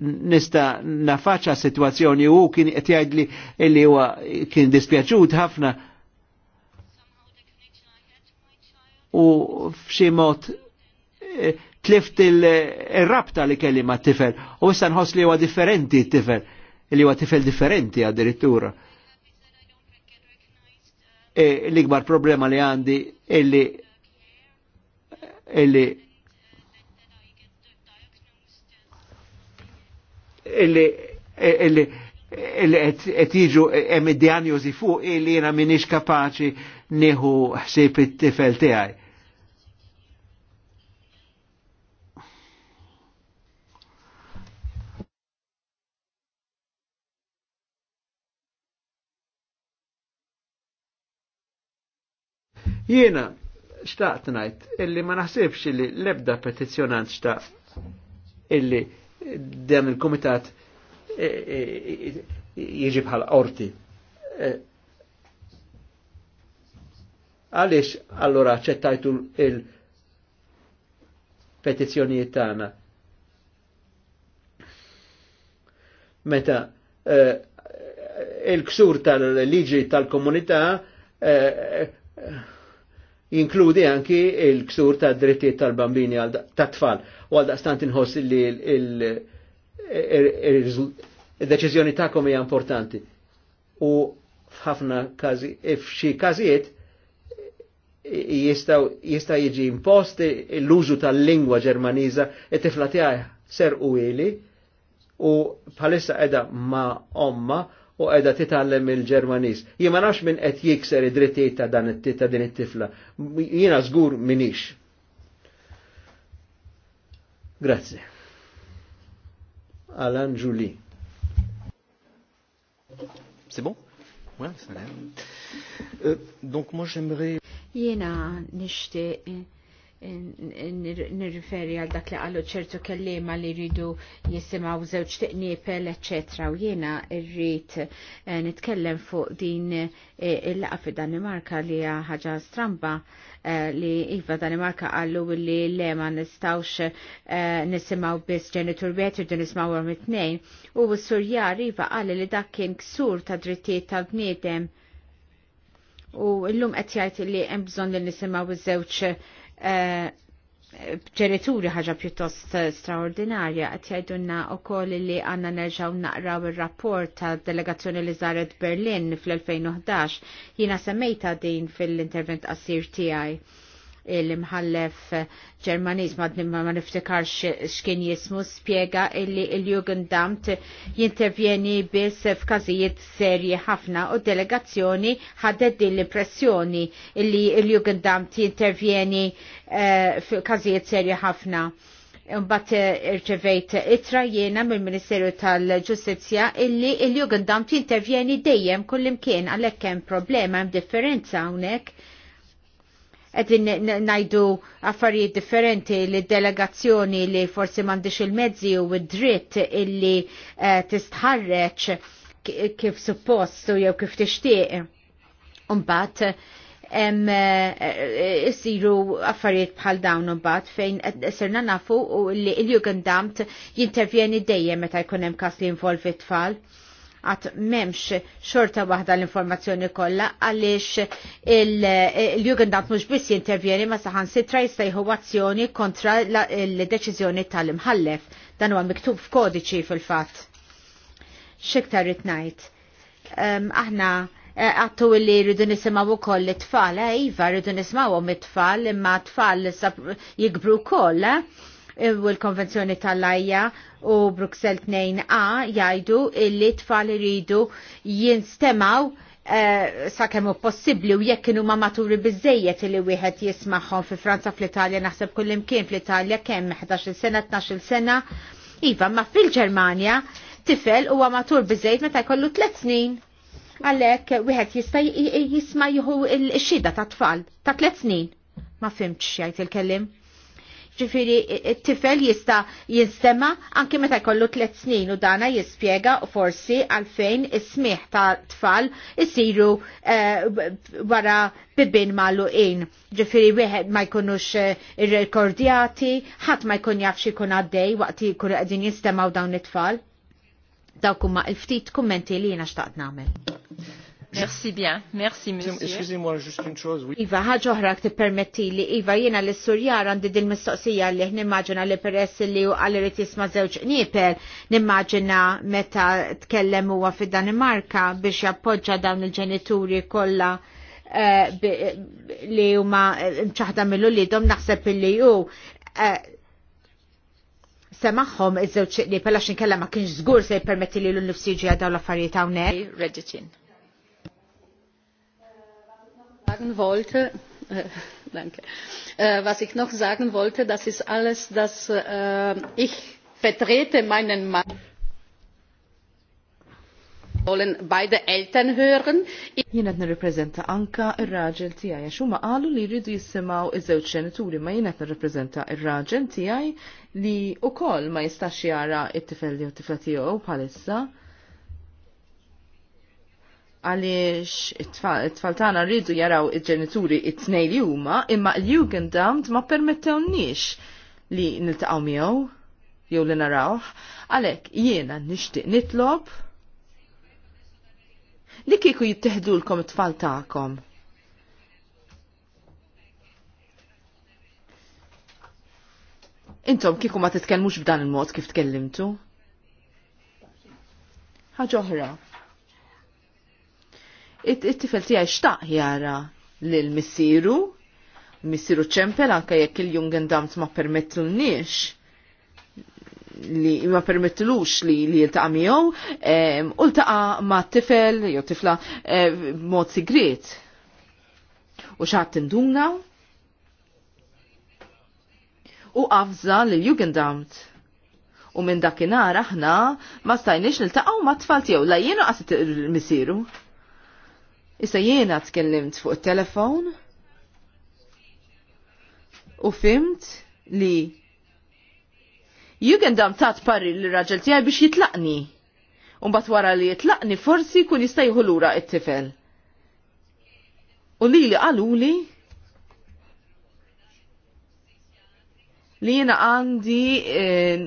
nista nafaċa situazzjoni u kien qed jgħidli li huwa kien dispjaċut ħafna u f'xi mod eh, tlift il-rabta li kelli ma' tifel u issa nħoss li huwa differenti tifel li huwa tifel differenti addirittura. E l-ikbar problema li għandi illi illi illi illi qed jiġu hemm id-dijanjosi e- fuq illi jiena m'iniex kapaċi nieħu ħsieb it-tifel tiegħi. Jiena xtaqt najt illi ma naħsibx illi lebda petizjonant xtaqt illi dan il-komitat e, e, e, jieġi bħal orti. Għalix allora ċettajtu il-petizjonijiet tagħna. Meta il-ksur tal-liġi tal-komunità jinkludi anki il-ksur ta' drittijiet tal-bambini ta' tfal u għal daqstant inħoss li il-deċizjoni ta' hija importanti. U f'ħafna kazi, f'xi każijiet jista' jiġi impost l-użu tal-lingwa ġermaniża e tifla tiegħi ser u ili u bħalissa qiegħda ma' omma u għedha titgħallem il-Ġermaniż. Jien ma nafx minn qed jikser id-drittijiet ta' dan ta' din it-tifla. Jiena żgur minix. Grazzi. Alan Julie. C'est bon Ouais, c'est a Euh, donc moi j'aimerais... Jena nishtiq nirriferi għal dak li għallu ċertu kellima li rridu jisimaw zewċ tiqnipel, eccetera, u jena irrit eh, nitkellem fuq din eh, il-laqa fi Danimarka li ħaġa stramba eh, li Iva Danimarka għallu li le ma nistawx nisimaw bis ġenitur bet din nismaw għom it-nejn u s-surjar Iva għalli li dak kien ksur ta' drittijiet tal-bniedem u l-lum qed jgħid li hemm bżonn li nisimgħu iż-żewġ ġenituri ħaġa pjuttost straordinarja, għat jajdunna u koll li għanna nerġaw naqraw il-rapport ta' delegazzjoni li zaret Berlin fl-2011, jina semmejta din fil-intervent qasir tijaj il-imħallef ġermaniż ma ma niftikarx x'kien jismu spjega illi il-Jugendamt jintervjeni biss f'każijiet serji ħafna u delegazzjoni ħadet din l-impressjoni illi il-Jugendamt jintervjeni eh, f'każijiet serji ħafna. Mbatt eh, irċevejt itra jiena mill-Ministeru tal-Ġustizzja illi il-Jugendamt jintervjeni dejjem kullimkien għalhekk hemm problema hemm differenza hawnhekk edin najdu affarijiet differenti li delegazzjoni li forsi mandiċ il-mezzi u id-dritt illi eh, tistħarreċ kif suppost jew kif tixtieq. Umbat, jisiru eh, affarijiet bħal dawn umbat fejn sirna nafu u li il-jugendamt jintervjeni dejjem meta jkun hemm każ li involvi t-tfal għat memx xorta wahda l-informazzjoni kolla għalix il-Jugendamt mux biss jintervjeni ma saħan sitra jistajħu azzjoni kontra l-deċizjoni tal-imħallef. Dan huwa miktub f'kodiċi fil-fat. Xiktar ritnajt. Um, ehm, aħna eh, għattu li rridu nisimaw u koll it-tfal, eh, iva rridu nisimaw mit tfal imma t-tfal jikbru koll, eh? u l-Konvenzjoni tal-Lajja u Bruxelles 2A jgħidu illi tfal iridu jinstemaw eh, sakemm hu possibbli u jekk kienu ma maturi biżejjed li wieħed jismagħhom fi Franza fl-Italja naħseb kullimkien fl-Italja kemm 11-il sena 12-il sena. Iva, ma fil-Ġermanja tifel huwa matur biżejjed meta jkollu tliet snin. Għalhekk wieħed jista' jisma' jieħu l-xhieda ta' tfal ta' tliet snin. Ma fimx jgħid il-kellim ġifiri t-tifel jista jinstema anki meta jkollu tliet snin u dana jispjega forsi għalfejn is-smieħ ta' tfal isiru eh, wara bibin maluqin. Ġifiri wieħed ma jkunux eh, irrekordjati, ħadd ma jkun jafx jkun għaddej waqt jkunu qegħdin u dawn it-tfal. Dawkum ma il ftit kummenti li jiena xtaqt nagħmel. Merci bien, merci monsieur. Excusez-moi, juste une chose. Oui. Iva, ħagħuħra ti permetti li Iva jena li surjar għandi din mistoqsija li nimmaġina li peress li u għalli jisma zewċ nipel, nimmaġina meta tkellem huwa fi Danimarka biex jappoġġa dawn il-ġenituri kolla eh, li huma eh, mċaħda millu li dom naħseb li ju eh, semaħħom iż-żewċ nipel għax nkella ma kienx żgur se jpermetti li l-nifsiġi għadaw l-affarijiet hawnhekk sagen wollte, äh, danke, äh, was ich noch sagen wollte, das ist alles, dass äh, ich vertrete meinen Mann Wollen beide Eltern hören. Jienet nirrepreżenta anka ir-raġel tiegħi għax huma qalu li jridu jissimgħu iż-żewġ ġenituri ma jienet nirrepreżenta ir-raġel tiegħi li wkoll ma jistax jara t tifel li u tifla tiegħu bħalissa għaliex it-tfal tagħna rridu jaraw il-ġenituri it-tnej li huma imma l-Jugendamt ma permettewniex li niltaqgħu miegħu jew li narawh, għalhekk jiena nixtieq nitlob li kieku jitteħdulkom it-tfal tagħkom. Intom kieku ma titkellmux b'dan il-mod kif tkellimtu? Ħaġa oħra it-tifel tijaj xtaq jara lil missieru missieru ċempel anke jekk il damt ma permettulniex li ma permettilux li li jiltaqa' miegħu u ltaqa' ma' tifel jew tifla mod sigriet. U xaħt tinduna u qafża lil damt. U minn dakinhar aħna ma stajniex taqaw ma' tfal tiegħu la jienu qasit il-misieru. Issa jiena tkellimt fuq il-telefon u fimt li dam tat parri l-raġel tijaj biex jitlaqni. Umbat wara li jitlaqni forsi kun jistajħu lura it-tifel. U li li għaluli li jena għandi eh,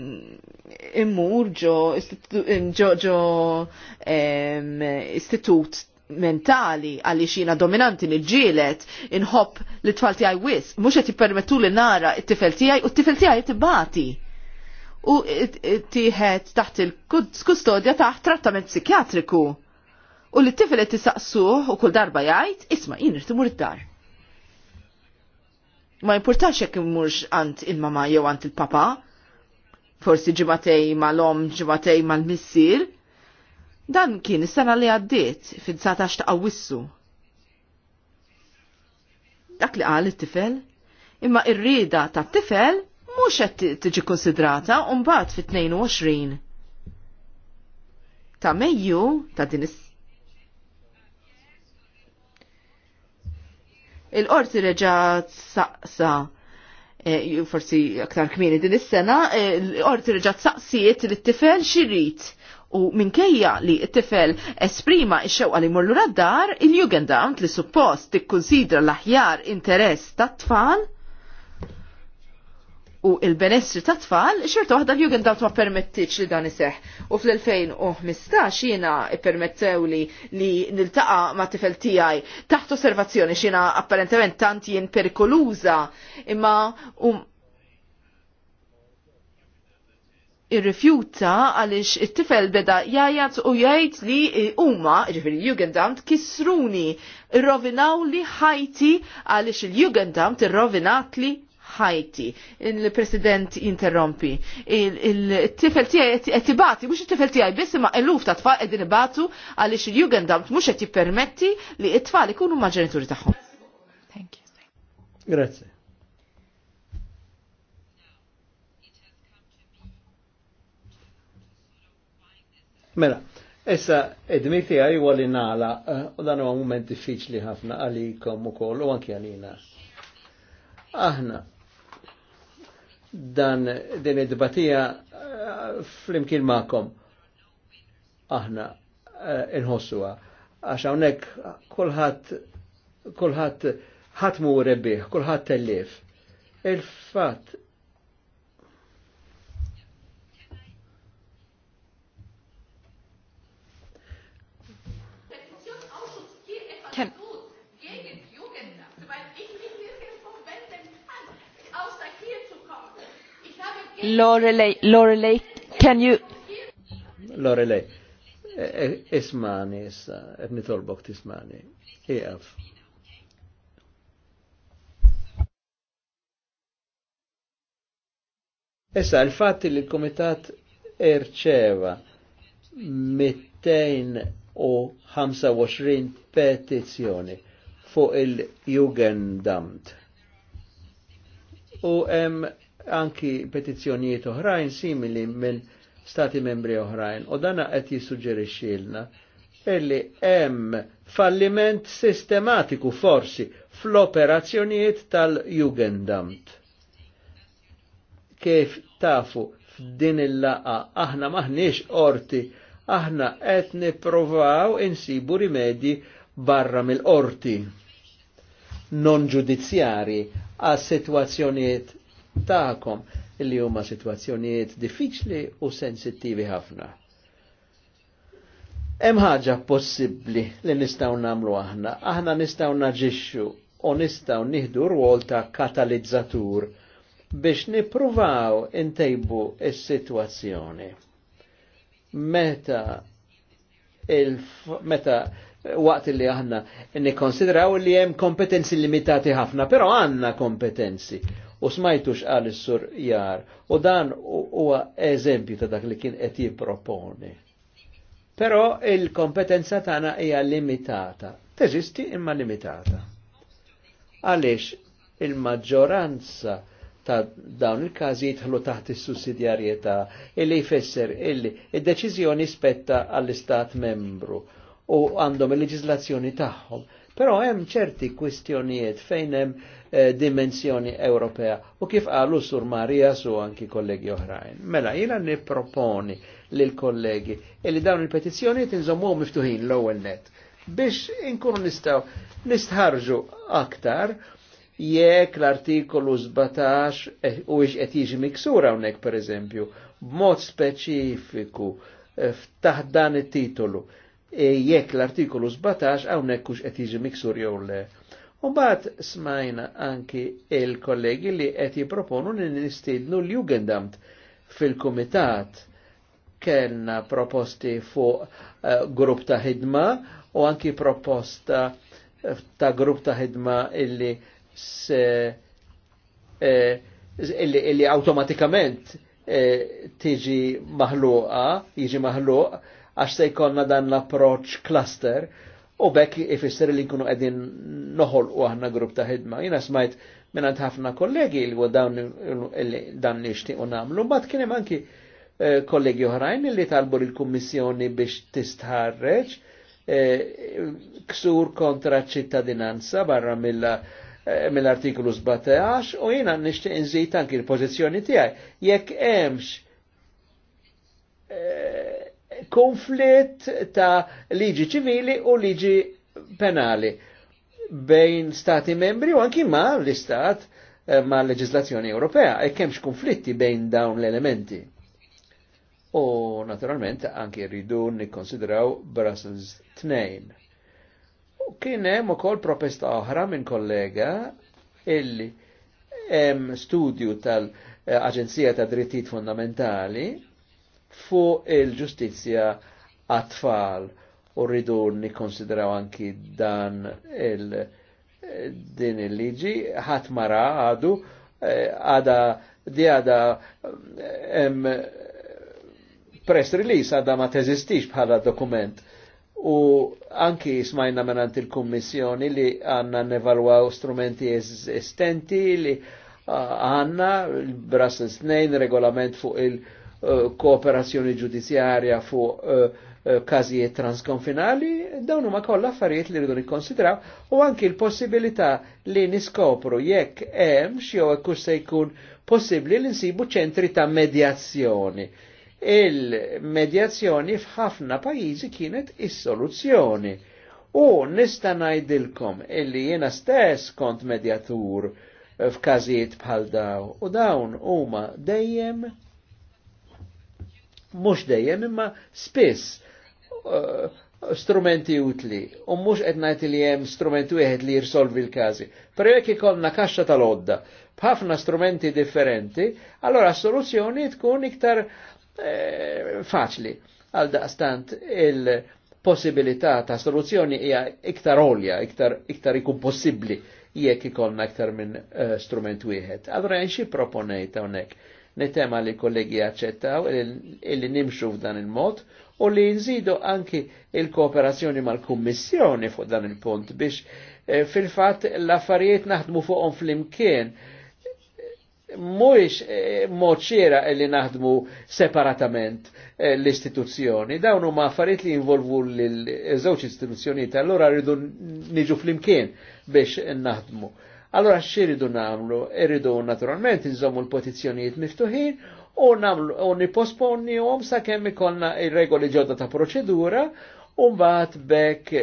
immur ġo istitut mentali għalli xina dominanti nġilet inħobb li tfal tijaj wis, mux għet jipermettu li nara t tifel tijaj u t-tifel tijaj tibbati. U tiħed taħt il-kustodja taħt trattament psikjatriku. U li t-tifel għet tisaqsuħ u kull darba jgħid isma jien imur id-dar. Ma jimpurtax jekk imurx għand il-mama jew għand il-papa, forsi ġimatej mal-om, ġimatej mal-missir, Dan kien is-sena li għaddiet fid-19 ta' Awwissu. Dak li qal it-tifel, imma ir-rieda ta' tifel mhux qed tiġi konsidrata u mbagħad fit-22 ta' Mejju ta' din is Il-qorti reġa saqsa e, forsi aktar kmini din is-sena, il-qorti e, reġa saqsiet li t-tifel xirrit U minkejja li t-tifel esprima x-xewqa li mullu rad-dar, il-Jugendamt li suppost tikkunsidra l-aħjar interess tat tfal u il-benessri ta' tfal, xerta waħda l-Jugendamt ma permettiċ li dan iseħ. U fl-2015 jiena permettew li li niltaqa ma' tifel tijaj taħt osservazzjoni xina apparentement tant jien perikoluza imma um, irrifjuta għaliex it-tifel beda jajat u jgħid li e, huma, ġifieri Jugendamt, kisruni, irrovinaw li ħajti għaliex il-Jugendamt irrovinat li ħajti. Il-President interrompi. Il-tifel tiegħi qed mux mhux it-tifel tiegħi biss imma eluf ta' tfaq edin ibatu għaliex il-Jugendamt mhux qed jippermetti li t-tfal ikunu ma' ġenituri tagħhom. Thank you. Grazie. Mela, essa edmiti għaj għalli nala, eh, u dan huwa moment diffiċli ħafna għalikom u koll, u anki għalina. Aħna, dan din id-batija eh, fl-imkien ma'kom, aħna eh, inħossuha, għax hawnhekk kulħadd kulħadd ħadd mu rebbieħ, kulħadd tellif. Il-fatt Lorelei, Lorelei, can you... Lorelei, e, e, ismani issa, etni tolbok tismani. iaf. Issa, il-fatti li l-komitat irċeva 225 petizjoni fuq il-Jugendamt. U hemm anki petizzjonijiet oħrajn simili minn stati membri oħrajn. U dana qed jissuġġerixxi lna illi hemm falliment sistematiku forsi fl-operazzjonijiet tal-Jugendamt. Kif tafu f'din il-laqa aħna maħniex orti, aħna qed nippruvaw insibu rimedji barra mill-qorti non ġudizzjari għas situazzjonijiet ta'kom li huma situazzjonijiet diffiċli u sensittivi ħafna. Hemm ħaġa possibbli li nistgħu nagħmlu aħna. Aħna nistgħu naġixxu u nistgħu nieħdu rwol ta' katalizzatur biex nippruvaw intejbu is-sitwazzjoni. Meta il meta waqt li aħna nikkonsidraw li hemm kompetenzi limitati ħafna, però għandna kompetenzi u smajtux għal sur jar u dan huwa eżempju ta' dak li kien qed jipproponi. Però il-kompetenza tagħna hija limitata, teżisti imma limitata. Għaliex il-maġġoranza ta' dawn il-każi jitħlu taħt is-sussidjarjetà illi jfisser illi id-deċiżjoni spetta għall-istat membru u għandhom il-leġiżlazzjoni tagħhom Però hemm ċerti kwistjonijiet fejn hemm eh, dimensjoni Ewropea u kif qalu sur Marija su anki kollegi oħrajn. Mela jiena nipproponi lil kollegi li dawn il-petizzjonijiet inżommuhom miftuħin l-ewwel net biex inkunu nistgħu nistħarġu aktar jekk l-artikolu 17 eh, u qed jiġi miksura hawnhekk pereżempju b'mod speċifiku f'taħt eh, dan it-titolu E jekk l-artikolu 17 hawnhekk hux qed jiġi miksur jew le. Umbat smajna anki il-kollegi li qed jipproponu li nistidnu l-Jugendamt fil-Kumitat kellna proposti fuq uh, grupp ta' ħidma u anki proposta eh, ta' grupp ta' ħidma illi se eh, illi, illi automatikament eh, tiġi maħluqa, jiġi maħluqa għax se jkollna dan l-approċ cluster u bekk ifisser li nkunu qegħdin noħol u aħna grupp ta' ħidma. Jiena smajt minn ħafna kollegi li għu dan nixtiequ nagħmlu, namlu. kien hemm anki eh, kollegi oħrajn li talbu l-Kummissjoni biex tistħarreġ eh, ksur kontra ċittadinanza barra mill- eh, mill-artiklu 17 u jina nishti nżid anki l-pożizzjoni tiegħi. Jekk hemmx konflitt ta' liġi ċivili u liġi penali bejn stati membri u anki ma' l-istat eh, ma' l-leġislazzjoni Ewropea e kemx konflitti bejn dawn l-elementi. U naturalment anki rridu nikkonsidraw Brussels 2. U kien hemm ukoll propesta oħra minn kollega illi hemm studju tal-Aġenzija ta' Drittijiet Fundamentali fuq il-ġustizja għat u rridu nikonsideraw anki dan il din il-liġi ħat mara għadu eh, għada di għada eh, press release għada ma teżistix bħala dokument u anki smajna menant il-kommissjoni li għanna nevalwaw strumenti esistenti li eh, għanna Brussels 2 regolament fuq il- Eh, kooperazzjoni ġudizjarja fuq eh, eh, każijiet transkonfinali, dawn huma kollha affarijiet li rridu nikkonsidraw u anki l-possibilità li niskopru jekk hemm xi jew hekk se jkun possibbli li nsibu ċentri ta' medjazzjoni. Il-medjazzjoni f'ħafna pajjiżi kienet is-soluzzjoni. U nista' ngħidilkom illi jiena stess kont medjatur f'każijiet bħal daw u dawn huma dejjem mhux dejjem imma spiss uh, strumenti utli u mhux qed ngħid li hemm strumenti wieħed li jirsolvi l-każi. Però jekk ikollna kaxxa tal-odda b'ħafna strumenti differenti, allora s-soluzzjoni tkun iktar eh, faċli. Għal daqstant il-possibilità ta' soluzzjoni hija iktar olja, iktar, iktar ikun possibbli jekk ikollna iktar minn uh, strument wieħed. Allora xi proponejta hawnhekk Nitema li kollegi jaċċettaw illi nimxu f'dan il-mod u li nżidu anki il-kooperazzjoni mal-Kummissjoni fuq dan il-punt biex eh, fil-fat l-affarijiet naħdmu fuqhom fl-imkien mhuwiex eh, mod xiera li naħdmu separatament eh, l-istituzzjoni. Dawn huma affarijiet li jinvolvu l-żewġ istituzzjonijiet, allura rridu niġu fl-imkien biex naħdmu. Allora xiridu namlu, irridu naturalment nżommu l-pozizjonijiet miftuħin u namlu u niposponni u sa kemmi konna il-regoli ġodda ta' proċedura u mbaħt bekk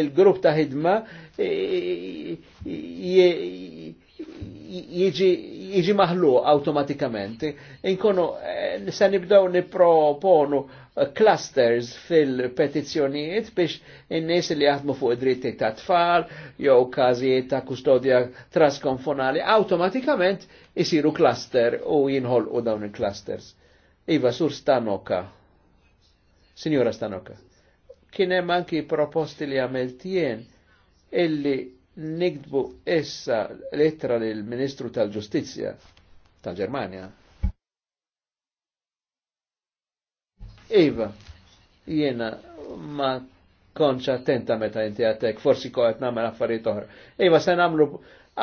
il-grupp ta' ħidma jiġi ma'ħlu automatikament. Inkonu, eh, se nibdaw niproponu clusters fil-petizzjonijiet biex in-nies li jaħdmu fuq id-dritti ta' tfal jew każijiet ta' kustodja trasconfonali awtomatikament isiru cluster u jinħolqu dawn il-clusters. Iva, sur Stanoka. Signora Stanoka. Kien hemm anki proposti li għamilt jien illi nikdbu issa lettra lill-Ministru tal-Ġustizzja tal-Ġermanja Iva, jena ma konċa attenta meta inti għatek, forsi koħet namel affarijiet oħra. Iva, se namlu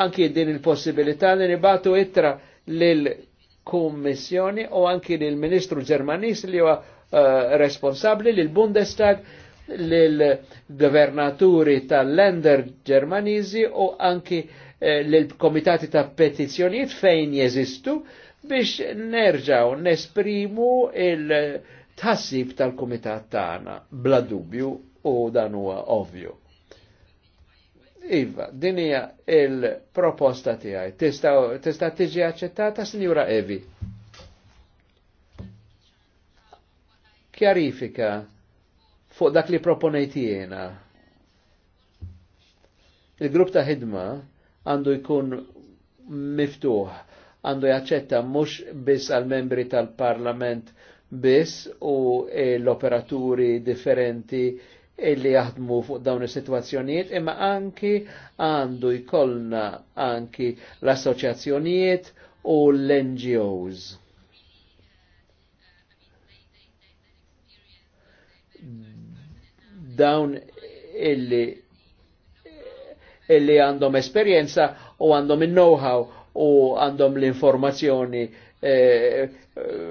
anki din il-possibilità li nibatu ittra lill-Kummissjoni u anki lill-Ministru Ġermanis li huwa uh, eh, responsabli lill-Bundestag lill-gvernaturi tal-lender ġermaniżi u anki l eh, lill-komitati ta' petizzjonijiet fejn jeżistu biex nerġaw nesprimu il- tħassib tal-Kumitat tagħna bla dubju u dan huwa ovvju. Iva, din hija il-proposta tiegħi. Tista' tiġi aċċettata, Sinjura Evi. Kjarifika fuq dak li proponejt jiena. Il-grupp ta' ħidma għandu jkun miftuħ, għandu jaċċetta mhux biss għal membri tal-Parlament biss u e l-operaturi differenti illi jaħdmu fuq dawn is-sitwazzjonijiet, imma anki għandu jkollna anki l-assoċjazzjonijiet u l-NGOs. Dawn illi illi għandhom esperjenza u għandhom il-know-how u għandhom l-informazzjoni eh, eh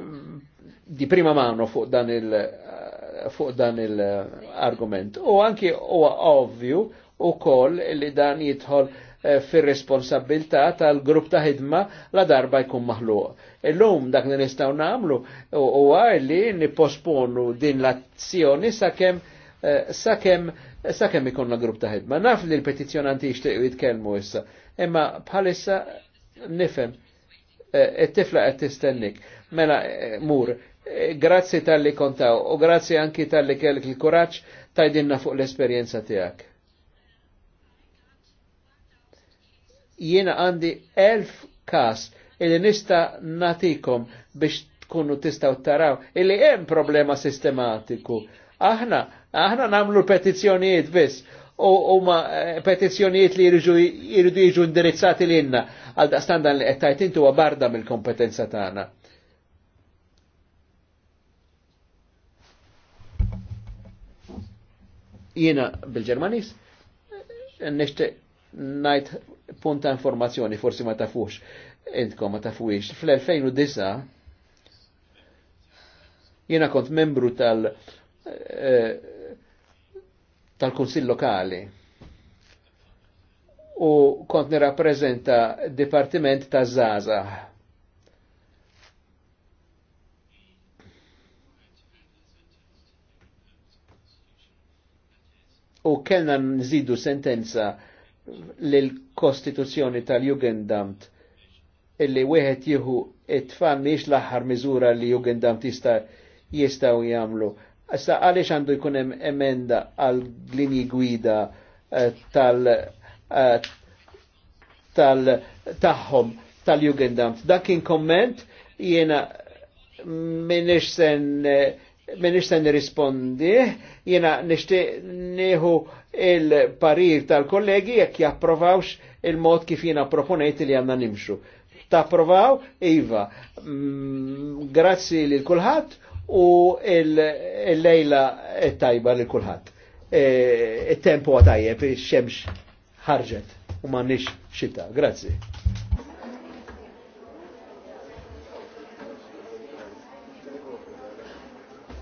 di prima mano fuq dan il eh, fuq dan il-argument. Eh, u anki huwa ovvju u koll li dan jidħol eh, fir responsabilità tal-grupp ta' ħidma la darba jkun maħluq. Illum dak li nistgħu nagħmlu huwa li nipposponu din l-azzjoni sakemm sakemm sakemm ikonna grupp ta' ħidma. Naf li l-petizzjonanti jixtiequ jitkellmu issa, imma bħalissa nifhem it-tifla qed tistennik. Mela mur, Eh, grazzi tal-li kontaw u grazzi anki tal-li kellek il-kuraċ tajdinna fuq l-esperienza tijak. Jiena għandi elf kas illi nista natikom biex tkunu tistaw taraw illi hemm problema sistematiku. Aħna, aħna namlu petizzjonijiet biss u ma eh, petizzjonijiet li jiridu jiġu indirizzati l-inna għal daqstandan li għettajt intu għabarda mill-kompetenza tagħna. Jiena bil-Ġermanis, nishtiq najt punta informazzjoni, forsi ma tafux, intkom ma tafux. Fl-2009 jiena kont membru tal- eh, tal-Kunsill Lokali u kont nirrappreżenta Dipartiment ta' Zaza u kellna nżidu sentenza l-Kostituzzjoni tal-Jugendamt illi wieħed jieħu it-tfal miex l-aħħar miżura li Jugendamt jista' jistgħu jagħmlu. Issa għaliex għandu jkun hemm emenda għal linji gwida eh, tal eh, tal tagħhom tal-Jugendamt. Dak kien komment jiena minix sen eh, Minix se nirrispondi, jena nishtiq nieħu il-parir tal-kollegi jekk japprovawx il-mod kif jena proponejt li għanna nimxu. Ta' provaw, Iva, mm, grazzi li l-kulħat u il-lejla tajba li l-kulħat. E, il-tempo għatajje, il-xemx ħarġet u ma' nix xita. Grazzi.